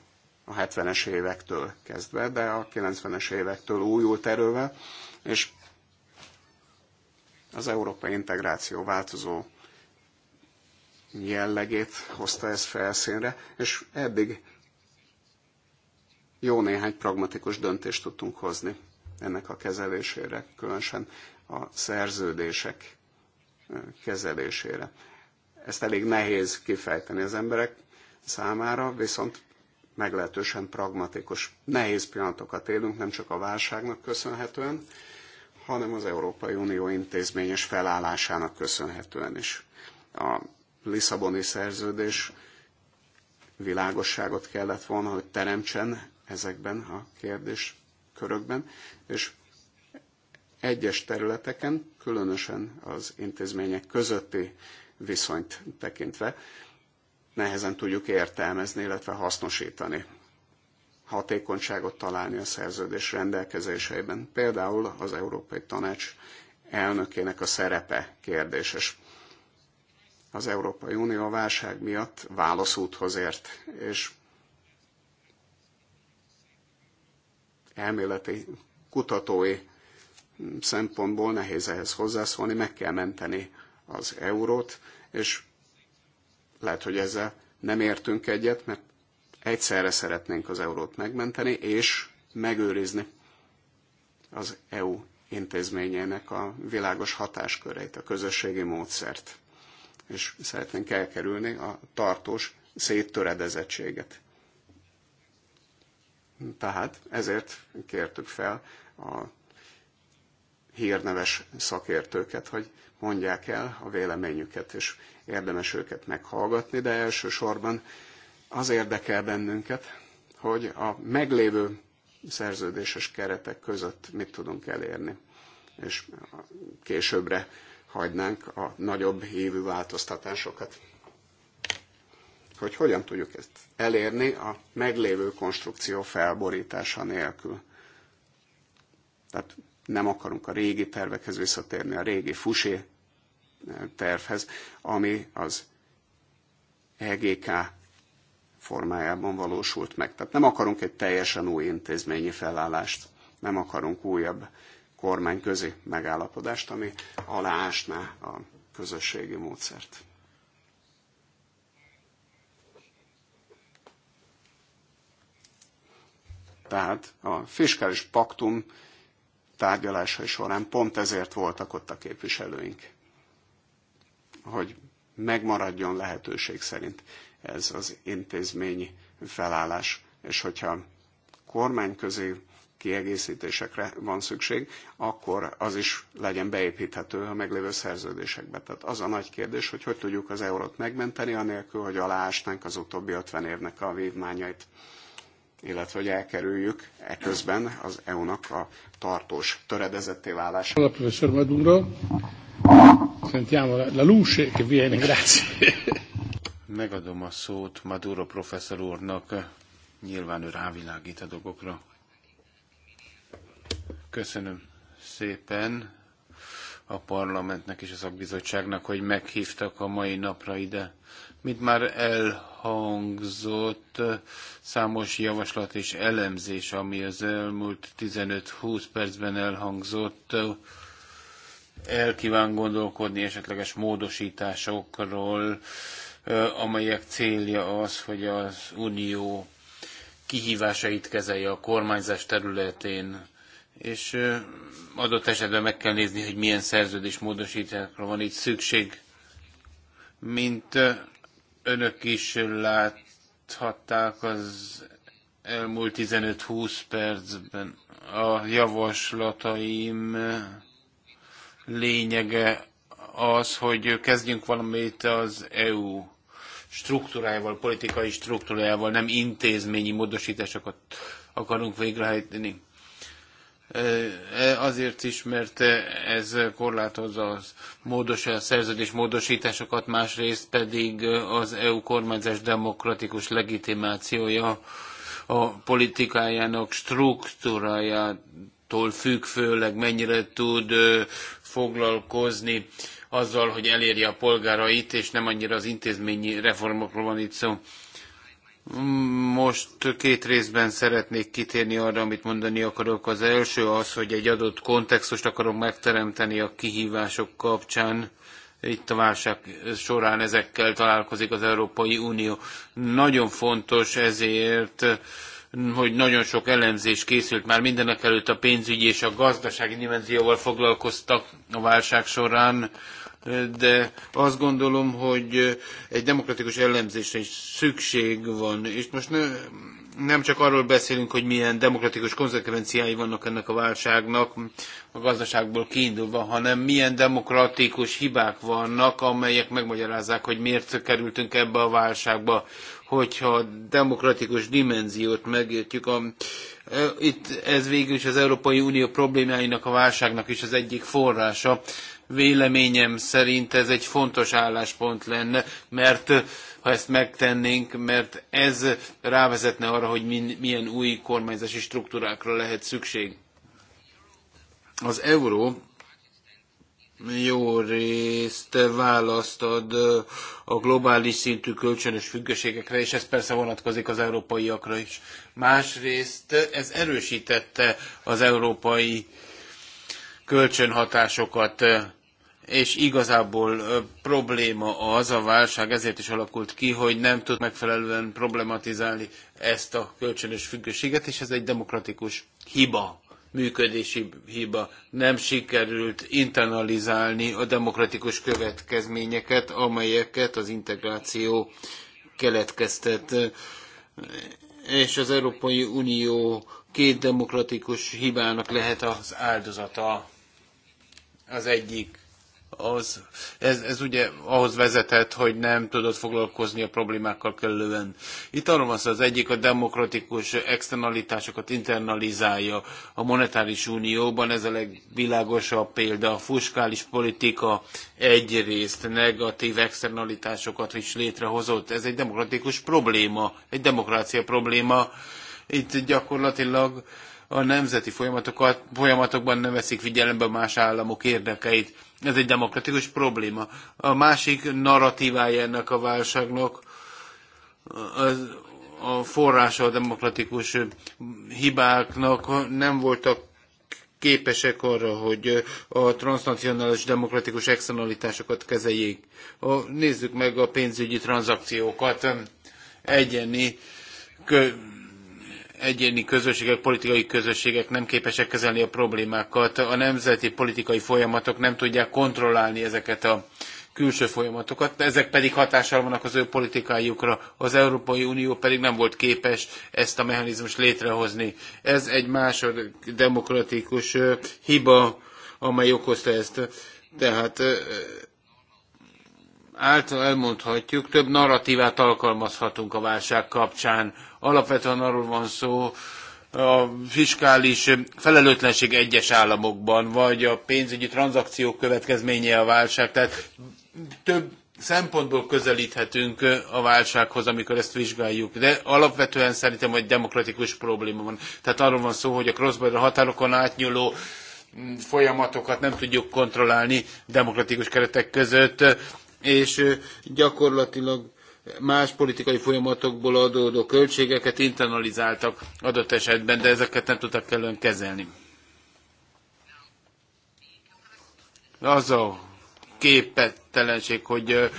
a 70-es évektől kezdve, de a 90-es évektől újult erővel, és az európai integráció változó jellegét hozta ez felszínre, és eddig jó néhány pragmatikus döntést tudtunk hozni ennek a kezelésére, különösen a szerződések kezelésére. Ezt elég nehéz kifejteni az emberek számára, viszont meglehetősen pragmatikus. Nehéz pillanatokat élünk, nem csak a válságnak köszönhetően, hanem az Európai Unió intézményes felállásának köszönhetően is. A Lisszaboni szerződés világosságot kellett volna, hogy teremtsen ezekben a kérdéskörökben, és egyes területeken, különösen az intézmények közötti viszonyt tekintve, nehezen tudjuk értelmezni, illetve hasznosítani hatékonyságot találni a szerződés rendelkezéseiben. Például az Európai Tanács elnökének a szerepe kérdéses az Európai Unió a válság miatt válaszúthoz ért, és elméleti kutatói szempontból nehéz ehhez hozzászólni, meg kell menteni az eurót, és lehet, hogy ezzel nem értünk egyet, mert egyszerre szeretnénk az eurót megmenteni és megőrizni az EU intézményének a világos hatásköreit, a közösségi módszert és szeretnénk elkerülni a tartós széttöredezettséget. Tehát ezért kértük fel a hírneves szakértőket, hogy mondják el a véleményüket, és érdemes őket meghallgatni, de elsősorban az érdekel bennünket, hogy a meglévő szerződéses keretek között mit tudunk elérni, és későbbre hagynánk a nagyobb hívű változtatásokat. Hogy hogyan tudjuk ezt elérni a meglévő konstrukció felborítása nélkül. Tehát nem akarunk a régi tervekhez visszatérni, a régi fusé eh, tervhez, ami az EGK formájában valósult meg. Tehát nem akarunk egy teljesen új intézményi felállást, nem akarunk újabb kormányközi megállapodást, ami aláásná a közösségi módszert. Tehát a fiskális paktum tárgyalásai során pont ezért voltak ott a képviselőink, hogy megmaradjon lehetőség szerint ez az intézményi felállás, és hogyha kormányközi kiegészítésekre van szükség, akkor az is legyen beépíthető a meglévő szerződésekbe. Tehát az a nagy kérdés, hogy hogy tudjuk az eurót megmenteni, anélkül, hogy aláásnánk az utóbbi 50 évnek a vívmányait illetve hogy elkerüljük eközben az EU-nak a tartós töredezetté válását. Allora, professor Maduro, sentiamo la luce che viene, grazie. Megadom a szót Maduro professzor úrnak, nyilván ő rávilágít a dolgokra. Köszönöm szépen a parlamentnek és a szakbizottságnak, hogy meghívtak a mai napra ide. Mint már elhangzott, számos javaslat és elemzés, ami az elmúlt 15-20 percben elhangzott, el kíván gondolkodni esetleges módosításokról, amelyek célja az, hogy az Unió kihívásait kezelje a kormányzás területén és adott esetben meg kell nézni, hogy milyen szerződés módosításra van itt szükség. Mint önök is láthatták az elmúlt 15-20 percben a javaslataim lényege az, hogy kezdjünk valamit az EU struktúrájával, politikai struktúrájával, nem intézményi módosításokat akarunk végrehajtani. E, azért is, mert ez korlátozza az módos, a szerződés módosításokat, másrészt pedig az EU kormányzás demokratikus legitimációja a politikájának struktúrájától függ, főleg mennyire tud foglalkozni azzal, hogy elérje a polgárait, és nem annyira az intézményi reformokról van itt szó. Most két részben szeretnék kitérni arra, amit mondani akarok. Az első az, hogy egy adott kontextust akarok megteremteni a kihívások kapcsán. Itt a válság során ezekkel találkozik az Európai Unió. Nagyon fontos ezért, hogy nagyon sok elemzés készült már mindenek előtt a pénzügyi és a gazdasági dimenzióval foglalkoztak a válság során de azt gondolom, hogy egy demokratikus ellenzésre is szükség van, és most ne, nem csak arról beszélünk, hogy milyen demokratikus konzekvenciái vannak ennek a válságnak a gazdaságból kiindulva, hanem milyen demokratikus hibák vannak, amelyek megmagyarázzák, hogy miért kerültünk ebbe a válságba, hogyha a demokratikus dimenziót megértjük. A, itt ez végül is az Európai Unió problémáinak, a válságnak is az egyik forrása. Véleményem szerint ez egy fontos álláspont lenne, mert ha ezt megtennénk, mert ez rávezetne arra, hogy milyen új kormányzási struktúrákra lehet szükség. Az euró jó részt választ ad a globális szintű kölcsönös függőségekre, és ez persze vonatkozik az európaiakra is. Másrészt ez erősítette az európai kölcsönhatásokat, és igazából probléma az, a válság ezért is alakult ki, hogy nem tud megfelelően problematizálni ezt a kölcsönös függőséget, és ez egy demokratikus hiba működési hiba. Nem sikerült internalizálni a demokratikus következményeket, amelyeket az integráció keletkeztet. És az Európai Unió két demokratikus hibának lehet az áldozata. Az egyik az, ez, ez ugye ahhoz vezetett, hogy nem tudod foglalkozni a problémákkal kellően. Itt arról van szó, az egyik a demokratikus externalitásokat internalizálja a monetáris unióban, ez a legvilágosabb példa. A fuskális politika egyrészt negatív externalitásokat is létrehozott. Ez egy demokratikus probléma, egy demokrácia probléma. Itt gyakorlatilag a nemzeti folyamatokat, folyamatokban nem veszik figyelembe más államok érdekeit. Ez egy demokratikus probléma. A másik narratívája ennek a válságnak az a forrása a demokratikus hibáknak nem voltak képesek arra, hogy a transnacionális demokratikus externalitásokat kezeljék. nézzük meg a pénzügyi tranzakciókat. Egyeni egyéni közösségek, politikai közösségek nem képesek kezelni a problémákat, a nemzeti politikai folyamatok nem tudják kontrollálni ezeket a külső folyamatokat, ezek pedig hatással vannak az ő politikájukra, az Európai Unió pedig nem volt képes ezt a mechanizmust létrehozni. Ez egy másod demokratikus hiba, amely okozta ezt. Tehát által elmondhatjuk, több narratívát alkalmazhatunk a válság kapcsán. Alapvetően arról van szó, a fiskális felelőtlenség egyes államokban, vagy a pénzügyi tranzakciók következménye a válság. Tehát több szempontból közelíthetünk a válsághoz, amikor ezt vizsgáljuk, de alapvetően szerintem egy demokratikus probléma van. Tehát arról van szó, hogy a crossborder határokon átnyúló folyamatokat nem tudjuk kontrollálni demokratikus keretek között és gyakorlatilag más politikai folyamatokból adódó költségeket internalizáltak adott esetben, de ezeket nem tudtak kellően kezelni. Az a képettelenség, hogy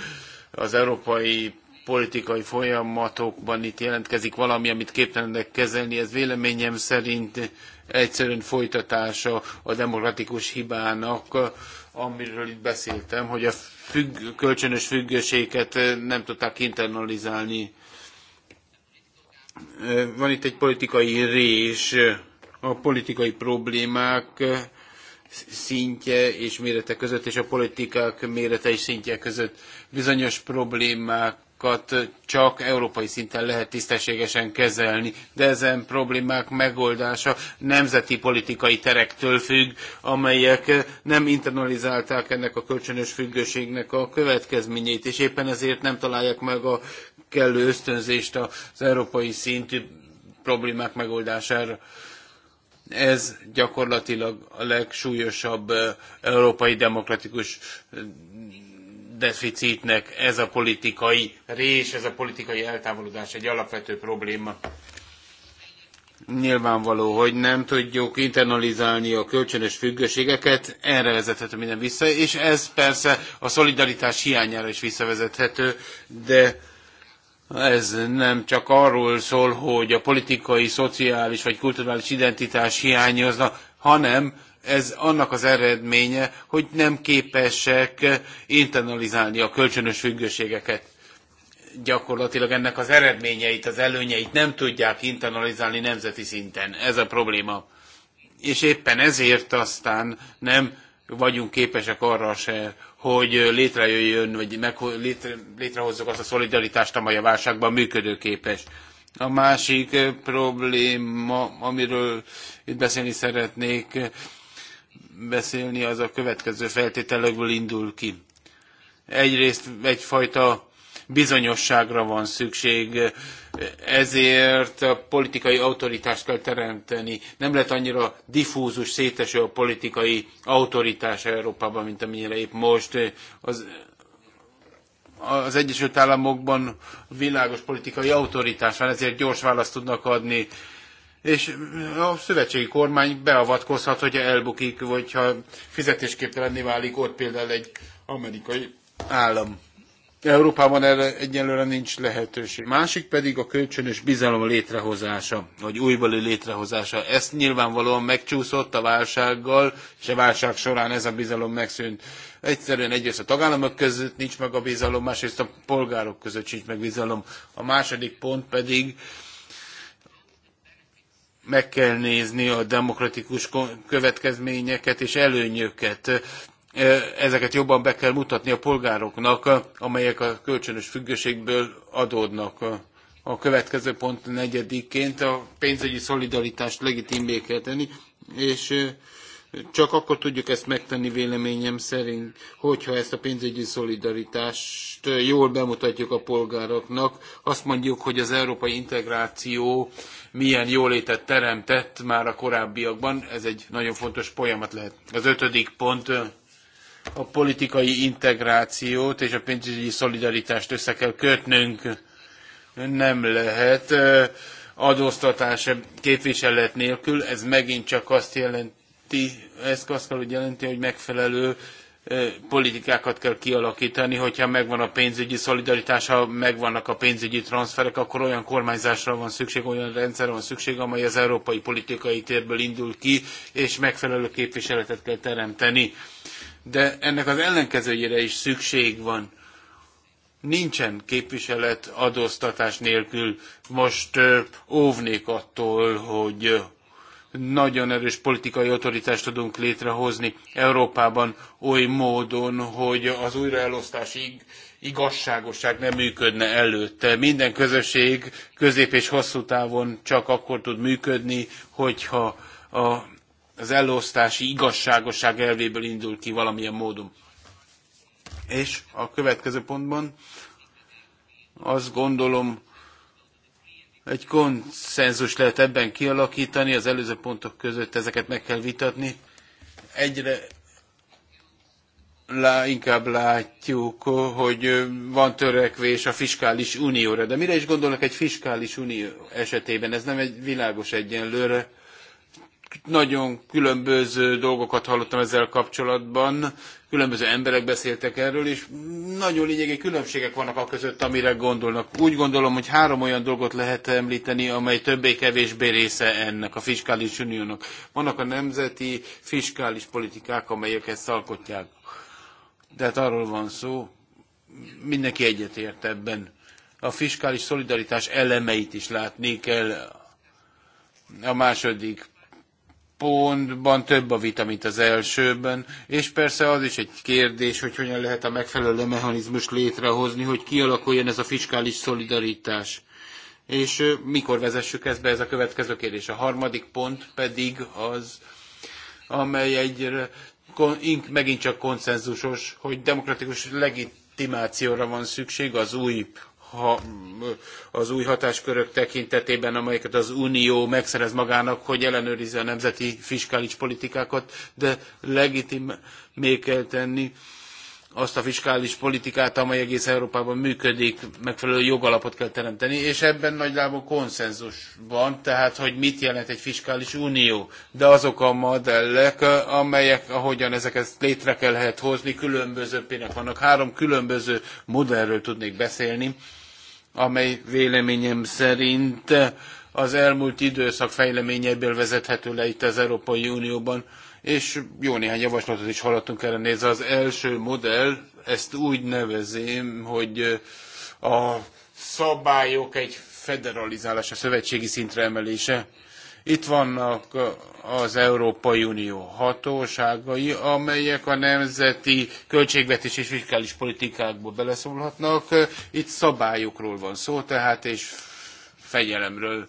az európai politikai folyamatokban itt jelentkezik valami, amit képtelenek kezelni, ez véleményem szerint egyszerűen folytatása a demokratikus hibának, amiről itt beszéltem, hogy a függ, kölcsönös függőséget nem tudták internalizálni. Van itt egy politikai rés, a politikai problémák szintje és mérete között, és a politikák mérete és szintje között bizonyos problémák problémákat csak európai szinten lehet tisztességesen kezelni, de ezen problémák megoldása nemzeti politikai terektől függ, amelyek nem internalizálták ennek a kölcsönös függőségnek a következményeit, és éppen ezért nem találják meg a kellő ösztönzést az európai szintű problémák megoldására ez gyakorlatilag a legsúlyosabb eh, európai demokratikus eh, deficitnek ez a politikai rés, ez a politikai eltávolodás egy alapvető probléma. Nyilvánvaló, hogy nem tudjuk internalizálni a kölcsönös függőségeket, erre vezethető minden vissza, és ez persze a szolidaritás hiányára is visszavezethető, de ez nem csak arról szól, hogy a politikai, szociális vagy kulturális identitás hiányozna, hanem ez annak az eredménye, hogy nem képesek internalizálni a kölcsönös függőségeket. Gyakorlatilag ennek az eredményeit, az előnyeit nem tudják internalizálni nemzeti szinten. Ez a probléma. És éppen ezért aztán nem vagyunk képesek arra se, hogy létrejöjjön, vagy meg, létre, létrehozzuk azt a szolidaritást, amely a válságban működőképes. A másik probléma, amiről itt beszélni szeretnék, beszélni, az a következő feltételekből indul ki. Egyrészt egyfajta bizonyosságra van szükség, ezért a politikai autoritást kell teremteni. Nem lehet annyira diffúzus, széteső a politikai autoritás Európában, mint amennyire épp most. Az, az Egyesült Államokban világos politikai autoritás van, ezért gyors választ tudnak adni és a szövetségi kormány beavatkozhat, hogyha elbukik, vagy ha fizetésképtelenné válik ott például egy amerikai állam. Európában erre egyelőre nincs lehetőség. Másik pedig a kölcsönös bizalom létrehozása, vagy újbeli létrehozása. Ezt nyilvánvalóan megcsúszott a válsággal, és a válság során ez a bizalom megszűnt. Egyszerűen egyrészt a tagállamok között nincs meg a bizalom, másrészt a polgárok között sincs meg bizalom. A második pont pedig meg kell nézni a demokratikus következményeket és előnyöket. E, ezeket jobban be kell mutatni a polgároknak, amelyek a kölcsönös függőségből adódnak. A következő pont negyediként a pénzügyi szolidaritást legitimé kell tenni, és csak akkor tudjuk ezt megtenni véleményem szerint, hogyha ezt a pénzügyi szolidaritást jól bemutatjuk a polgároknak. Azt mondjuk, hogy az európai integráció milyen jólétet teremtett már a korábbiakban. Ez egy nagyon fontos folyamat lehet. Az ötödik pont a politikai integrációt és a pénzügyi szolidaritást össze kell kötnünk. Nem lehet eh, adóztatás képviselet nélkül, ez megint csak azt jelenti, ez azt kell, hogy jelenti, hogy megfelelő eh, politikákat kell kialakítani, hogyha megvan a pénzügyi szolidaritás, ha megvannak a pénzügyi transferek, akkor olyan kormányzásra van szükség, olyan rendszerre van szükség, amely az európai politikai térből indul ki, és megfelelő képviseletet kell teremteni. De ennek az ellenkezőjére is szükség van. Nincsen képviselet adóztatás nélkül. Most eh, óvnék attól, hogy nagyon erős politikai autoritást tudunk létrehozni Európában oly módon, hogy az újraelosztási igazságosság nem működne előtte. Minden közösség közép és hosszú távon csak akkor tud működni, hogyha a, az elosztási igazságosság elvéből indul ki valamilyen módon. És a következő pontban azt gondolom, egy konszenzus lehet ebben kialakítani, az előző pontok között ezeket meg kell vitatni. Egyre lá, inkább látjuk, hogy van törekvés a fiskális unióra. De mire is gondolnak egy fiskális unió esetében? Ez nem egy világos egyenlőre. Nagyon különböző dolgokat hallottam ezzel kapcsolatban, különböző emberek beszéltek erről, és nagyon lényegi különbségek vannak a között, amire gondolnak. Úgy gondolom, hogy három olyan dolgot lehet említeni, amely többé-kevésbé része ennek a fiskális uniónak. Vannak a nemzeti fiskális politikák, amelyek ezt alkotják. Tehát arról van szó, mindenki egyetért ebben. A fiskális szolidaritás elemeit is látni kell. A második pontban több a vita, mint az elsőben, és persze az is egy kérdés, hogy hogyan lehet a megfelelő mechanizmus létrehozni, hogy kialakuljon ez a fiskális szolidaritás. És mikor vezessük ezt be, ez a következő kérdés. A harmadik pont pedig az, amely egy megint csak konszenzusos, hogy demokratikus legitimációra van szükség az új ha az új hatáskörök tekintetében, amelyeket az Unió megszerez magának, hogy ellenőrizze a nemzeti fiskális politikákat, de legitim még kell tenni azt a fiskális politikát, amely egész Európában működik, megfelelő jogalapot kell teremteni, és ebben nagyjából konszenzus van, tehát hogy mit jelent egy fiskális unió. De azok a modellek, amelyek, ahogyan ezeket létre kell lehet hozni, különböző pének vannak. Három különböző modellről tudnék beszélni, amely véleményem szerint az elmúlt időszak fejleményeiből vezethető le itt az Európai Unióban és jó néhány javaslatot is hallottunk erre nézve. Az első modell, ezt úgy nevezém, hogy a szabályok egy federalizálása, szövetségi szintre emelése. Itt vannak az Európai Unió hatóságai, amelyek a nemzeti költségvetés és fiskális politikákba beleszólhatnak. Itt szabályokról van szó, tehát és fegyelemről,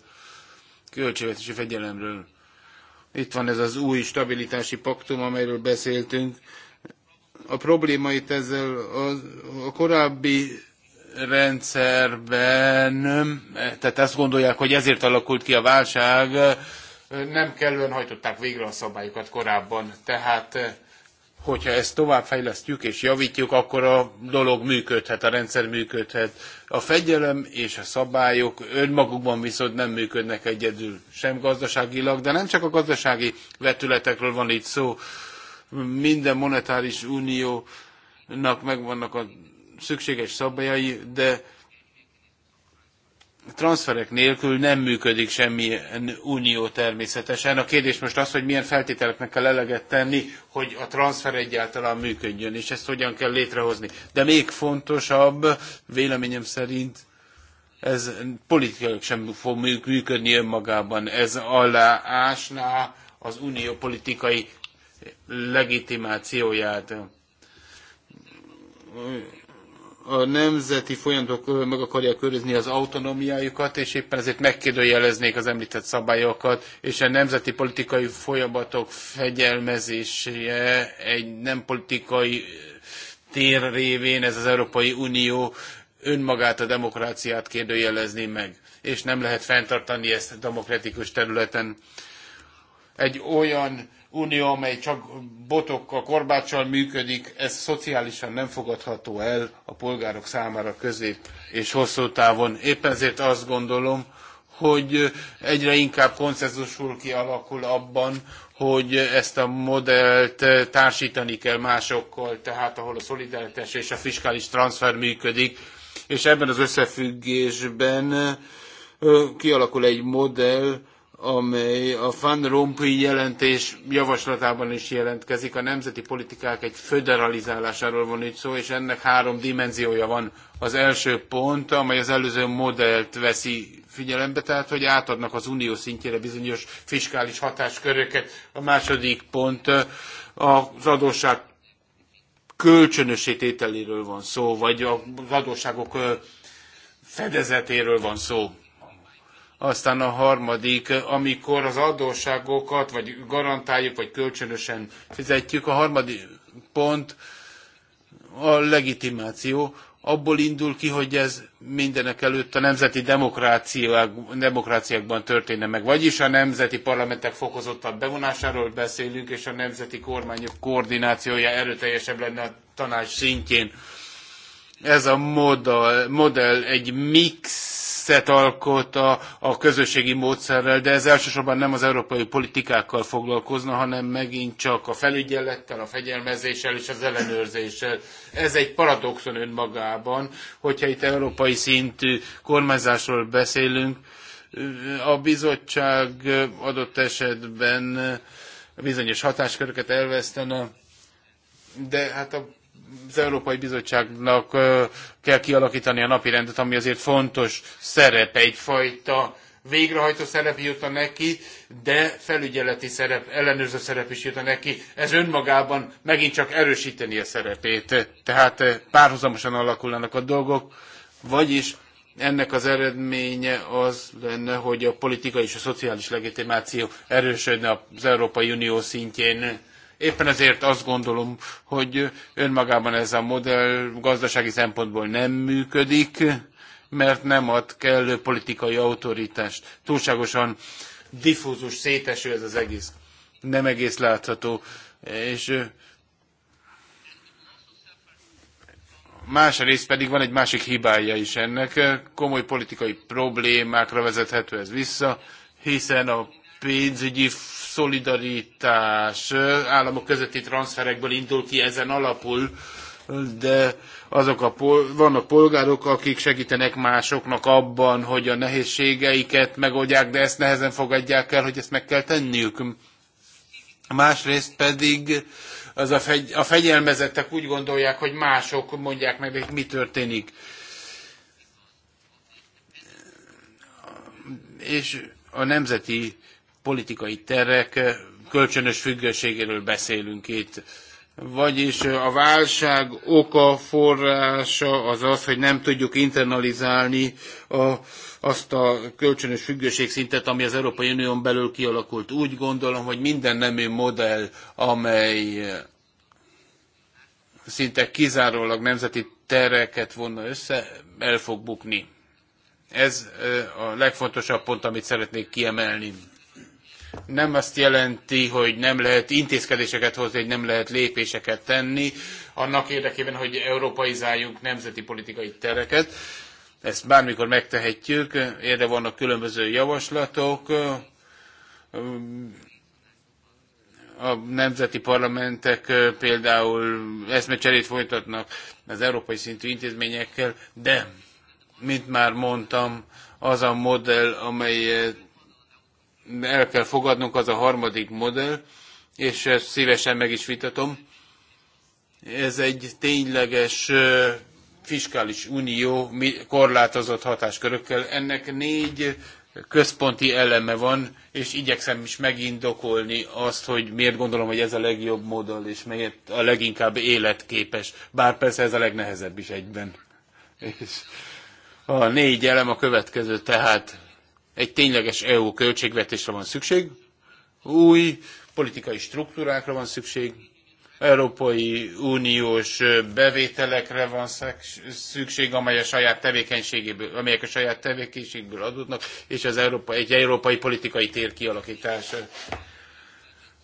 költségvetési fegyelemről. Itt van ez az új stabilitási paktum, amelyről beszéltünk. A probléma itt ezzel a, a korábbi rendszerben, tehát azt gondolják, hogy ezért alakult ki a válság, nem kellően hajtották végre a szabályokat korábban. Tehát hogyha ezt továbbfejlesztjük és javítjuk, akkor a dolog működhet, a rendszer működhet. A fegyelem és a szabályok önmagukban viszont nem működnek egyedül, sem gazdaságilag, de nem csak a gazdasági vetületekről van itt szó. Minden monetáris uniónak megvannak a szükséges szabályai, de transferek nélkül nem működik semmilyen unió természetesen. A kérdés most az, hogy milyen feltételeknek kell eleget tenni, hogy a transfer egyáltalán működjön, és ezt hogyan kell létrehozni. De még fontosabb, véleményem szerint, ez politikailag sem fog működni önmagában. Ez aláásná az unió politikai legitimációját a nemzeti folyamatok meg akarják őrizni az autonómiájukat, és éppen ezért megkérdőjeleznék az említett szabályokat, és a nemzeti politikai folyamatok fegyelmezése egy nem politikai tér révén ez az Európai Unió önmagát a demokráciát kérdőjelezni meg, és nem lehet fenntartani ezt demokratikus területen. Egy olyan unió, amely csak botokkal, korbáccsal működik, ez szociálisan nem fogadható el a polgárok számára közép és hosszú távon. Éppen ezért azt gondolom, hogy egyre inkább konszenzusul kialakul abban, hogy ezt a modellt társítani kell másokkal, tehát ahol a szolidaritás és a fiskális transfer működik, és ebben az összefüggésben kialakul egy modell, amely a Van Rompuy jelentés javaslatában is jelentkezik. A nemzeti politikák egy föderalizálásáról van itt szó, és ennek három dimenziója van. Az első pont, amely az előző modellt veszi figyelembe, tehát hogy átadnak az unió szintjére bizonyos fiskális hatásköröket. A második pont az adósság kölcsönösé tételéről van szó, vagy az adósságok fedezetéről van szó aztán a harmadik, amikor az adósságokat vagy garantáljuk, vagy kölcsönösen fizetjük. A harmadik pont a legitimáció. Abból indul ki, hogy ez mindenek előtt a nemzeti demokráciák, demokráciákban történne meg. Vagyis a nemzeti parlamentek fokozottabb bevonásáról beszélünk, és a nemzeti kormányok koordinációja erőteljesebb lenne a tanács szintjén. Ez a modell, modell egy mix mixet alkot a, a közösségi módszerrel, de ez elsősorban nem az európai politikákkal foglalkozna, hanem megint csak a felügyelettel, a fegyelmezéssel és az ellenőrzéssel. Ez egy paradoxon önmagában, hogyha itt európai szintű kormányzásról beszélünk, a bizottság adott esetben bizonyos hatásköröket elvesztene, de hát a az Európai Bizottságnak kell kialakítani a napi rendet, ami azért fontos szerep, egyfajta végrehajtó szerep jut neki, de felügyeleti szerep, ellenőrző szerep is jut neki. Ez önmagában megint csak erősíteni a szerepét. Tehát párhuzamosan alakulnak a dolgok, vagyis ennek az eredménye az lenne, hogy a politikai és a szociális legitimáció erősödne az Európai Unió szintjén Éppen ezért azt gondolom, hogy önmagában ez a modell gazdasági szempontból nem működik, mert nem ad kellő politikai autoritást. Túlságosan diffúzus, széteső ez az egész. Nem egész látható. És másrészt pedig van egy másik hibája is ennek. Komoly politikai problémákra vezethető ez vissza, hiszen a pénzügyi szolidaritás államok közötti transferekből indul ki ezen alapul, de azok a pol- vannak polgárok, akik segítenek másoknak abban, hogy a nehézségeiket megoldják, de ezt nehezen fogadják el, hogy ezt meg kell tenniük. Másrészt pedig az a, fegy- a fegyelmezettek úgy gondolják, hogy mások mondják meg, hogy mi történik. És a nemzeti politikai terek eh, kölcsönös függőségéről beszélünk itt. Vagyis eh, a válság oka, forrása az az, hogy nem tudjuk internalizálni a, azt a kölcsönös függőségszintet, ami az Európai Unión belül kialakult. Úgy gondolom, hogy minden nemű modell, amely eh, szinte kizárólag nemzeti tereket vonna össze, el fog bukni. Ez a legfontosabb pont, amit szeretnék kiemelni nem azt jelenti, hogy nem lehet intézkedéseket hozni, hogy nem lehet lépéseket tenni, annak érdekében, hogy európaizáljunk nemzeti politikai tereket. Ezt bármikor megtehetjük, erre vannak különböző javaslatok. A nemzeti parlamentek például eszmecserét folytatnak az európai szintű intézményekkel, de, mint már mondtam, az a modell, amelyet el kell fogadnunk, az a harmadik modell, és ezt szívesen meg is vitatom. Ez egy tényleges fiskális unió korlátozott hatáskörökkel. Ennek négy központi eleme van, és igyekszem is megindokolni azt, hogy miért gondolom, hogy ez a legjobb modell, és melyet a leginkább életképes. Bár persze ez a legnehezebb is egyben. És a négy elem a következő, tehát egy tényleges EU költségvetésre van szükség, új politikai struktúrákra van szükség, Európai Uniós bevételekre van szükség, amely a saját tevékenységéből, amelyek a saját tevékenységből adódnak, és az Európa, egy európai politikai tér kialakítása.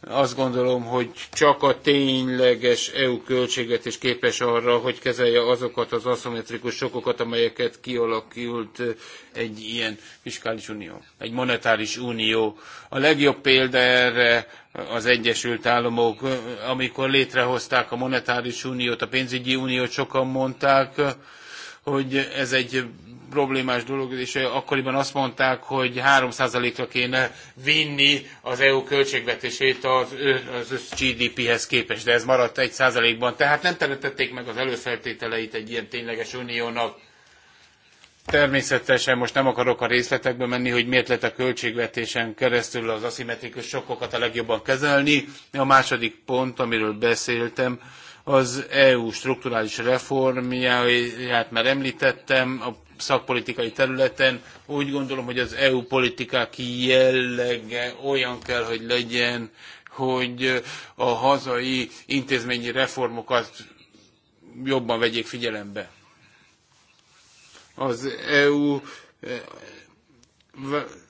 Azt gondolom, hogy csak a tényleges EU költségvetés képes arra, hogy kezelje azokat az aszimmetrikus sokokat, amelyeket kialakult egy ilyen fiskális unió, egy monetáris unió. A legjobb példa erre az Egyesült Államok, amikor létrehozták a monetáris uniót, a pénzügyi uniót, sokan mondták, hogy ez egy problémás dolog, és akkoriban azt mondták, hogy 3%-ra kéne vinni az EU költségvetését az, az GDP-hez képest, de ez maradt 1%-ban. Tehát nem teremtették meg az előfeltételeit egy ilyen tényleges uniónak. Természetesen most nem akarok a részletekbe menni, hogy miért lehet a költségvetésen keresztül az aszimetrikus sokkokat a legjobban kezelni. A második pont, amiről beszéltem, az EU strukturális reformját, már említettem, a szakpolitikai területen. Úgy gondolom, hogy az EU politikák jellege olyan kell, hogy legyen, hogy a hazai intézményi reformokat jobban vegyék figyelembe. Az EU eh,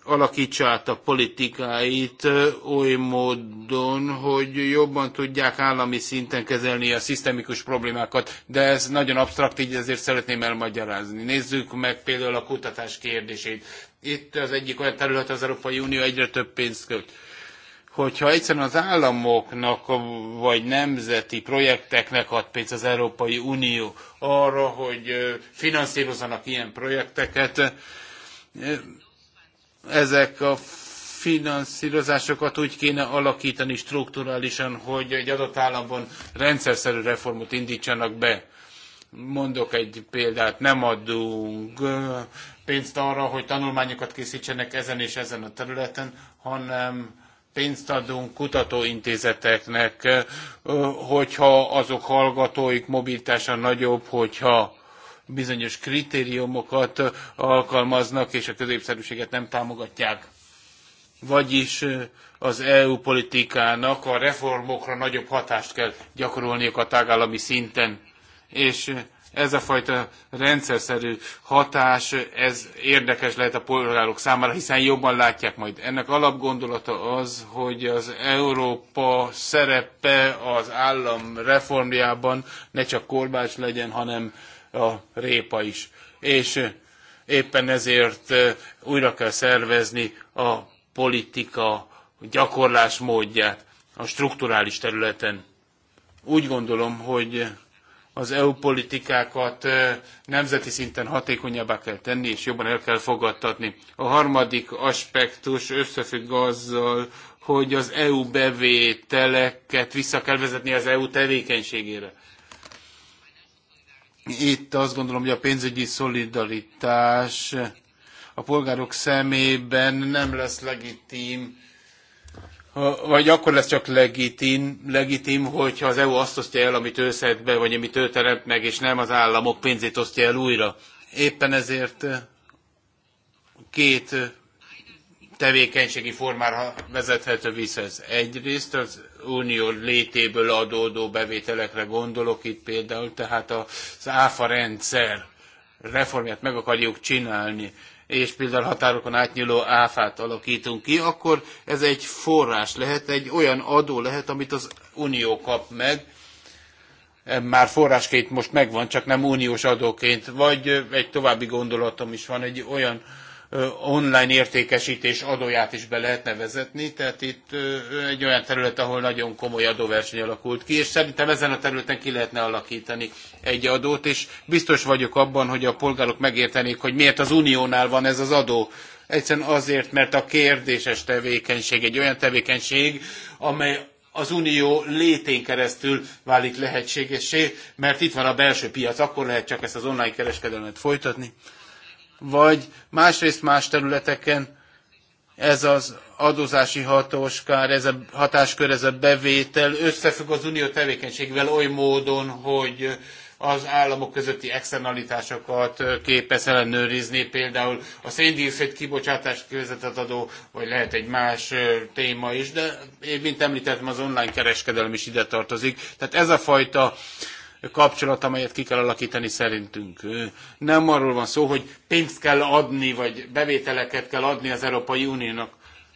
alakítsa át a politikáit oly módon, hogy jobban tudják állami szinten kezelni a szisztemikus problémákat, de ez nagyon absztrakt, így ezért szeretném elmagyarázni. Nézzük meg például a kutatás kérdését. Itt az egyik olyan terület, az Európai Unió egyre több pénzt költ hogyha egyszerűen az államoknak vagy nemzeti projekteknek ad pénzt az Európai Unió arra, hogy finanszírozzanak ilyen projekteket, ezek a finanszírozásokat úgy kéne alakítani strukturálisan, hogy egy adott államban rendszerszerű reformot indítsanak be. Mondok egy példát, nem adunk pénzt arra, hogy tanulmányokat készítsenek ezen és ezen a területen, hanem pénzt adunk kutatóintézeteknek, hogyha azok hallgatóik mobilitása nagyobb, hogyha bizonyos kritériumokat alkalmaznak, és a középszerűséget nem támogatják. Vagyis az EU politikának a reformokra nagyobb hatást kell gyakorolniuk a tagállami szinten. És ez a fajta rendszerszerű hatás, ez érdekes lehet a polgárok számára, hiszen jobban látják majd. Ennek alapgondolata az, hogy az Európa szerepe az állam reformjában ne csak korbács legyen, hanem a répa is. És éppen ezért újra kell szervezni a politika gyakorlás módját a strukturális területen. Úgy gondolom, hogy az EU politikákat nemzeti szinten hatékonyabbá kell tenni, és jobban el kell fogadtatni. A harmadik aspektus összefügg azzal, hogy az EU bevételeket vissza kell vezetni az EU tevékenységére. Itt azt gondolom, hogy a pénzügyi szolidaritás a polgárok szemében nem lesz legitim, vagy akkor lesz csak legitim, legitim, hogyha az EU azt osztja el, amit ő szed be, vagy amit ő teremt meg, és nem az államok pénzét osztja el újra. Éppen ezért eh, két eh, tevékenységi formára vezethető vissza ez. Egyrészt az Unió létéből adódó bevételekre gondolok itt például, tehát az áfa rendszer reformját meg akarjuk csinálni, és például határokon átnyúló áfát alakítunk ki, akkor ez egy forrás lehet, egy olyan adó lehet, amit az Unió kap meg, már forrásként most megvan, csak nem uniós adóként, vagy egy további gondolatom is van, egy olyan online értékesítés adóját is be lehetne vezetni, tehát itt egy olyan terület, ahol nagyon komoly adóverseny alakult ki, és szerintem ezen a területen ki lehetne alakítani egy adót, és biztos vagyok abban, hogy a polgárok megértenék, hogy miért az uniónál van ez az adó. Egyszerűen azért, mert a kérdéses tevékenység egy olyan tevékenység, amely az unió létén keresztül válik lehetségessé, mert itt van a belső piac, akkor lehet csak ezt az online kereskedelmet folytatni vagy másrészt más területeken ez az adózási hatóskár, ez a hatáskör, ez a bevétel összefügg az unió tevékenységével oly módon, hogy az államok közötti externalitásokat képes ellenőrizni, például a széndiokszid kibocsátás kivezetett adó, vagy lehet egy más téma is, de én, mint említettem, az online kereskedelem is ide tartozik. Tehát ez a fajta kapcsolat, amelyet ki kell alakítani szerintünk. Nem arról van szó, hogy pénzt kell adni, vagy bevételeket kell adni az Európai Uniónak.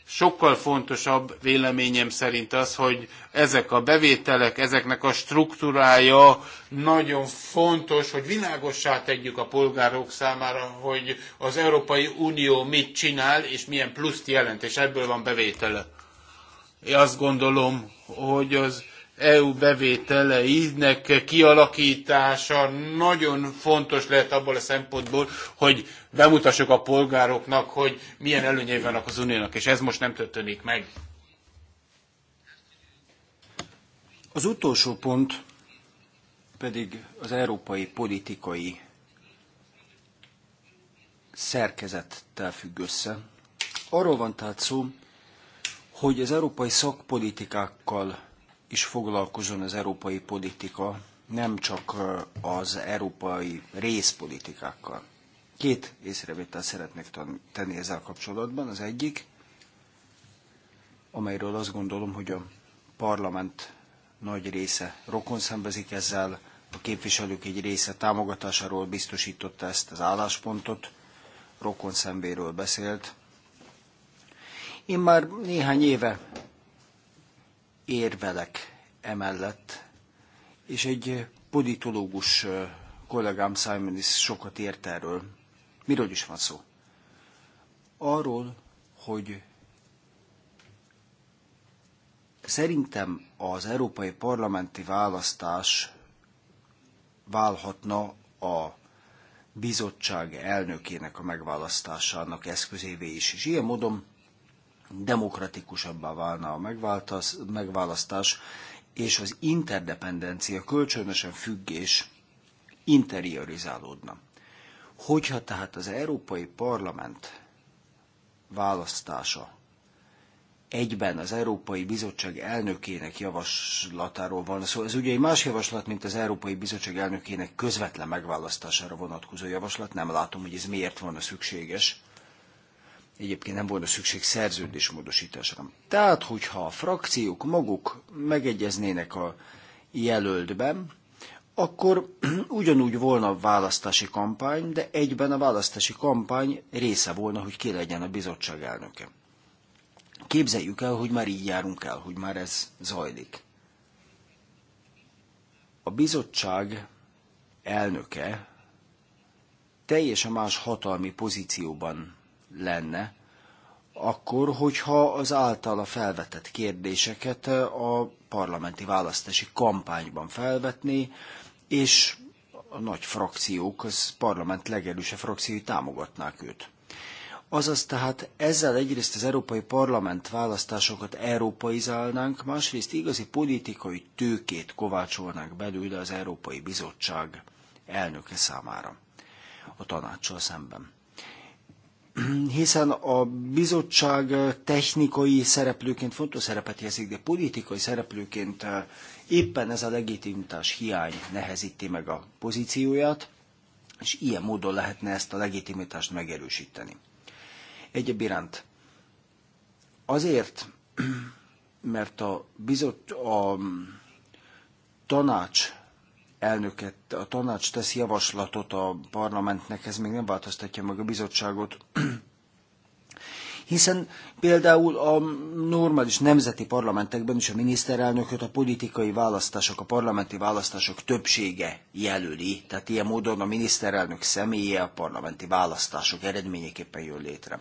Sokkal fontosabb véleményem szerint az, hogy ezek a bevételek, ezeknek a struktúrája nagyon fontos, hogy világossá tegyük a polgárok számára, hogy az Európai Unió mit csinál, és milyen pluszt jelent, és ebből van bevétele. Én azt gondolom, hogy az EU bevételeinek kialakítása nagyon fontos lehet abból a szempontból, hogy bemutassuk a polgároknak, hogy milyen előnyei vannak az uniónak, és ez most nem történik meg. Az utolsó pont pedig az európai politikai szerkezettel függ össze. Arról van tehát szó, hogy az európai szakpolitikákkal is foglalkozon az európai politika, nem csak az európai részpolitikákkal. Két észrevételt szeretnék tenni ezzel kapcsolatban. Az egyik, amelyről azt gondolom, hogy a parlament nagy része rokon szembezik ezzel, a képviselők egy része támogatásáról biztosította ezt az álláspontot, rokon szemvéről beszélt. Én már néhány éve érvelek emellett, és egy politológus kollégám Simon is sokat ért erről. Miről is van szó? Arról, hogy szerintem az európai parlamenti választás válhatna a bizottság elnökének a megválasztásának eszközévé is. És ilyen módon demokratikusabbá válna a megválasztás, és az interdependencia, kölcsönösen függés interiorizálódna. Hogyha tehát az Európai Parlament választása egyben az Európai Bizottság elnökének javaslatáról van szó. Szóval ez ugye egy más javaslat, mint az Európai Bizottság elnökének közvetlen megválasztására vonatkozó javaslat. Nem látom, hogy ez miért volna szükséges egyébként nem volna szükség szerződésmódosításra. Tehát, hogyha a frakciók maguk megegyeznének a jelöltben, akkor ugyanúgy volna a választási kampány, de egyben a választási kampány része volna, hogy ki legyen a bizottság elnöke. Képzeljük el, hogy már így járunk el, hogy már ez zajlik. A bizottság elnöke teljesen más hatalmi pozícióban lenne, akkor, hogyha az általa felvetett kérdéseket eh, a parlamenti választási kampányban felvetné, és a nagy frakciók, az parlament legerősebb frakciói támogatnák őt. Azaz tehát ezzel egyrészt az Európai Parlament választásokat európaizálnánk, másrészt igazi politikai tőkét kovácsolnánk belőle az Európai Bizottság elnöke számára a tanácssal szemben hiszen a bizottság technikai szereplőként fontos szerepet játszik, de politikai szereplőként éppen ez a legitimitás hiány nehezíti meg a pozícióját, és ilyen módon lehetne ezt a legitimitást megerősíteni. Egyéb iránt azért, mert a, bizot, a mm, tanács elnöket, a tanács tesz javaslatot a parlamentnek, ez még nem változtatja meg a bizottságot. Hiszen például a normális nemzeti parlamentekben is a miniszterelnököt a politikai választások, a parlamenti választások többsége jelöli. Tehát ilyen módon a miniszterelnök személye a parlamenti választások eredményeképpen jön létre.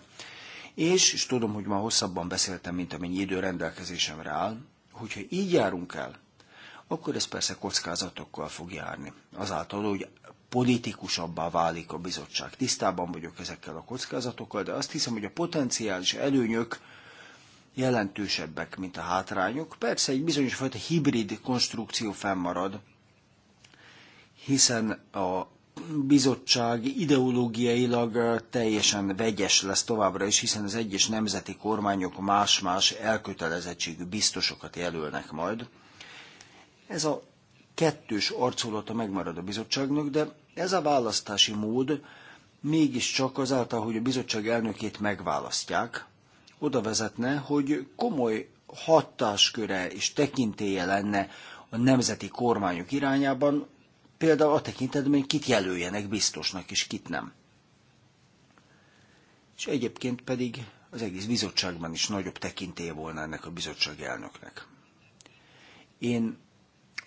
És, és tudom, hogy már hosszabban beszéltem, mint amennyi idő rendelkezésemre áll, hogyha így járunk el, akkor ez persze kockázatokkal fog járni. Azáltal, hogy politikusabbá válik a bizottság. Tisztában vagyok ezekkel a kockázatokkal, de azt hiszem, hogy a potenciális előnyök jelentősebbek, mint a hátrányok. Persze egy bizonyos fajta hibrid konstrukció fennmarad, hiszen a bizottság ideológiailag eh, teljesen vegyes lesz továbbra is, hiszen az egyes nemzeti kormányok más-más elkötelezettségű biztosokat jelölnek majd. Ez a kettős arculata megmarad a bizottságnak, de ez a választási mód mégiscsak azáltal, hogy a bizottság elnökét megválasztják, oda vezetne, hogy komoly hatásköre és tekintéje lenne a nemzeti kormányok irányában, például a tekintetben, hogy kit jelöljenek biztosnak és kit nem. És egyébként pedig az egész bizottságban is nagyobb tekintélye volna ennek a bizottság elnöknek. Én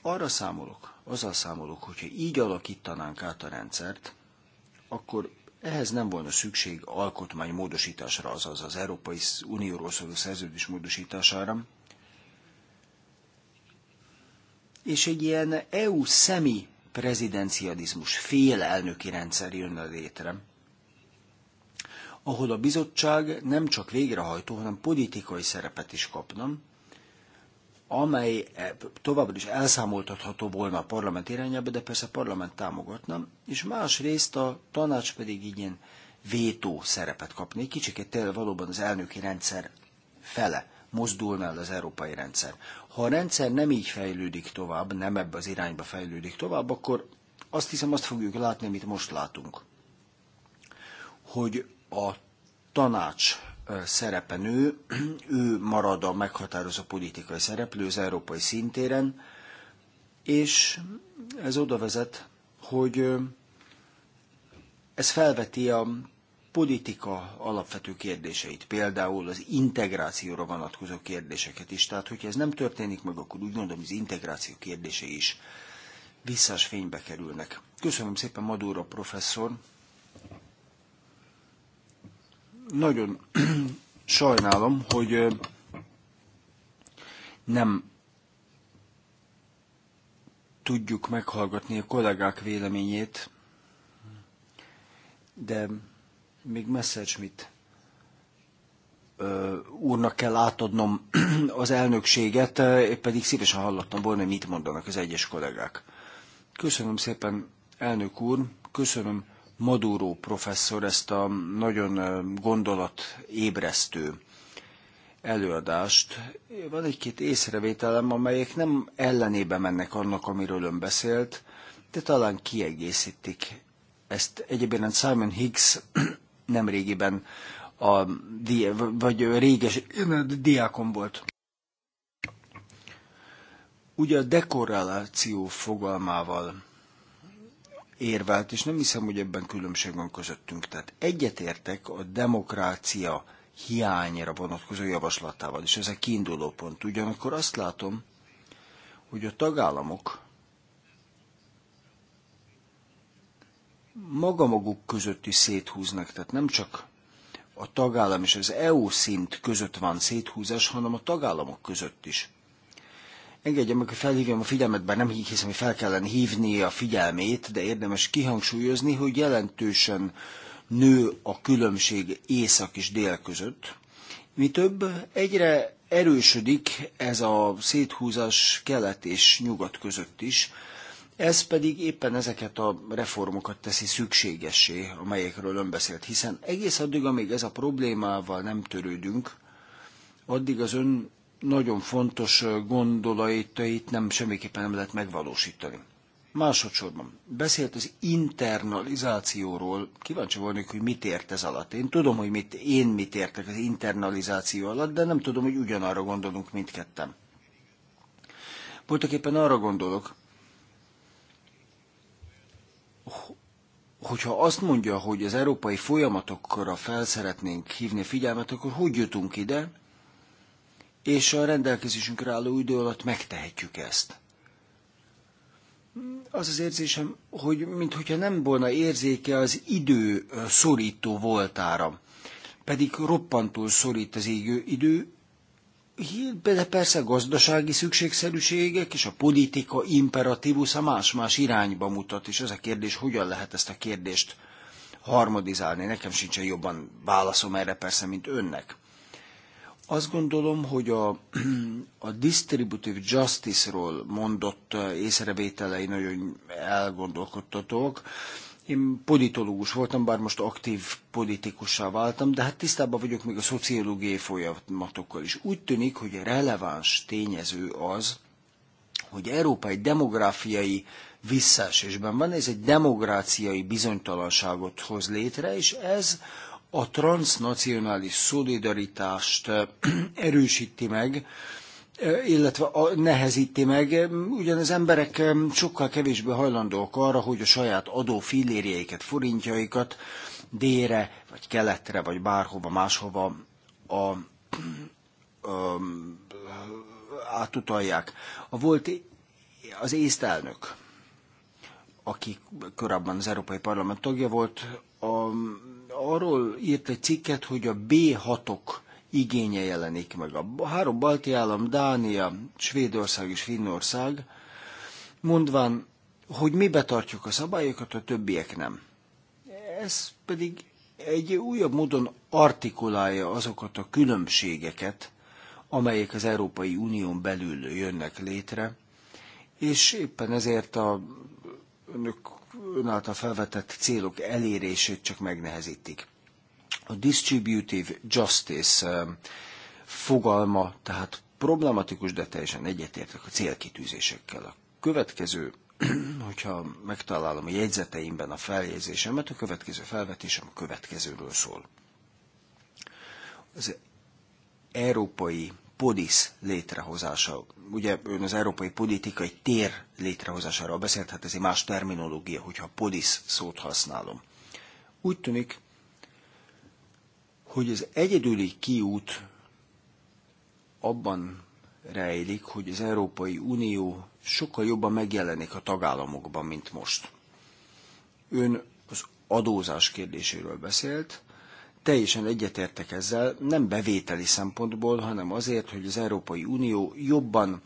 arra számolok, azzal számolok, hogyha így alakítanánk át a rendszert, akkor ehhez nem volna szükség alkotmány módosításra, azaz az Európai Unióról szóló szerződés módosítására, és egy ilyen EU szemi prezidencializmus fél elnöki rendszer jönne létre, ahol a bizottság nem csak végrehajtó, hanem politikai szerepet is kapna, amely e, továbbra is elszámoltatható volna a parlament irányába, de persze a parlament támogatna, és másrészt a tanács pedig ilyen vétó szerepet kapni. Kicsiket tényleg valóban az elnöki rendszer fele mozdulna el az európai rendszer. Ha a rendszer nem így fejlődik tovább, nem ebbe az irányba fejlődik tovább, akkor azt hiszem azt fogjuk látni, amit most látunk. Hogy a tanács szerepe nő, ő marad a meghatározó politikai szereplő az európai szintéren, és ez oda vezet, hogy ez felveti a politika alapvető kérdéseit, például az integrációra vonatkozó kérdéseket is. Tehát, hogyha ez nem történik meg, akkor úgy gondolom, az integráció kérdései is visszás fénybe kerülnek. Köszönöm szépen madura professzor, nagyon sajnálom, hogy nem tudjuk meghallgatni a kollégák véleményét, de még Messerschmitt úrnak kell átadnom az elnökséget, én pedig szívesen hallottam volna, hogy mit mondanak az egyes kollégák. Köszönöm szépen, elnök úr, köszönöm Maduro professzor ezt a nagyon gondolatébresztő előadást. Van egy-két észrevételem, amelyek nem ellenébe mennek annak, amiről ön beszélt, de talán kiegészítik. Ezt egyébként hát Simon Higgs nemrégiben a vagy réges diákon volt. Ugye a dekoráció fogalmával érvelt, és nem hiszem, hogy ebben különbség van közöttünk. Tehát egyetértek a demokrácia hiányra vonatkozó javaslatával, és ez a kiinduló pont. Ugyanakkor azt látom, hogy a tagállamok maga maguk között is széthúznak, tehát nem csak a tagállam és az EU szint között van széthúzás, hanem a tagállamok között is. Engedje meg, hogy felhívjam a figyelmet, bár nem hiszem, hogy fel kellene hívni a figyelmét, de érdemes kihangsúlyozni, hogy jelentősen nő a különbség észak és dél között. Mi több, egyre erősödik ez a széthúzás kelet és nyugat között is, ez pedig éppen ezeket a reformokat teszi szükségessé, amelyekről ön beszélt, hiszen egész addig, amíg ez a problémával nem törődünk, addig az ön nagyon fontos gondolatait nem semmiképpen nem lehet megvalósítani. Másodszorban beszélt az internalizációról. Kíváncsi volnék, hogy mit ért ez alatt. Én tudom, hogy mit, én mit értek az internalizáció alatt, de nem tudom, hogy ugyanarra gondolunk mindketten. Voltak éppen arra gondolok, hogyha azt mondja, hogy az európai folyamatokra felszeretnénk hívni figyelmet, akkor hogy jutunk ide? és a rendelkezésünkre álló idő alatt megtehetjük ezt. Az az érzésem, hogy mintha nem volna érzéke az idő szorító voltára, pedig roppantul szorít az égő idő, de persze gazdasági szükségszerűségek és a politika imperatívus a más-más irányba mutat, és az a kérdés, hogyan lehet ezt a kérdést harmadizálni. Nekem sincsen jobban válaszom erre persze, mint önnek. Azt gondolom, hogy a, a distributive justice-ról mondott eh, észrevételei nagyon elgondolkodtatók. Én politológus voltam, bár most aktív politikussá váltam, de hát tisztában vagyok még a szociológiai folyamatokkal is. Úgy tűnik, hogy releváns tényező az, hogy európai demográfiai visszaesésben van, ez egy demográciai bizonytalanságot hoz létre, és ez a transnacionális szolidaritást erősíti meg, illetve nehezíti meg, ugyan az emberek sokkal kevésbé hajlandóak arra, hogy a saját adó fillérjeiket, forintjaikat délre, vagy keletre, vagy bárhova máshova a, a, a, átutalják. A volt az észtelnök, aki korábban az Európai Parlament tagja volt, a arról írt egy cikket, hogy a B6-ok igénye jelenik meg. A három balti állam, Dánia, Svédország és Finnország, mondván, hogy mi betartjuk a szabályokat, a többiek nem. Ez pedig egy újabb módon artikulálja azokat a különbségeket, amelyek az Európai Unión belül jönnek létre, és éppen ezért a önök ön által felvetett célok elérését csak megnehezítik. A distributive justice eh, fogalma, tehát problematikus, de teljesen egyetértek a célkitűzésekkel. A következő, hogyha megtalálom a jegyzeteimben a feljegyzésemet, a következő felvetésem a következőről szól. Az európai polisz létrehozása. Ugye ön az európai politikai tér létrehozásáról beszélt, hát ez egy más terminológia, hogyha polisz szót használom. Úgy tűnik, hogy az egyedüli kiút abban rejlik, hogy az Európai Unió sokkal jobban megjelenik a tagállamokban, mint most. Ön az adózás kérdéséről beszélt, teljesen egyetértek ezzel, nem bevételi szempontból, hanem azért, hogy az Európai Unió jobban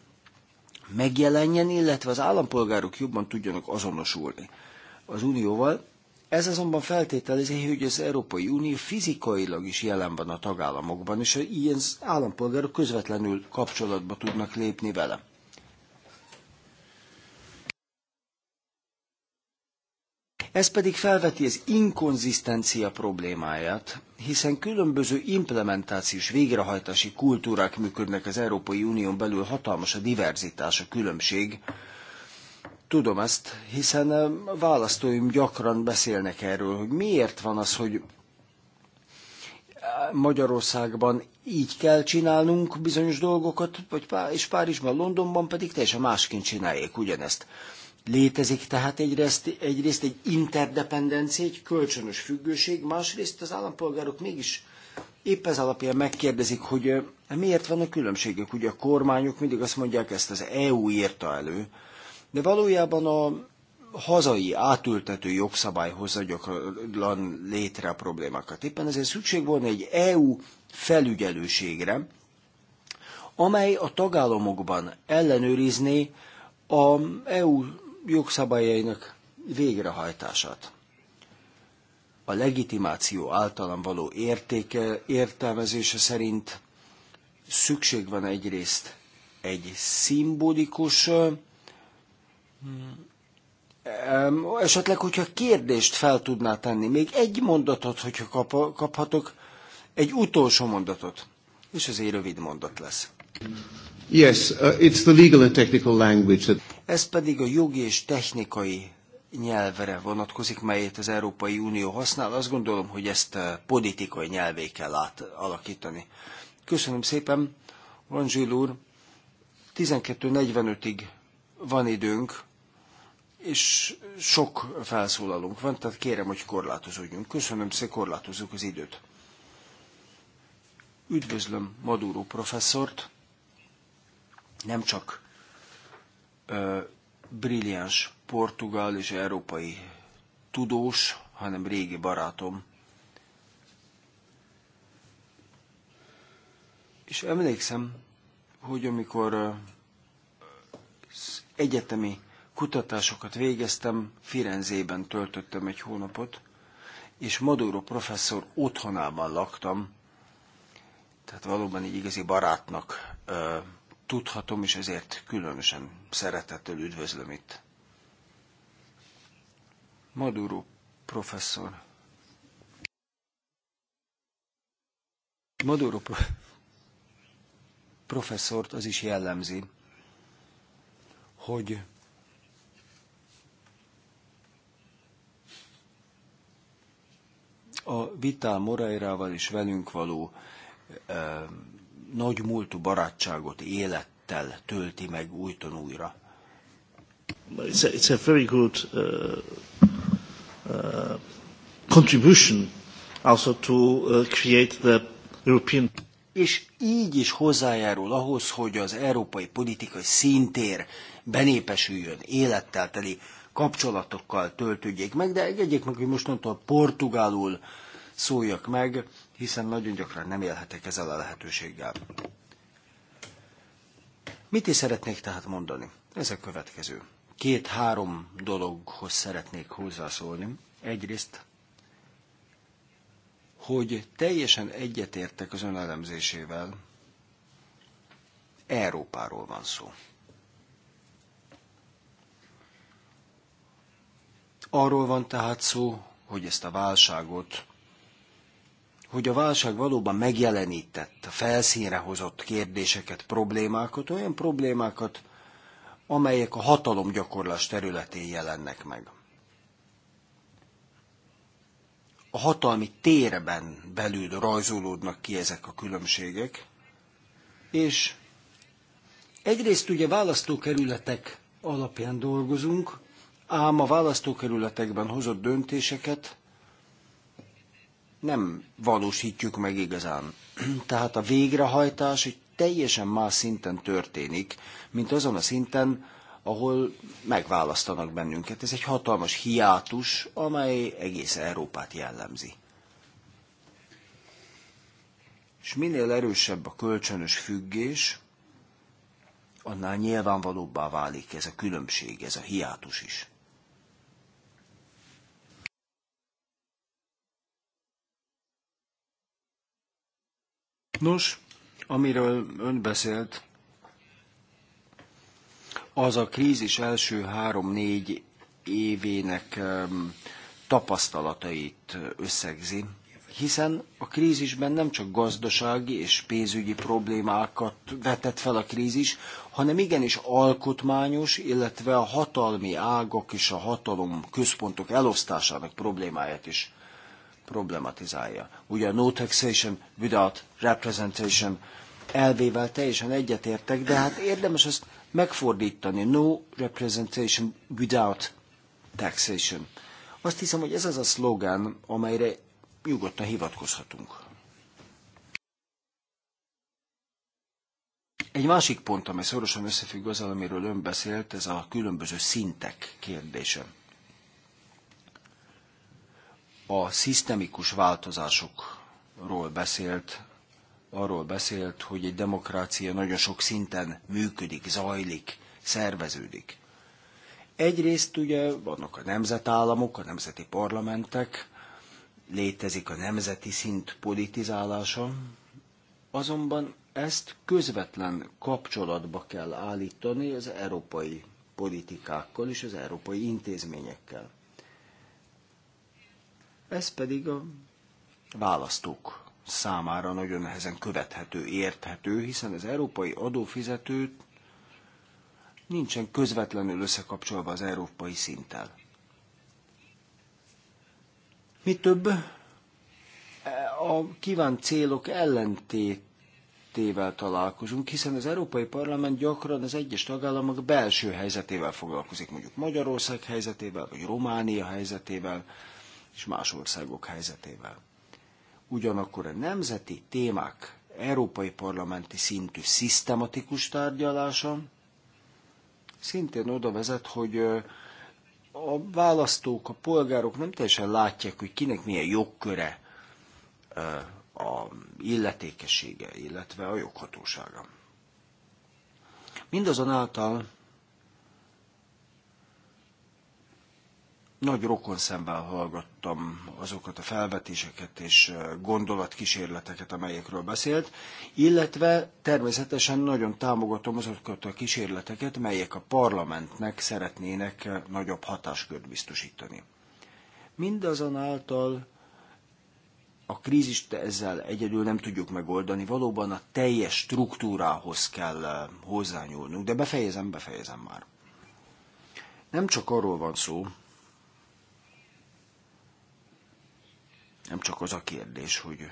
megjelenjen, illetve az állampolgárok jobban tudjanak azonosulni az Unióval. Ez azonban feltételezi, hogy az Európai Unió fizikailag is jelen van a tagállamokban, és ilyen állampolgárok közvetlenül kapcsolatba tudnak lépni vele. Ez pedig felveti az inkonzisztencia problémáját, hiszen különböző implementációs végrehajtási kultúrák működnek az Európai Unión belül, hatalmas a diverzitás, a különbség. Tudom ezt, hiszen a választóim gyakran beszélnek erről, hogy miért van az, hogy Magyarországban így kell csinálnunk bizonyos dolgokat, vagy és Párizsban, Londonban pedig teljesen másként csinálják ugyanezt. Létezik tehát egyrészt, egyrészt egy interdependencia, egy kölcsönös függőség, másrészt az állampolgárok mégis épp ez alapján megkérdezik, hogy miért vannak különbségek. Ugye a kormányok mindig azt mondják, ezt az EU írta elő, de valójában a hazai átültető jogszabály hozza gyakran létre a problémákat. Éppen ezért szükség volna egy EU felügyelőségre, amely a tagállamokban ellenőrizné a EU jogszabályainak végrehajtását. A legitimáció általam való értéke, értelmezése szerint szükség van egyrészt egy szimbolikus, esetleg, hogyha kérdést fel tudná tenni, még egy mondatot, hogyha kap, kaphatok, egy utolsó mondatot, és ez egy rövid mondat lesz. Yes, uh, it's the legal and technical language that... Ez pedig a jogi és technikai nyelvre vonatkozik, melyet az Európai Unió használ. Azt gondolom, hogy ezt uh, politikai nyelvé kell átalakítani. Köszönöm szépen, Rangzsil úr. 12.45-ig van időnk, és sok felszólalunk van, tehát kérem, hogy korlátozódjunk. Köszönöm szépen, korlátozzuk az időt. Üdvözlöm Maduro professzort nem csak ö, brilliáns portugál és európai tudós, hanem régi barátom. És emlékszem, hogy amikor egyetemi kutatásokat végeztem, Firenzében töltöttem egy hónapot, és Maduro professzor otthonában laktam, tehát valóban egy igazi barátnak tudhatom, és ezért különösen szeretettel üdvözlöm itt. Maduro professzor. Maduro pro- professzort az is jellemzi, hogy a vitá Moreirával és velünk való eh, nagy múltú barátságot élettel tölti meg újton újra. It's a, it's a very good uh, uh, contribution also to uh, create the European és így is hozzájárul ahhoz, hogy az európai politikai szintér benépesüljön, élettel teli kapcsolatokkal töltődjék meg, de egyedjék meg, hogy mostantól portugálul szóljak meg hiszen nagyon gyakran nem élhetek ezzel a lehetőséggel. Mit is szeretnék tehát mondani? Ez a következő. Két-három dologhoz szeretnék hozzászólni. Egyrészt, hogy teljesen egyetértek az önelemzésével, Európáról van szó. Arról van tehát szó, hogy ezt a válságot hogy a válság valóban megjelenített, a felszínre hozott kérdéseket, problémákat, olyan problémákat, amelyek a hatalomgyakorlás területén jelennek meg. A hatalmi térben belül rajzolódnak ki ezek a különbségek, és egyrészt ugye választókerületek alapján dolgozunk, ám a választókerületekben hozott döntéseket nem valósítjuk meg igazán. Tehát a végrehajtás egy teljesen más szinten történik, mint azon a szinten, ahol megválasztanak bennünket. Ez egy hatalmas hiátus, amely egész Európát jellemzi. És minél erősebb a kölcsönös függés, annál nyilvánvalóbbá válik ez a különbség, ez a hiátus is. Nos, amiről ön beszélt, az a krízis első három-négy évének tapasztalatait összegzi, hiszen a krízisben nem csak gazdasági és pénzügyi problémákat vetett fel a krízis, hanem igenis alkotmányos, illetve a hatalmi ágak és a hatalom központok elosztásának problémáját is problematizálja. Ugye a no taxation without representation elvével teljesen egyetértek, de hát érdemes ezt megfordítani. No representation without taxation. Azt hiszem, hogy ez az a szlogán, amelyre nyugodtan hivatkozhatunk. Egy másik pont, amely szorosan összefügg az, amiről ön beszélt, ez a különböző szintek kérdése a szisztemikus változásokról beszélt, arról beszélt, hogy egy demokrácia nagyon sok szinten működik, zajlik, szerveződik. Egyrészt ugye vannak a nemzetállamok, a nemzeti parlamentek, létezik a nemzeti szint politizálása, azonban ezt közvetlen kapcsolatba kell állítani az európai politikákkal és az európai intézményekkel. Ez pedig a választók számára nagyon nehezen követhető, érthető, hiszen az európai adófizetőt nincsen közvetlenül összekapcsolva az európai szinttel. Mi több, a kívánt célok ellentétével találkozunk, hiszen az Európai Parlament gyakran az egyes tagállamok belső helyzetével foglalkozik, mondjuk Magyarország helyzetével, vagy Románia helyzetével, és más országok helyzetével. Ugyanakkor a nemzeti témák európai parlamenti szintű szisztematikus tárgyalása szintén oda vezet, hogy a választók, a polgárok nem teljesen látják, hogy kinek milyen jogköre a illetékessége, illetve a joghatósága. Mindazonáltal nagy rokonszemmel hallgattam azokat a felvetéseket és gondolatkísérleteket, amelyekről beszélt, illetve természetesen nagyon támogatom azokat a kísérleteket, melyek a parlamentnek szeretnének nagyobb hatáskört biztosítani. Mindazonáltal a krízist ezzel egyedül nem tudjuk megoldani, valóban a teljes struktúrához kell hozzányúlnunk, de befejezem, befejezem már. Nem csak arról van szó, Nem csak az a kérdés, hogy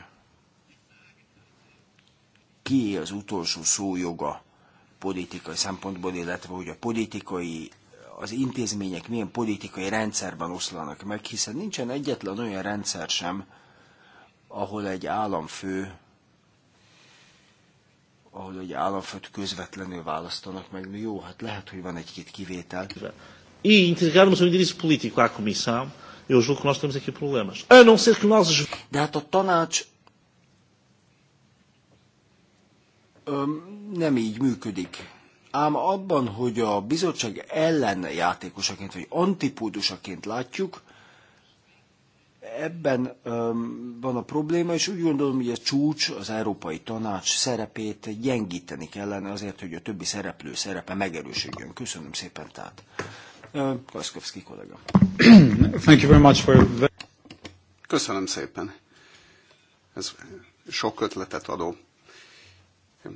ki az utolsó szó joga politikai szempontból, illetve hogy a politikai, az intézmények milyen politikai rendszerben oszlanak meg, hiszen nincsen egyetlen olyan rendszer sem, ahol egy államfő ahol egy államfőt közvetlenül választanak meg. jó, hát lehet, hogy van egy-két kivétel. E integrarmos um endereço político à Comissão Eu julgo que nós temos aqui problemas. A não ser que nós. De hát tanács nem így működik. Ám abban, hogy a bizottság ellen játékosaként vagy antipódusaként látjuk, ebben öm, van a probléma, és úgy gondolom, hogy a csúcs, az Európai Tanács szerepét gyengíteni kellene azért, hogy a többi szereplő szerepe megerősödjön. Köszönöm szépen tehát. Koszkowski kollega. Thank you very much for... Köszönöm szépen. Ez sok ötletet adó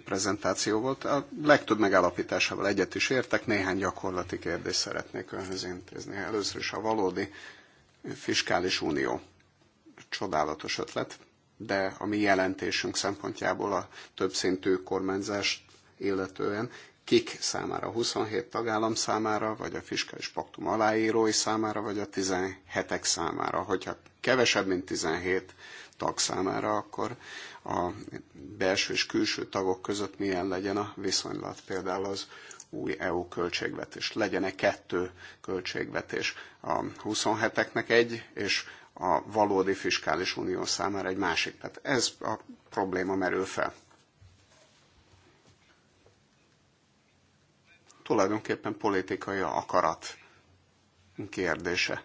prezentáció volt. A legtöbb megállapításával egyet is értek, néhány gyakorlati kérdést szeretnék önhöz intézni. Először is a valódi fiskális unió. Csodálatos ötlet, de a mi jelentésünk szempontjából a többszintű kormányzást illetően kik számára, 27 tagállam számára, vagy a fiskális paktum aláírói számára, vagy a 17-ek számára. Hogyha kevesebb, mint 17 tag számára, akkor a belső és külső tagok között milyen legyen a viszonylat, például az új EU költségvetés. Legyen-e kettő költségvetés a 27-eknek egy, és a valódi fiskális unió számára egy másik. Tehát ez a probléma merül fel. tulajdonképpen politikai akarat kérdése.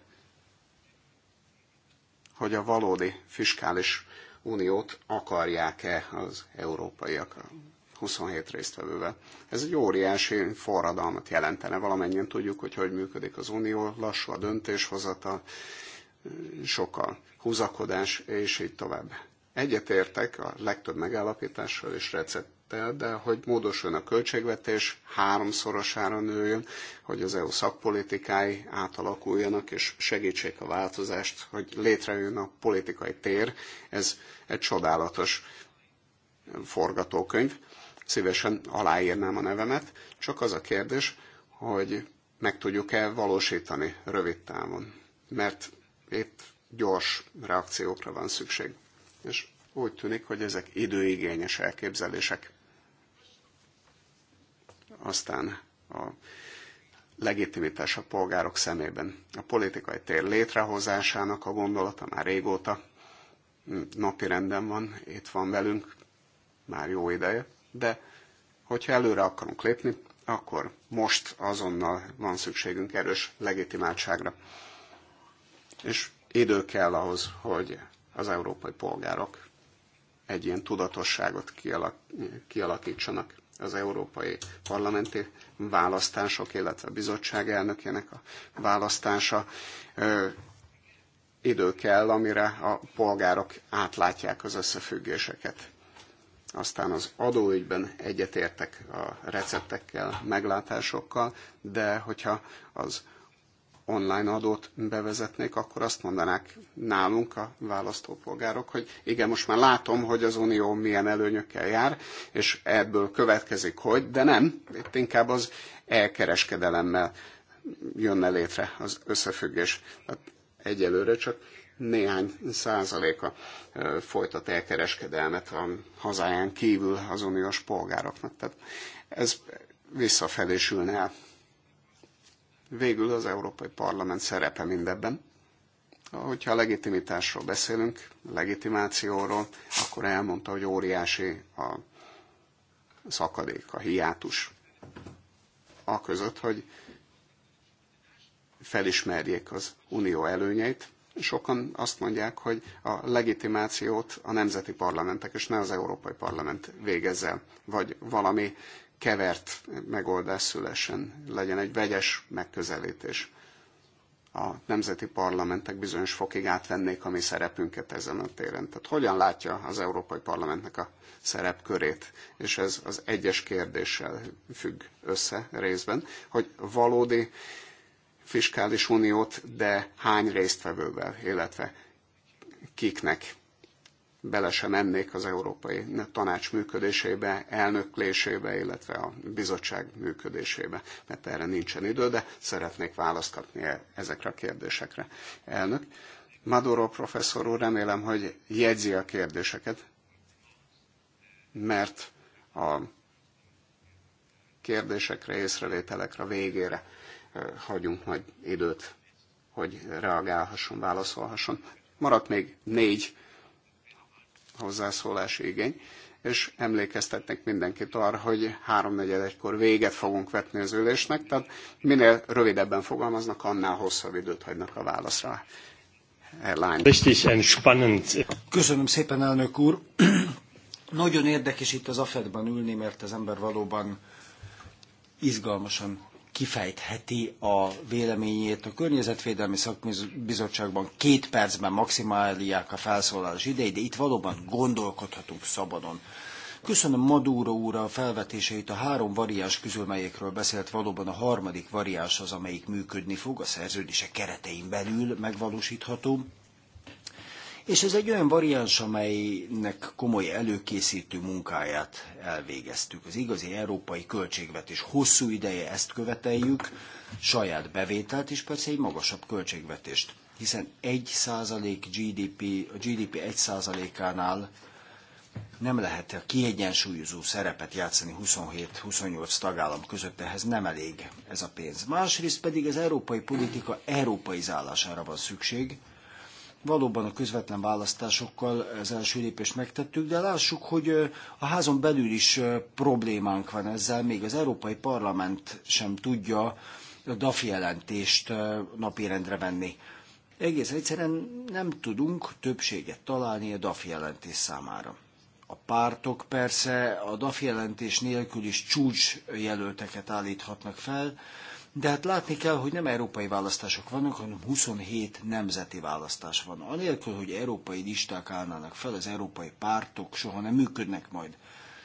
Hogy a valódi fiskális uniót akarják-e az európaiak 27 résztvevővel. Ez egy óriási forradalmat jelentene. Valamennyien tudjuk, hogy hogy működik az unió, lassú a döntéshozata, sok a húzakodás, és így tovább. Egyetértek a legtöbb megállapítással és recept el, de hogy módosuljon a költségvetés, háromszorosára nőjön, hogy az EU szakpolitikái átalakuljanak, és segítsék a változást, hogy létrejön a politikai tér. Ez egy csodálatos forgatókönyv. Szívesen aláírnám a nevemet, csak az a kérdés, hogy meg tudjuk-e valósítani rövid távon. Mert itt gyors reakciókra van szükség. És úgy tűnik, hogy ezek időigényes elképzelések aztán a legitimitás a polgárok szemében. A politikai tér létrehozásának a gondolata már régóta hm, napi renden van, itt van velünk, már jó ideje, de hogyha előre akarunk lépni, akkor most azonnal van szükségünk erős legitimáltságra. És idő kell ahhoz, hogy az európai polgárok egy ilyen tudatosságot kialak, kialakítsanak az európai parlamenti választások, illetve a bizottság elnökének a választása idő kell, amire a polgárok átlátják az összefüggéseket. Aztán az adóügyben egyetértek a receptekkel, meglátásokkal, de hogyha az online adót bevezetnék, akkor azt mondanák nálunk a választópolgárok, hogy igen, most már látom, hogy az Unió milyen előnyökkel jár, és ebből következik, hogy, de nem, itt inkább az elkereskedelemmel jönne létre az összefüggés. Tehát egyelőre csak néhány százaléka folytat elkereskedelmet a hazáján kívül az uniós polgároknak. Tehát ez visszafelé sülne el végül az Európai Parlament szerepe mindebben. Hogyha a legitimitásról beszélünk, legitimációról, akkor elmondta, hogy óriási a szakadék, a hiátus. A között, hogy felismerjék az unió előnyeit. Sokan azt mondják, hogy a legitimációt a nemzeti parlamentek, és ne az Európai Parlament végezzel, vagy valami kevert megoldás szülessen, legyen egy vegyes megközelítés. A nemzeti parlamentek bizonyos fokig átvennék a mi szerepünket ezen a téren. Tehát hogyan látja az Európai Parlamentnek a szerepkörét, és ez az egyes kérdéssel függ össze részben, hogy valódi fiskális uniót, de hány résztvevővel, illetve kiknek bele se mennék az Európai Tanács működésébe, elnöklésébe, illetve a bizottság működésébe, mert erre nincsen idő, de szeretnék választ kapni e- ezekre a kérdésekre. Elnök, Maduro professzor úr, remélem, hogy jegyzi a kérdéseket, mert a kérdésekre, észrevételekre végére hagyunk majd időt, hogy reagálhasson, válaszolhasson. Maradt még négy hozzászólási igény, és emlékeztetnek mindenkit arra, hogy háromnegyed egykor véget fogunk vetni az ülésnek, tehát minél rövidebben fogalmaznak, annál hosszabb időt hagynak a válaszra. Erlány. Köszönöm szépen, elnök úr. Nagyon érdekes itt az afed ülni, mert az ember valóban izgalmasan kifejtheti a véleményét a Környezetvédelmi Szakbizottságban. Két percben maximálják a felszólalás idejét, de itt valóban gondolkodhatunk szabadon. Köszönöm Maduro úr a felvetéseit a három variáns közül, melyekről beszélt valóban a harmadik variáns az, amelyik működni fog, a szerződése keretein belül megvalósítható és ez egy olyan variáns, amelynek komoly előkészítő munkáját elvégeztük. Az igazi európai költségvetés hosszú ideje ezt követeljük, saját bevételt és persze egy magasabb költségvetést, hiszen 1% GDP, a GDP 1%-ánál nem lehet a kiegyensúlyozó szerepet játszani 27-28 tagállam között, ehhez nem elég ez a pénz. Másrészt pedig az európai politika európai zállására van szükség, Valóban a közvetlen választásokkal az első lépést megtettük, de lássuk, hogy a házon belül is problémánk van ezzel, még az Európai Parlament sem tudja a DAF jelentést napirendre venni. Egész egyszerűen nem tudunk többséget találni a DAF jelentés számára. A pártok persze a DAF jelentés nélkül is csúcs jelölteket állíthatnak fel, de hát látni kell, hogy nem európai választások vannak, hanem 27 nemzeti választás van. Anélkül, hogy európai listák állnának fel, az európai pártok soha nem működnek majd.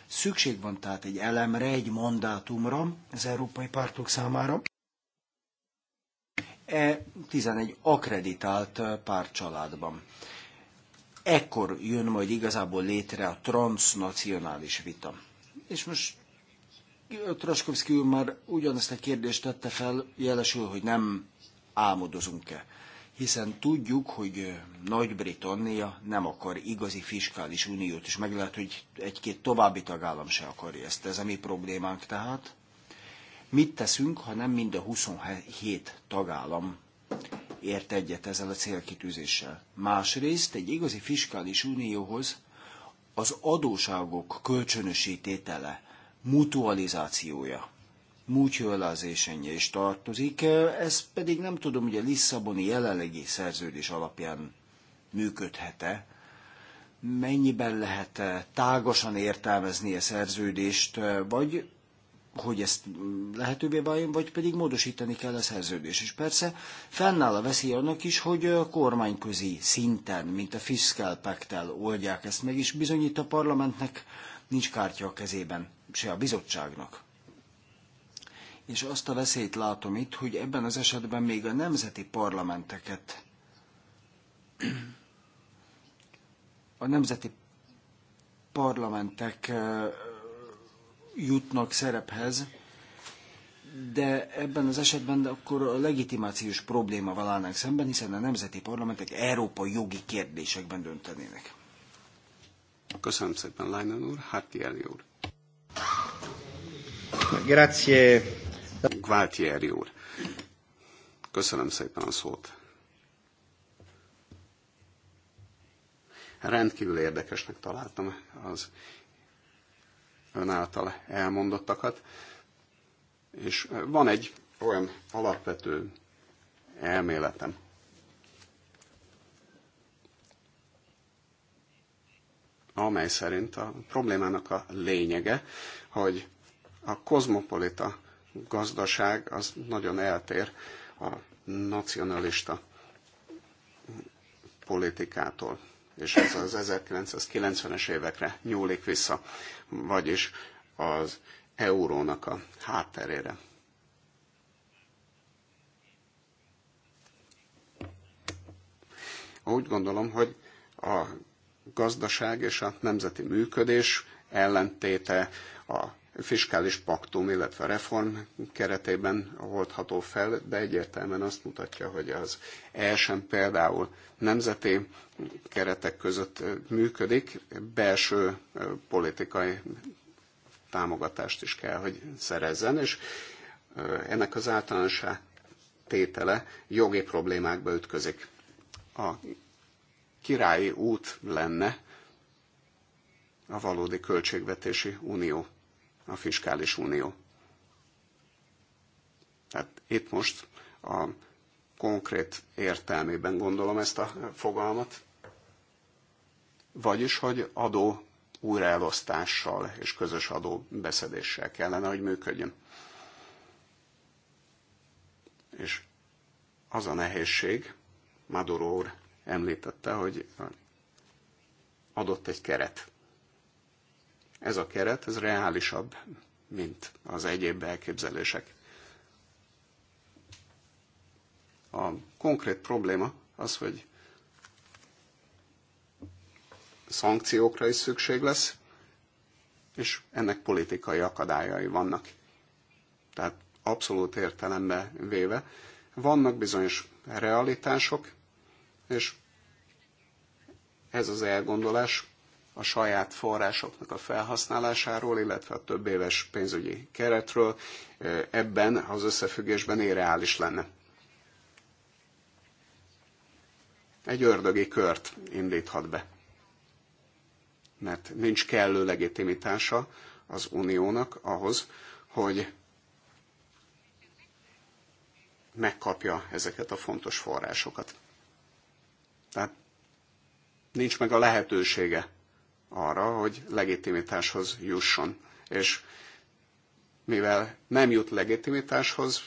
Szükség van tehát egy elemre, egy mandátumra az európai pártok számára. E11 akreditált pártcsaládban. Ekkor jön majd igazából létre a transnacionális vita. És most Traskovszki úr már ugyanezt a kérdést tette fel, jelesül, hogy nem álmodozunk-e. Hiszen tudjuk, hogy Nagy-Britannia nem akar igazi fiskális uniót, és meg lehet, hogy egy-két további tagállam se akarja ezt. Ez a mi problémánk tehát. Mit teszünk, ha nem mind a 27 tagállam ért egyet ezzel a célkitűzéssel? Másrészt egy igazi fiskális unióhoz az adóságok kölcsönösítétele mutualizációja, mutualizationje is tartozik, ez pedig nem tudom, hogy a Lisszaboni jelenlegi szerződés alapján működhet-e, mennyiben lehet -e értelmezni a szerződést, vagy hogy ezt lehetővé váljon, vagy pedig módosítani kell a szerződés. És persze fennáll a veszély annak is, hogy kormányközi szinten, mint a Fiscal pact oldják ezt meg, és bizonyít a parlamentnek nincs kártya a kezében, se a bizottságnak. És azt a veszélyt látom itt, hogy ebben az esetben még a nemzeti parlamenteket a nemzeti parlamentek jutnak szerephez, de ebben az esetben de akkor a legitimációs probléma állnánk szemben, hiszen a nemzeti parlamentek európai jogi kérdésekben döntenének. Köszönöm szépen, Leinen úr, Hartieri úr. Grazie. Gváltieri úr. Köszönöm szépen a szót. Rendkívül érdekesnek találtam az ön által elmondottakat, és van egy olyan alapvető elméletem, amely szerint a problémának a lényege, hogy a kozmopolita gazdaság az nagyon eltér a nacionalista politikától, és ez az 1990-es évekre nyúlik vissza, vagyis az eurónak a hátterére. Úgy gondolom, hogy a gazdaság és a nemzeti működés ellentéte a fiskális paktum, illetve a reform keretében oldható fel, de egyértelműen azt mutatja, hogy az ESM például nemzeti keretek között működik, belső politikai támogatást is kell, hogy szerezzen, és ennek az általánosá tétele jogi problémákba ütközik. A királyi út lenne a valódi költségvetési unió, a fiskális unió. Tehát itt most a konkrét értelmében gondolom ezt a fogalmat, vagyis, hogy adó újraelosztással és közös beszedéssel kellene, hogy működjön. És az a nehézség, Maduro úr említette, hogy adott egy keret. Ez a keret, ez reálisabb, mint az egyéb elképzelések. A konkrét probléma az, hogy szankciókra is szükség lesz, és ennek politikai akadályai vannak. Tehát abszolút értelembe véve vannak bizonyos realitások, és ez az elgondolás a saját forrásoknak a felhasználásáról, illetve a több éves pénzügyi keretről e, ebben az összefüggésben irreális lenne. Egy ördögi kört indíthat be, mert nincs kellő legitimitása az uniónak ahhoz, hogy megkapja ezeket a fontos forrásokat. Tehát nincs meg a lehetősége arra, hogy legitimitáshoz jusson. És mivel nem jut legitimitáshoz,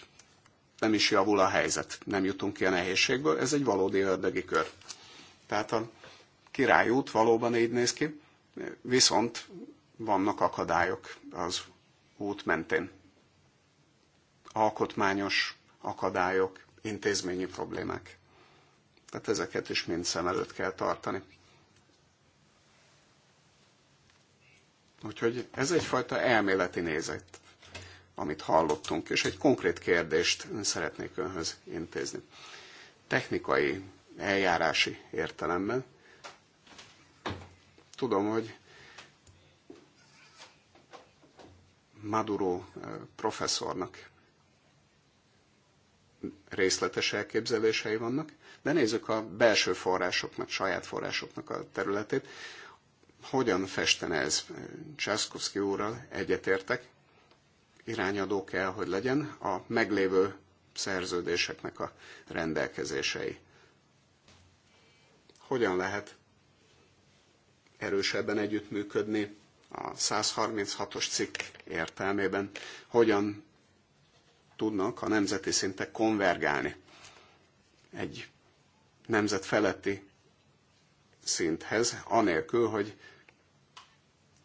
nem is javul a helyzet, nem jutunk ki a nehézségből, ez egy valódi ördögi kör. Tehát a királyút valóban így néz ki, viszont vannak akadályok az út mentén. Alkotmányos akadályok, intézményi problémák. Tehát ezeket is mind szem előtt kell tartani. Úgyhogy ez egyfajta elméleti nézet, amit hallottunk, és egy konkrét kérdést szeretnék önhöz intézni. Technikai, eljárási értelemben tudom, hogy Maduro eh, professzornak részletes elképzelései vannak, de nézzük a belső forrásoknak, saját forrásoknak a területét. Hogyan festene ez? Császkowski úrral egyetértek, irányadó kell, hogy legyen a meglévő szerződéseknek a rendelkezései. Hogyan lehet erősebben együttműködni a 136-os cikk értelmében, hogyan tudnak a nemzeti szintek konvergálni egy nemzet feletti szinthez, anélkül, hogy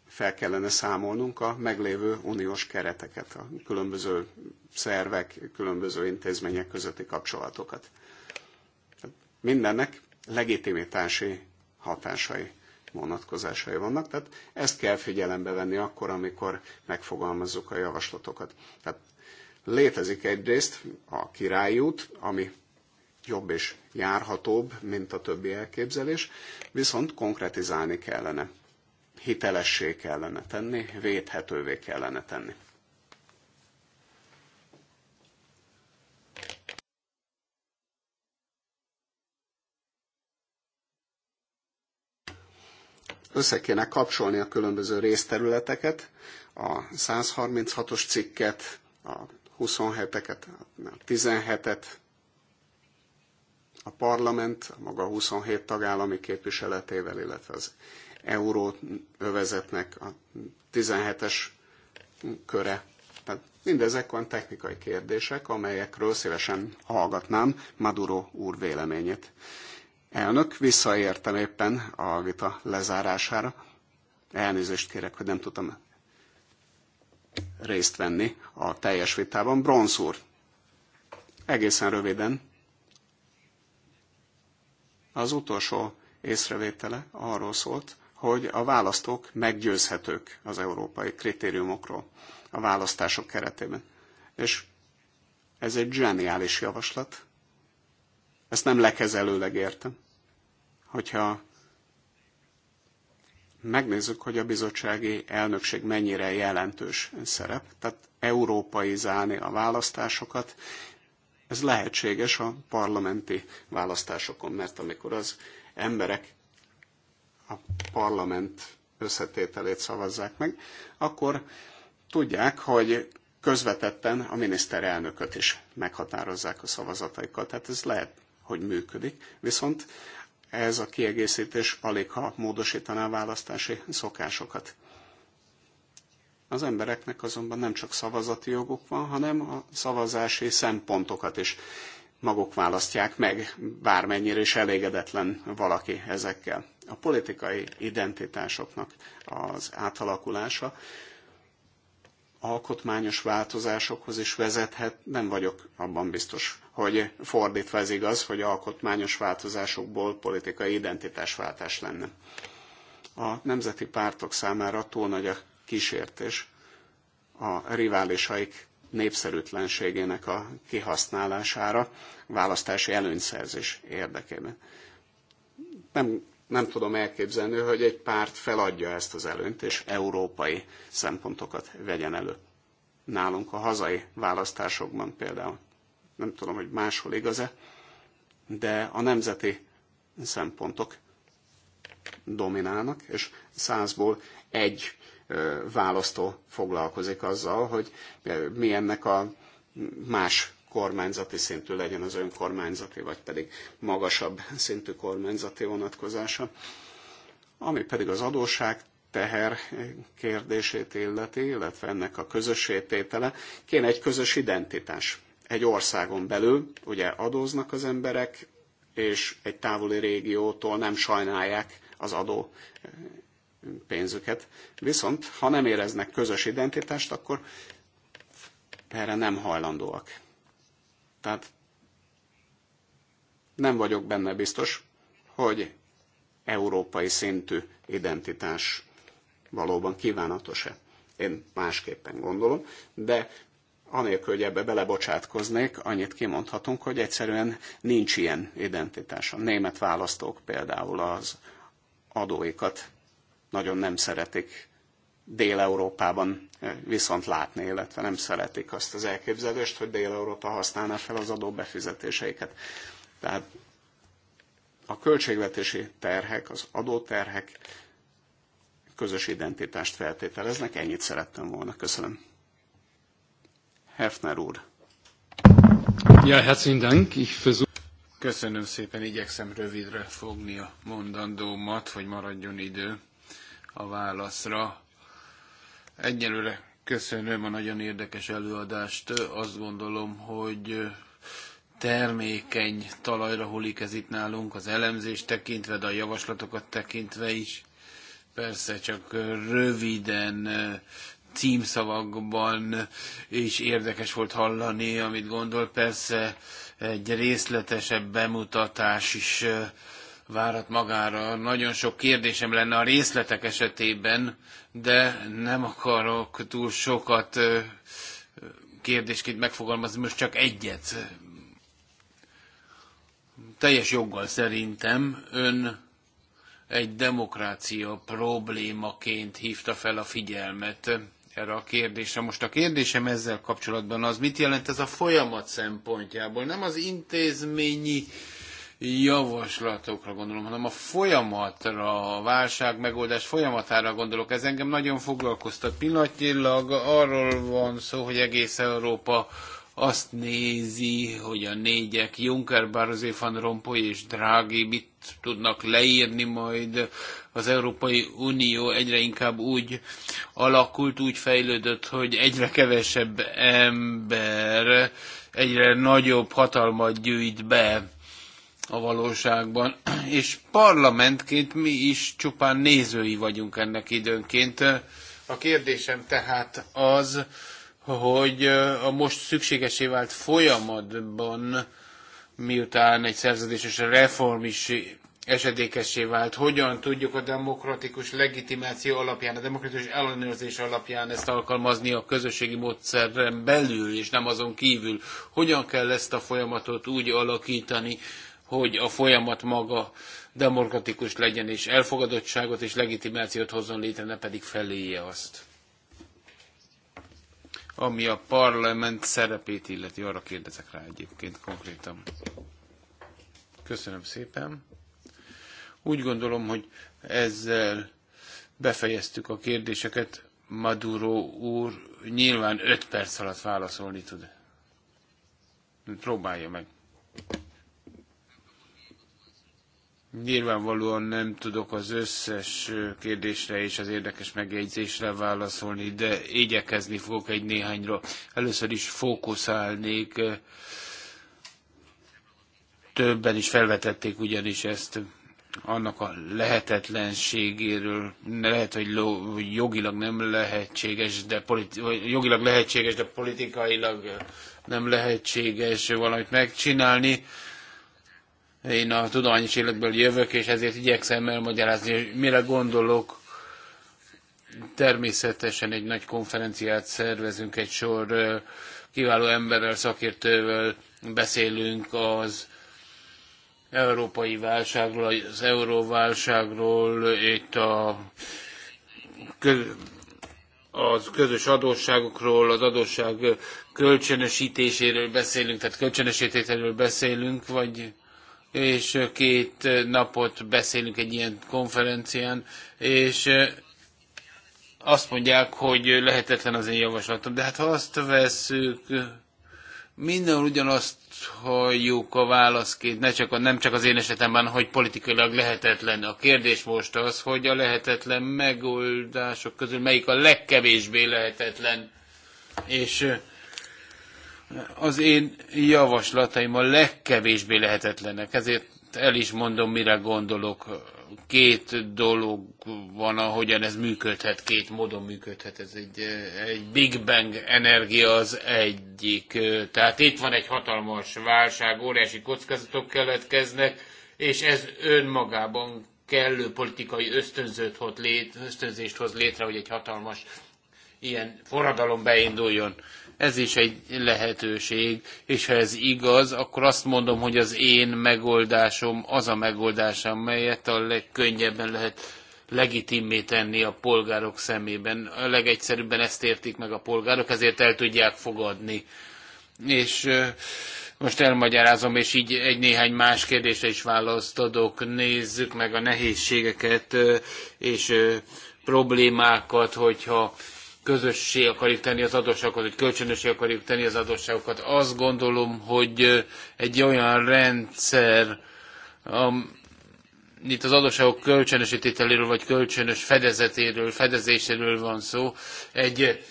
fel kellene számolnunk a meglévő uniós kereteket, a különböző szervek, különböző intézmények közötti kapcsolatokat. Mindennek legitimitási hatásai, vonatkozásai vannak, tehát ezt kell figyelembe venni akkor, amikor megfogalmazzuk a javaslatokat. Tehát létezik egyrészt a királyút, ami jobb és járhatóbb, mint a többi elképzelés, viszont konkretizálni kellene, hitelessé kellene tenni, védhetővé kellene tenni. össze kéne kapcsolni a különböző részterületeket, a 136-os cikket, a 27-eket, a 17-et, a parlament a maga 27 tagállami képviseletével, illetve az euróövezetnek a 17-es köre. Tehát mindezek olyan technikai kérdések, amelyekről szívesen hallgatnám Maduro úr véleményét. Elnök, visszaértem éppen a vita lezárására. Elnézést kérek, hogy nem tudtam részt venni a teljes vitában. Bronz úr, egészen röviden az utolsó észrevétele arról szólt, hogy a választók meggyőzhetők az európai kritériumokról a választások keretében. És ez egy zseniális javaslat. Ezt nem lekezelőleg értem. Hogyha megnézzük, hogy a bizottsági elnökség mennyire jelentős szerep, tehát európai zálni a választásokat, ez lehetséges a parlamenti választásokon, mert amikor az emberek a parlament összetételét szavazzák meg, akkor tudják, hogy közvetetten a miniszterelnököt is meghatározzák a szavazataikkal. Tehát ez lehet, hogy működik. Viszont ez a kiegészítés alig ha módosítaná a választási szokásokat. Az embereknek azonban nem csak szavazati joguk van, hanem a szavazási szempontokat is maguk választják meg, bármennyire is elégedetlen valaki ezekkel. A politikai identitásoknak az átalakulása alkotmányos változásokhoz is vezethet, nem vagyok abban biztos, hogy fordítva ez igaz, hogy alkotmányos változásokból politikai identitásváltás lenne. A nemzeti pártok számára túl nagy a kísértés a riválisaik népszerűtlenségének a kihasználására választási előnyszerzés érdekében. Nem, nem tudom elképzelni, hogy egy párt feladja ezt az előnyt, és európai szempontokat vegyen elő. Nálunk a hazai választásokban például, nem tudom, hogy máshol igaz-e, de a nemzeti szempontok dominálnak, és százból egy választó foglalkozik azzal, hogy mi ennek a más kormányzati szintű legyen az önkormányzati, vagy pedig magasabb szintű kormányzati vonatkozása. Ami pedig az adóság teher kérdését illeti, illetve ennek a tétele, kéne egy közös identitás. Egy országon belül ugye adóznak az emberek, és egy távoli régiótól nem sajnálják az adó pénzüket. Viszont, ha nem éreznek közös identitást, akkor erre nem hajlandóak. Tehát nem vagyok benne biztos, hogy európai szintű identitás valóban kívánatos-e. Én másképpen gondolom, de anélkül, hogy ebbe belebocsátkoznék, annyit kimondhatunk, hogy egyszerűen nincs ilyen identitás. A német választók például az adóikat nagyon nem szeretik Dél-Európában eh, viszont látni, illetve nem szeretik azt az elképzelést, hogy Dél-Európa használná fel az adóbefizetéseiket. Tehát a költségvetési terhek, az adóterhek közös identitást feltételeznek. Ennyit szerettem volna. Köszönöm. Hefner úr. Ja, herzlichen Dank. Ich versuch... Köszönöm szépen, igyekszem rövidre fogni a mondandómat, hogy maradjon idő a válaszra. Egyelőre köszönöm a nagyon érdekes előadást. Azt gondolom, hogy termékeny talajra hullik ez itt nálunk, az elemzést tekintve, de a javaslatokat tekintve is. Persze csak röviden címszavakban is érdekes volt hallani, amit gondol. Persze egy részletesebb bemutatás is várat magára. Nagyon sok kérdésem lenne a részletek esetében, de nem akarok túl sokat kérdésként megfogalmazni, most csak egyet. Teljes joggal szerintem ön egy demokrácia problémaként hívta fel a figyelmet erre a kérdésre. Most a kérdésem ezzel kapcsolatban az, mit jelent ez a folyamat szempontjából, nem az intézményi javaslatokra gondolom, hanem a folyamatra, a válság megoldás folyamatára gondolok. Ez engem nagyon foglalkoztat. Pillanatnyilag arról van szó, hogy egész Európa azt nézi, hogy a négyek Juncker, Barzé, Van Rompuy és Drági mit tudnak leírni majd. Az Európai Unió egyre inkább úgy alakult, úgy fejlődött, hogy egyre kevesebb ember egyre nagyobb hatalmat gyűjt be a valóságban, és parlamentként mi is csupán nézői vagyunk ennek időnként. A kérdésem tehát az, hogy a most szükségesé vált folyamatban, miután egy szerződéses reform is esedékessé vált, hogyan tudjuk a demokratikus legitimáció alapján, a demokratikus ellenőrzés alapján ezt alkalmazni a közösségi módszeren belül, és nem azon kívül. Hogyan kell ezt a folyamatot úgy alakítani, hogy a folyamat maga demokratikus legyen, és elfogadottságot és legitimációt hozzon létre, ne pedig feléje azt. Ami a parlament szerepét illeti, arra kérdezek rá egyébként konkrétan. Köszönöm szépen. Úgy gondolom, hogy ezzel befejeztük a kérdéseket. Maduro úr nyilván 5 perc alatt válaszolni tud. Próbálja meg. Nyilvánvalóan nem tudok az összes kérdésre és az érdekes megjegyzésre válaszolni, de igyekezni fogok egy néhányra. Először is fókuszálnék, többen is felvetették ugyanis ezt annak a lehetetlenségéről, lehet, hogy jogilag nem lehetséges, de politi- jogilag lehetséges, de politikailag nem lehetséges valamit megcsinálni én a tudományos életből jövök, és ezért igyekszem elmagyarázni, hogy mire gondolok. Természetesen egy nagy konferenciát szervezünk, egy sor kiváló emberrel, szakértővel beszélünk az európai válságról, az euróválságról, itt a az közös adósságokról, az adósság kölcsönösítéséről beszélünk, tehát kölcsönösítéséről beszélünk, vagy és két napot beszélünk egy ilyen konferencián, és azt mondják, hogy lehetetlen az én javaslatom. De hát ha azt veszük, mindenhol ugyanazt halljuk a válaszként, ne csak, a nem csak az én esetemben, hogy politikailag lehetetlen. A kérdés most az, hogy a lehetetlen megoldások közül melyik a legkevésbé lehetetlen. És az én javaslataim a legkevésbé lehetetlenek, ezért el is mondom, mire gondolok. Két dolog van, ahogyan ez működhet, két módon működhet. Ez egy, egy Big Bang energia az egyik. Tehát itt van egy hatalmas válság, óriási kockázatok keletkeznek, és ez önmagában kellő politikai ösztönzőt hoz lét, ösztönzést hoz létre, hogy egy hatalmas ilyen forradalom beinduljon. Ez is egy lehetőség, és ha ez igaz, akkor azt mondom, hogy az én megoldásom az a megoldás, amelyet a legkönnyebben lehet legitimé tenni a polgárok szemében. A legegyszerűbben ezt értik meg a polgárok, ezért el tudják fogadni. És most elmagyarázom, és így egy néhány más kérdésre is választ adok. Nézzük meg a nehézségeket és problémákat, hogyha közössé akarjuk tenni az adósságokat, hogy kölcsönösé akarjuk tenni az adósságokat. Azt gondolom, hogy egy olyan rendszer, am, itt az adósságok kölcsönösítételéről, vagy kölcsönös fedezetéről, fedezéséről van szó, egy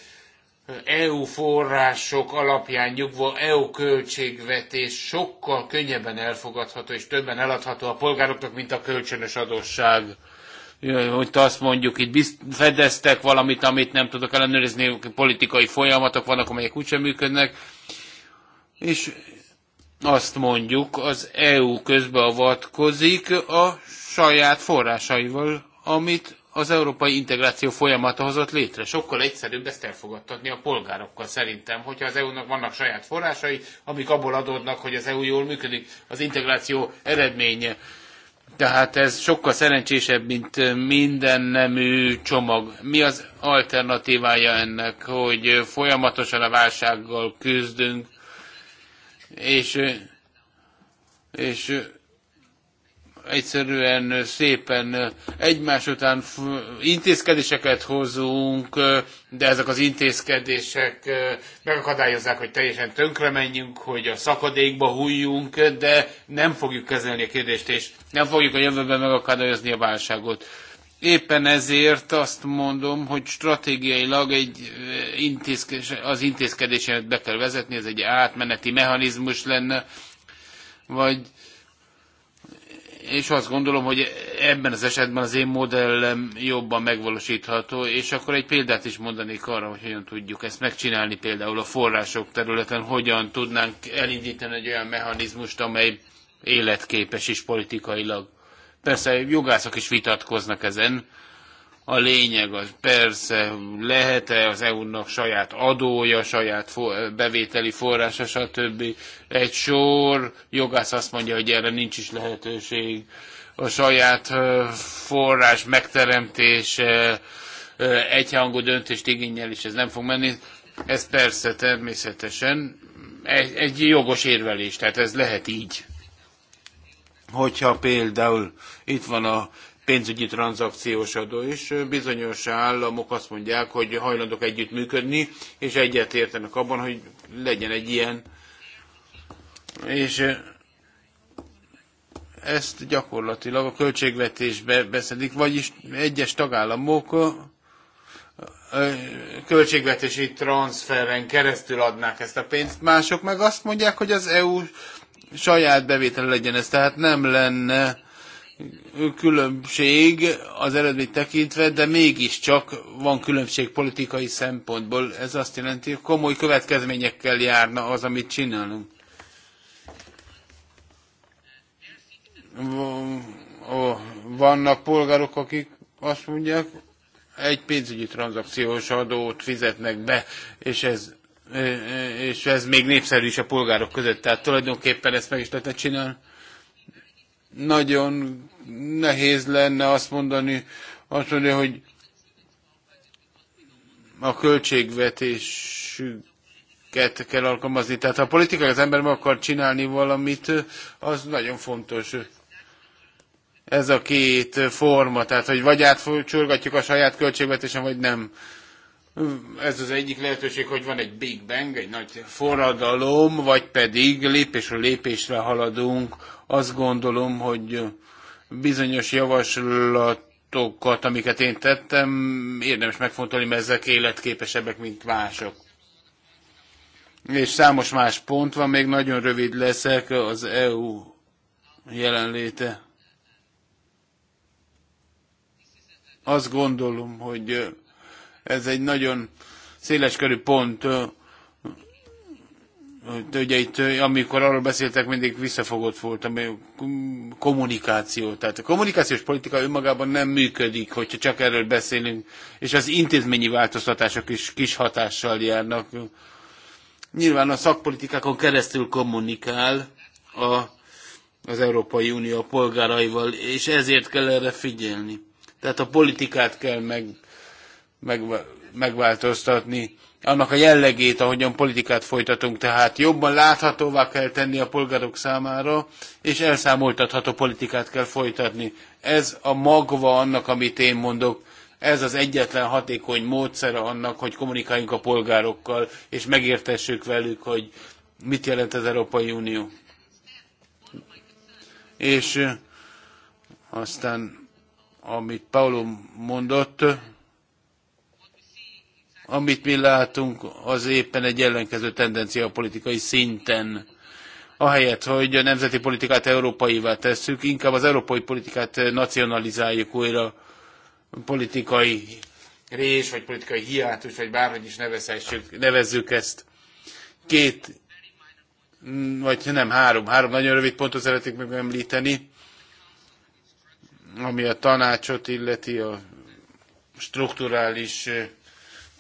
EU források alapján nyugvó EU költségvetés sokkal könnyebben elfogadható és többen eladható a polgároknak, mint a kölcsönös adósság hogy azt mondjuk, itt bizt, fedeztek valamit, amit nem tudok ellenőrizni, politikai folyamatok vannak, amelyek úgysem működnek, és azt mondjuk, az EU közbeavatkozik a saját forrásaival, amit az európai integráció folyamata hozott létre. Sokkal egyszerűbb ezt elfogadtatni a polgárokkal szerintem, hogyha az EU-nak vannak saját forrásai, amik abból adódnak, hogy az EU jól működik, az integráció eredménye. Tehát ez sokkal szerencsésebb, mint minden nemű csomag. Mi az alternatívája ennek, hogy folyamatosan a válsággal küzdünk, és, és egyszerűen szépen egymás után intézkedéseket hozunk, de ezek az intézkedések megakadályozzák, hogy teljesen tönkre menjünk, hogy a szakadékba hújjunk, de nem fogjuk kezelni a kérdést, és nem fogjuk a jövőben megakadályozni a válságot. Éppen ezért azt mondom, hogy stratégiailag egy intézkedés, az intézkedésen, be kell vezetni, ez egy átmeneti mechanizmus lenne, vagy és azt gondolom, hogy ebben az esetben az én modellem jobban megvalósítható, és akkor egy példát is mondanék arra, hogy hogyan tudjuk ezt megcsinálni, például a források területen, hogyan tudnánk elindítani egy olyan mechanizmust, amely életképes is politikailag. Persze jogászok is vitatkoznak ezen, a lényeg az persze, lehet-e az EU-nak saját adója, saját bevételi forrása, stb. Egy sor jogász azt mondja, hogy erre nincs is lehetőség. A saját forrás megteremtése, egyhangú döntést igényel, és ez nem fog menni. Ez persze természetesen egy, egy jogos érvelés, tehát ez lehet így. Hogyha például itt van a pénzügyi tranzakciós adó is. Bizonyos államok azt mondják, hogy hajlandók együttműködni, és egyetértenek abban, hogy legyen egy ilyen. És ezt gyakorlatilag a költségvetésbe beszedik, vagyis egyes tagállamok költségvetési transferen keresztül adnák ezt a pénzt, mások meg azt mondják, hogy az EU saját bevétel legyen ez, tehát nem lenne különbség az eredmény tekintve, de mégiscsak van különbség politikai szempontból. Ez azt jelenti, hogy komoly következményekkel járna az, amit csinálunk. Vannak polgárok, akik azt mondják, egy pénzügyi tranzakciós adót fizetnek be, és ez, és ez még népszerű is a polgárok között. Tehát tulajdonképpen ezt meg is lehetne csinálni. Nagyon nehéz lenne azt mondani, azt mondja, hogy a költségvetésüket kell alkalmazni. Tehát ha a politikai az ember meg akar csinálni valamit, az nagyon fontos. Ez a két forma, tehát hogy vagy átcsurgatjuk a saját költségvetésen, vagy nem. Ez az egyik lehetőség, hogy van egy Big Bang, egy nagy forradalom, vagy pedig lépésről lépésre haladunk. Azt gondolom, hogy bizonyos javaslatokat, amiket én tettem, érdemes megfontolni, mert ezek életképesebbek, mint mások. És számos más pont van, még nagyon rövid leszek az EU jelenléte. Azt gondolom, hogy ez egy nagyon széleskörű pont, Ugye itt, amikor arról beszéltek, mindig visszafogott a kommunikáció. Tehát a kommunikációs politika önmagában nem működik, hogyha csak erről beszélünk, és az intézményi változtatások is kis hatással járnak. Nyilván a szakpolitikákon keresztül kommunikál a, az Európai Unió a polgáraival, és ezért kell erre figyelni. Tehát a politikát kell meg, meg, megváltoztatni annak a jellegét, ahogyan politikát folytatunk, tehát jobban láthatóvá kell tenni a polgárok számára, és elszámoltatható politikát kell folytatni. Ez a magva annak, amit én mondok, ez az egyetlen hatékony módszere annak, hogy kommunikáljunk a polgárokkal, és megértessük velük, hogy mit jelent az Európai Unió. És aztán, amit Paulum mondott, amit mi látunk, az éppen egy ellenkező tendencia a politikai szinten. Ahelyett, hogy a nemzeti politikát európaivá tesszük, inkább az európai politikát nacionalizáljuk újra politikai rés, vagy politikai hiátus, vagy bárhogy is nevezhessük, nevezzük ezt. Két, vagy nem, három, három nagyon rövid pontot szeretnék megemlíteni, ami a tanácsot illeti, a strukturális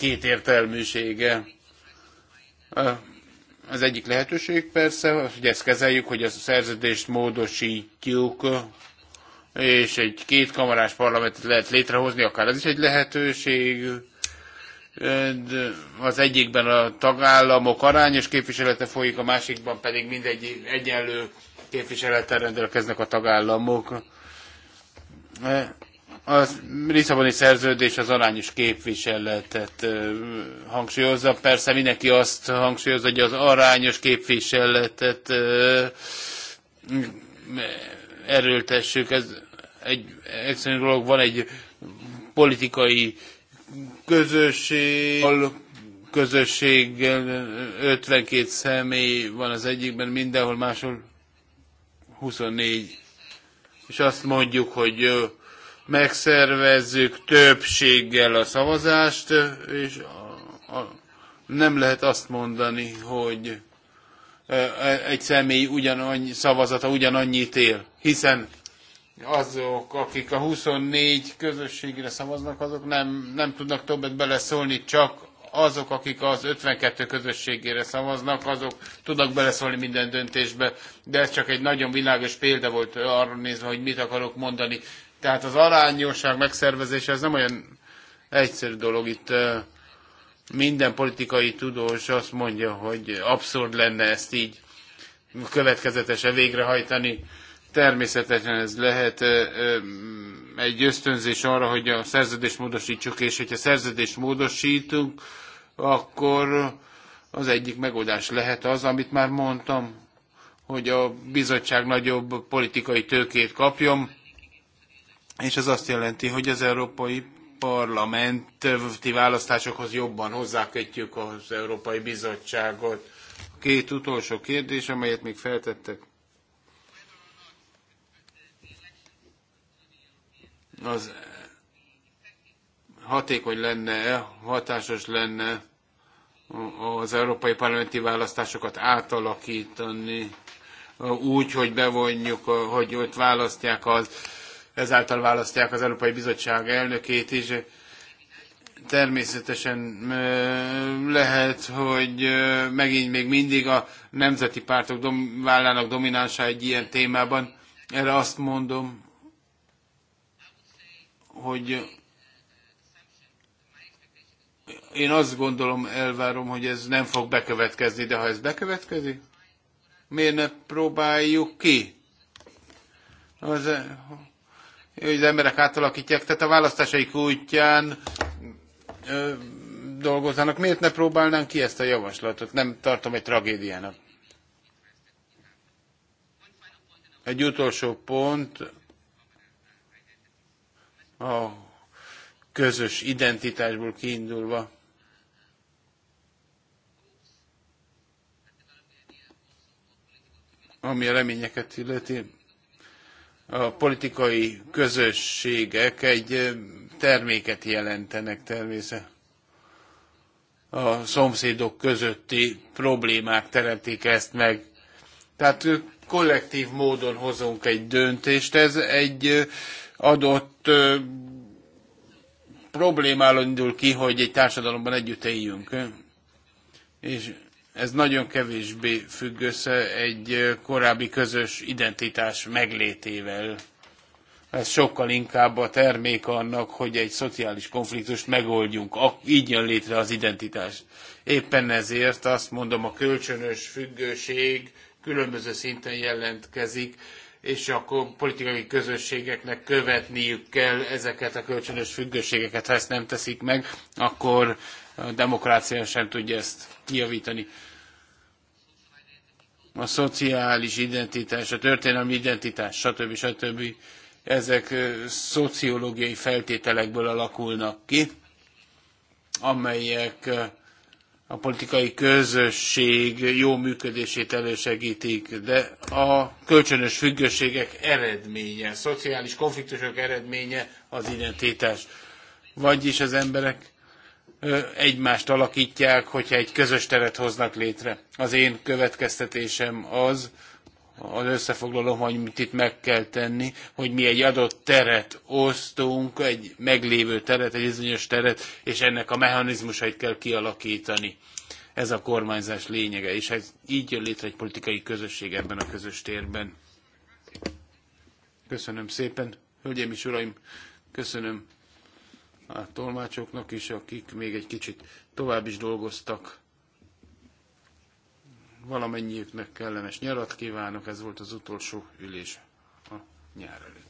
kétértelműsége. Az egyik lehetőség persze, hogy ezt kezeljük, hogy a szerződést módosítjuk, és egy kétkamarás parlamentet lehet létrehozni, akár ez is egy lehetőség. Az egyikben a tagállamok arányos képviselete folyik, a másikban pedig mindegy egyenlő képviselettel rendelkeznek a tagállamok a Lisszaboni szerződés az arányos képviseletet hangsúlyozza. Persze mindenki azt hangsúlyozza, hogy az arányos képviseletet erőltessük. Ez egy egyszerű dolog, van egy politikai közösség, közösség 52 személy van az egyikben, mindenhol máshol 24. És azt mondjuk, hogy megszervezzük többséggel a szavazást, és a, a, nem lehet azt mondani, hogy egy személy ugyanannyi szavazata ugyanannyit él, hiszen azok, akik a 24 közösségre szavaznak, azok nem, nem tudnak többet beleszólni, csak azok, akik az 52 közösségére szavaznak, azok tudnak beleszólni minden döntésbe, de ez csak egy nagyon világos példa volt arra nézve, hogy mit akarok mondani. Tehát az arányosság megszervezése az nem olyan egyszerű dolog. Itt minden politikai tudós azt mondja, hogy abszurd lenne ezt így következetesen végrehajtani. Természetesen ez lehet egy ösztönzés arra, hogy a szerződést módosítsuk, és hogyha szerződést módosítunk, akkor az egyik megoldás lehet az, amit már mondtam, hogy a bizottság nagyobb politikai tőkét kapjon, és ez azt jelenti, hogy az Európai Parlamenti választásokhoz jobban hozzákötjük az Európai Bizottságot. Két utolsó kérdés, amelyet még feltettek. Az hatékony lenne, hatásos lenne az európai parlamenti választásokat átalakítani úgy, hogy bevonjuk, hogy ott választják az ezáltal választják az Európai Bizottság elnökét is. Természetesen lehet, hogy megint még mindig a nemzeti pártok dom- vállának dominánsa egy ilyen témában. Erre azt mondom, hogy én azt gondolom, elvárom, hogy ez nem fog bekövetkezni, de ha ez bekövetkezik, miért ne próbáljuk ki? Az, hogy az emberek átalakítják, tehát a választásaik útján ö, dolgozzanak. Miért ne próbálnánk ki ezt a javaslatot? Nem tartom egy tragédiának. Egy utolsó pont, a közös identitásból kiindulva. Ami a reményeket illeti a politikai közösségek egy terméket jelentenek természetesen. A szomszédok közötti problémák teremtik ezt meg. Tehát kollektív módon hozunk egy döntést, ez egy adott problémáról indul ki, hogy egy társadalomban együtt éljünk. És ez nagyon kevésbé függ össze egy korábbi közös identitás meglétével. Ez sokkal inkább a termék annak, hogy egy szociális konfliktust megoldjunk. Így jön létre az identitás. Éppen ezért azt mondom, a kölcsönös függőség különböző szinten jelentkezik, és a politikai közösségeknek követniük kell ezeket a kölcsönös függőségeket. Ha ezt nem teszik meg, akkor demokrácia sem tudja ezt kijavítani. A szociális identitás, a történelmi identitás, stb. stb. ezek szociológiai feltételekből alakulnak ki, amelyek a politikai közösség jó működését elősegítik, de a kölcsönös függőségek eredménye, szociális konfliktusok eredménye az identitás. Vagyis az emberek egymást alakítják, hogyha egy közös teret hoznak létre. Az én következtetésem az, az összefoglalom, hogy mit itt meg kell tenni, hogy mi egy adott teret osztunk, egy meglévő teret, egy bizonyos teret, és ennek a mechanizmusait kell kialakítani. Ez a kormányzás lényege, és ez így jön létre egy politikai közösség ebben a közös térben. Köszönöm szépen, hölgyeim és uraim, köszönöm a tolmácsoknak is, akik még egy kicsit tovább is dolgoztak. Valamennyiüknek kellemes nyarat kívánok, ez volt az utolsó ülés a nyár előtt.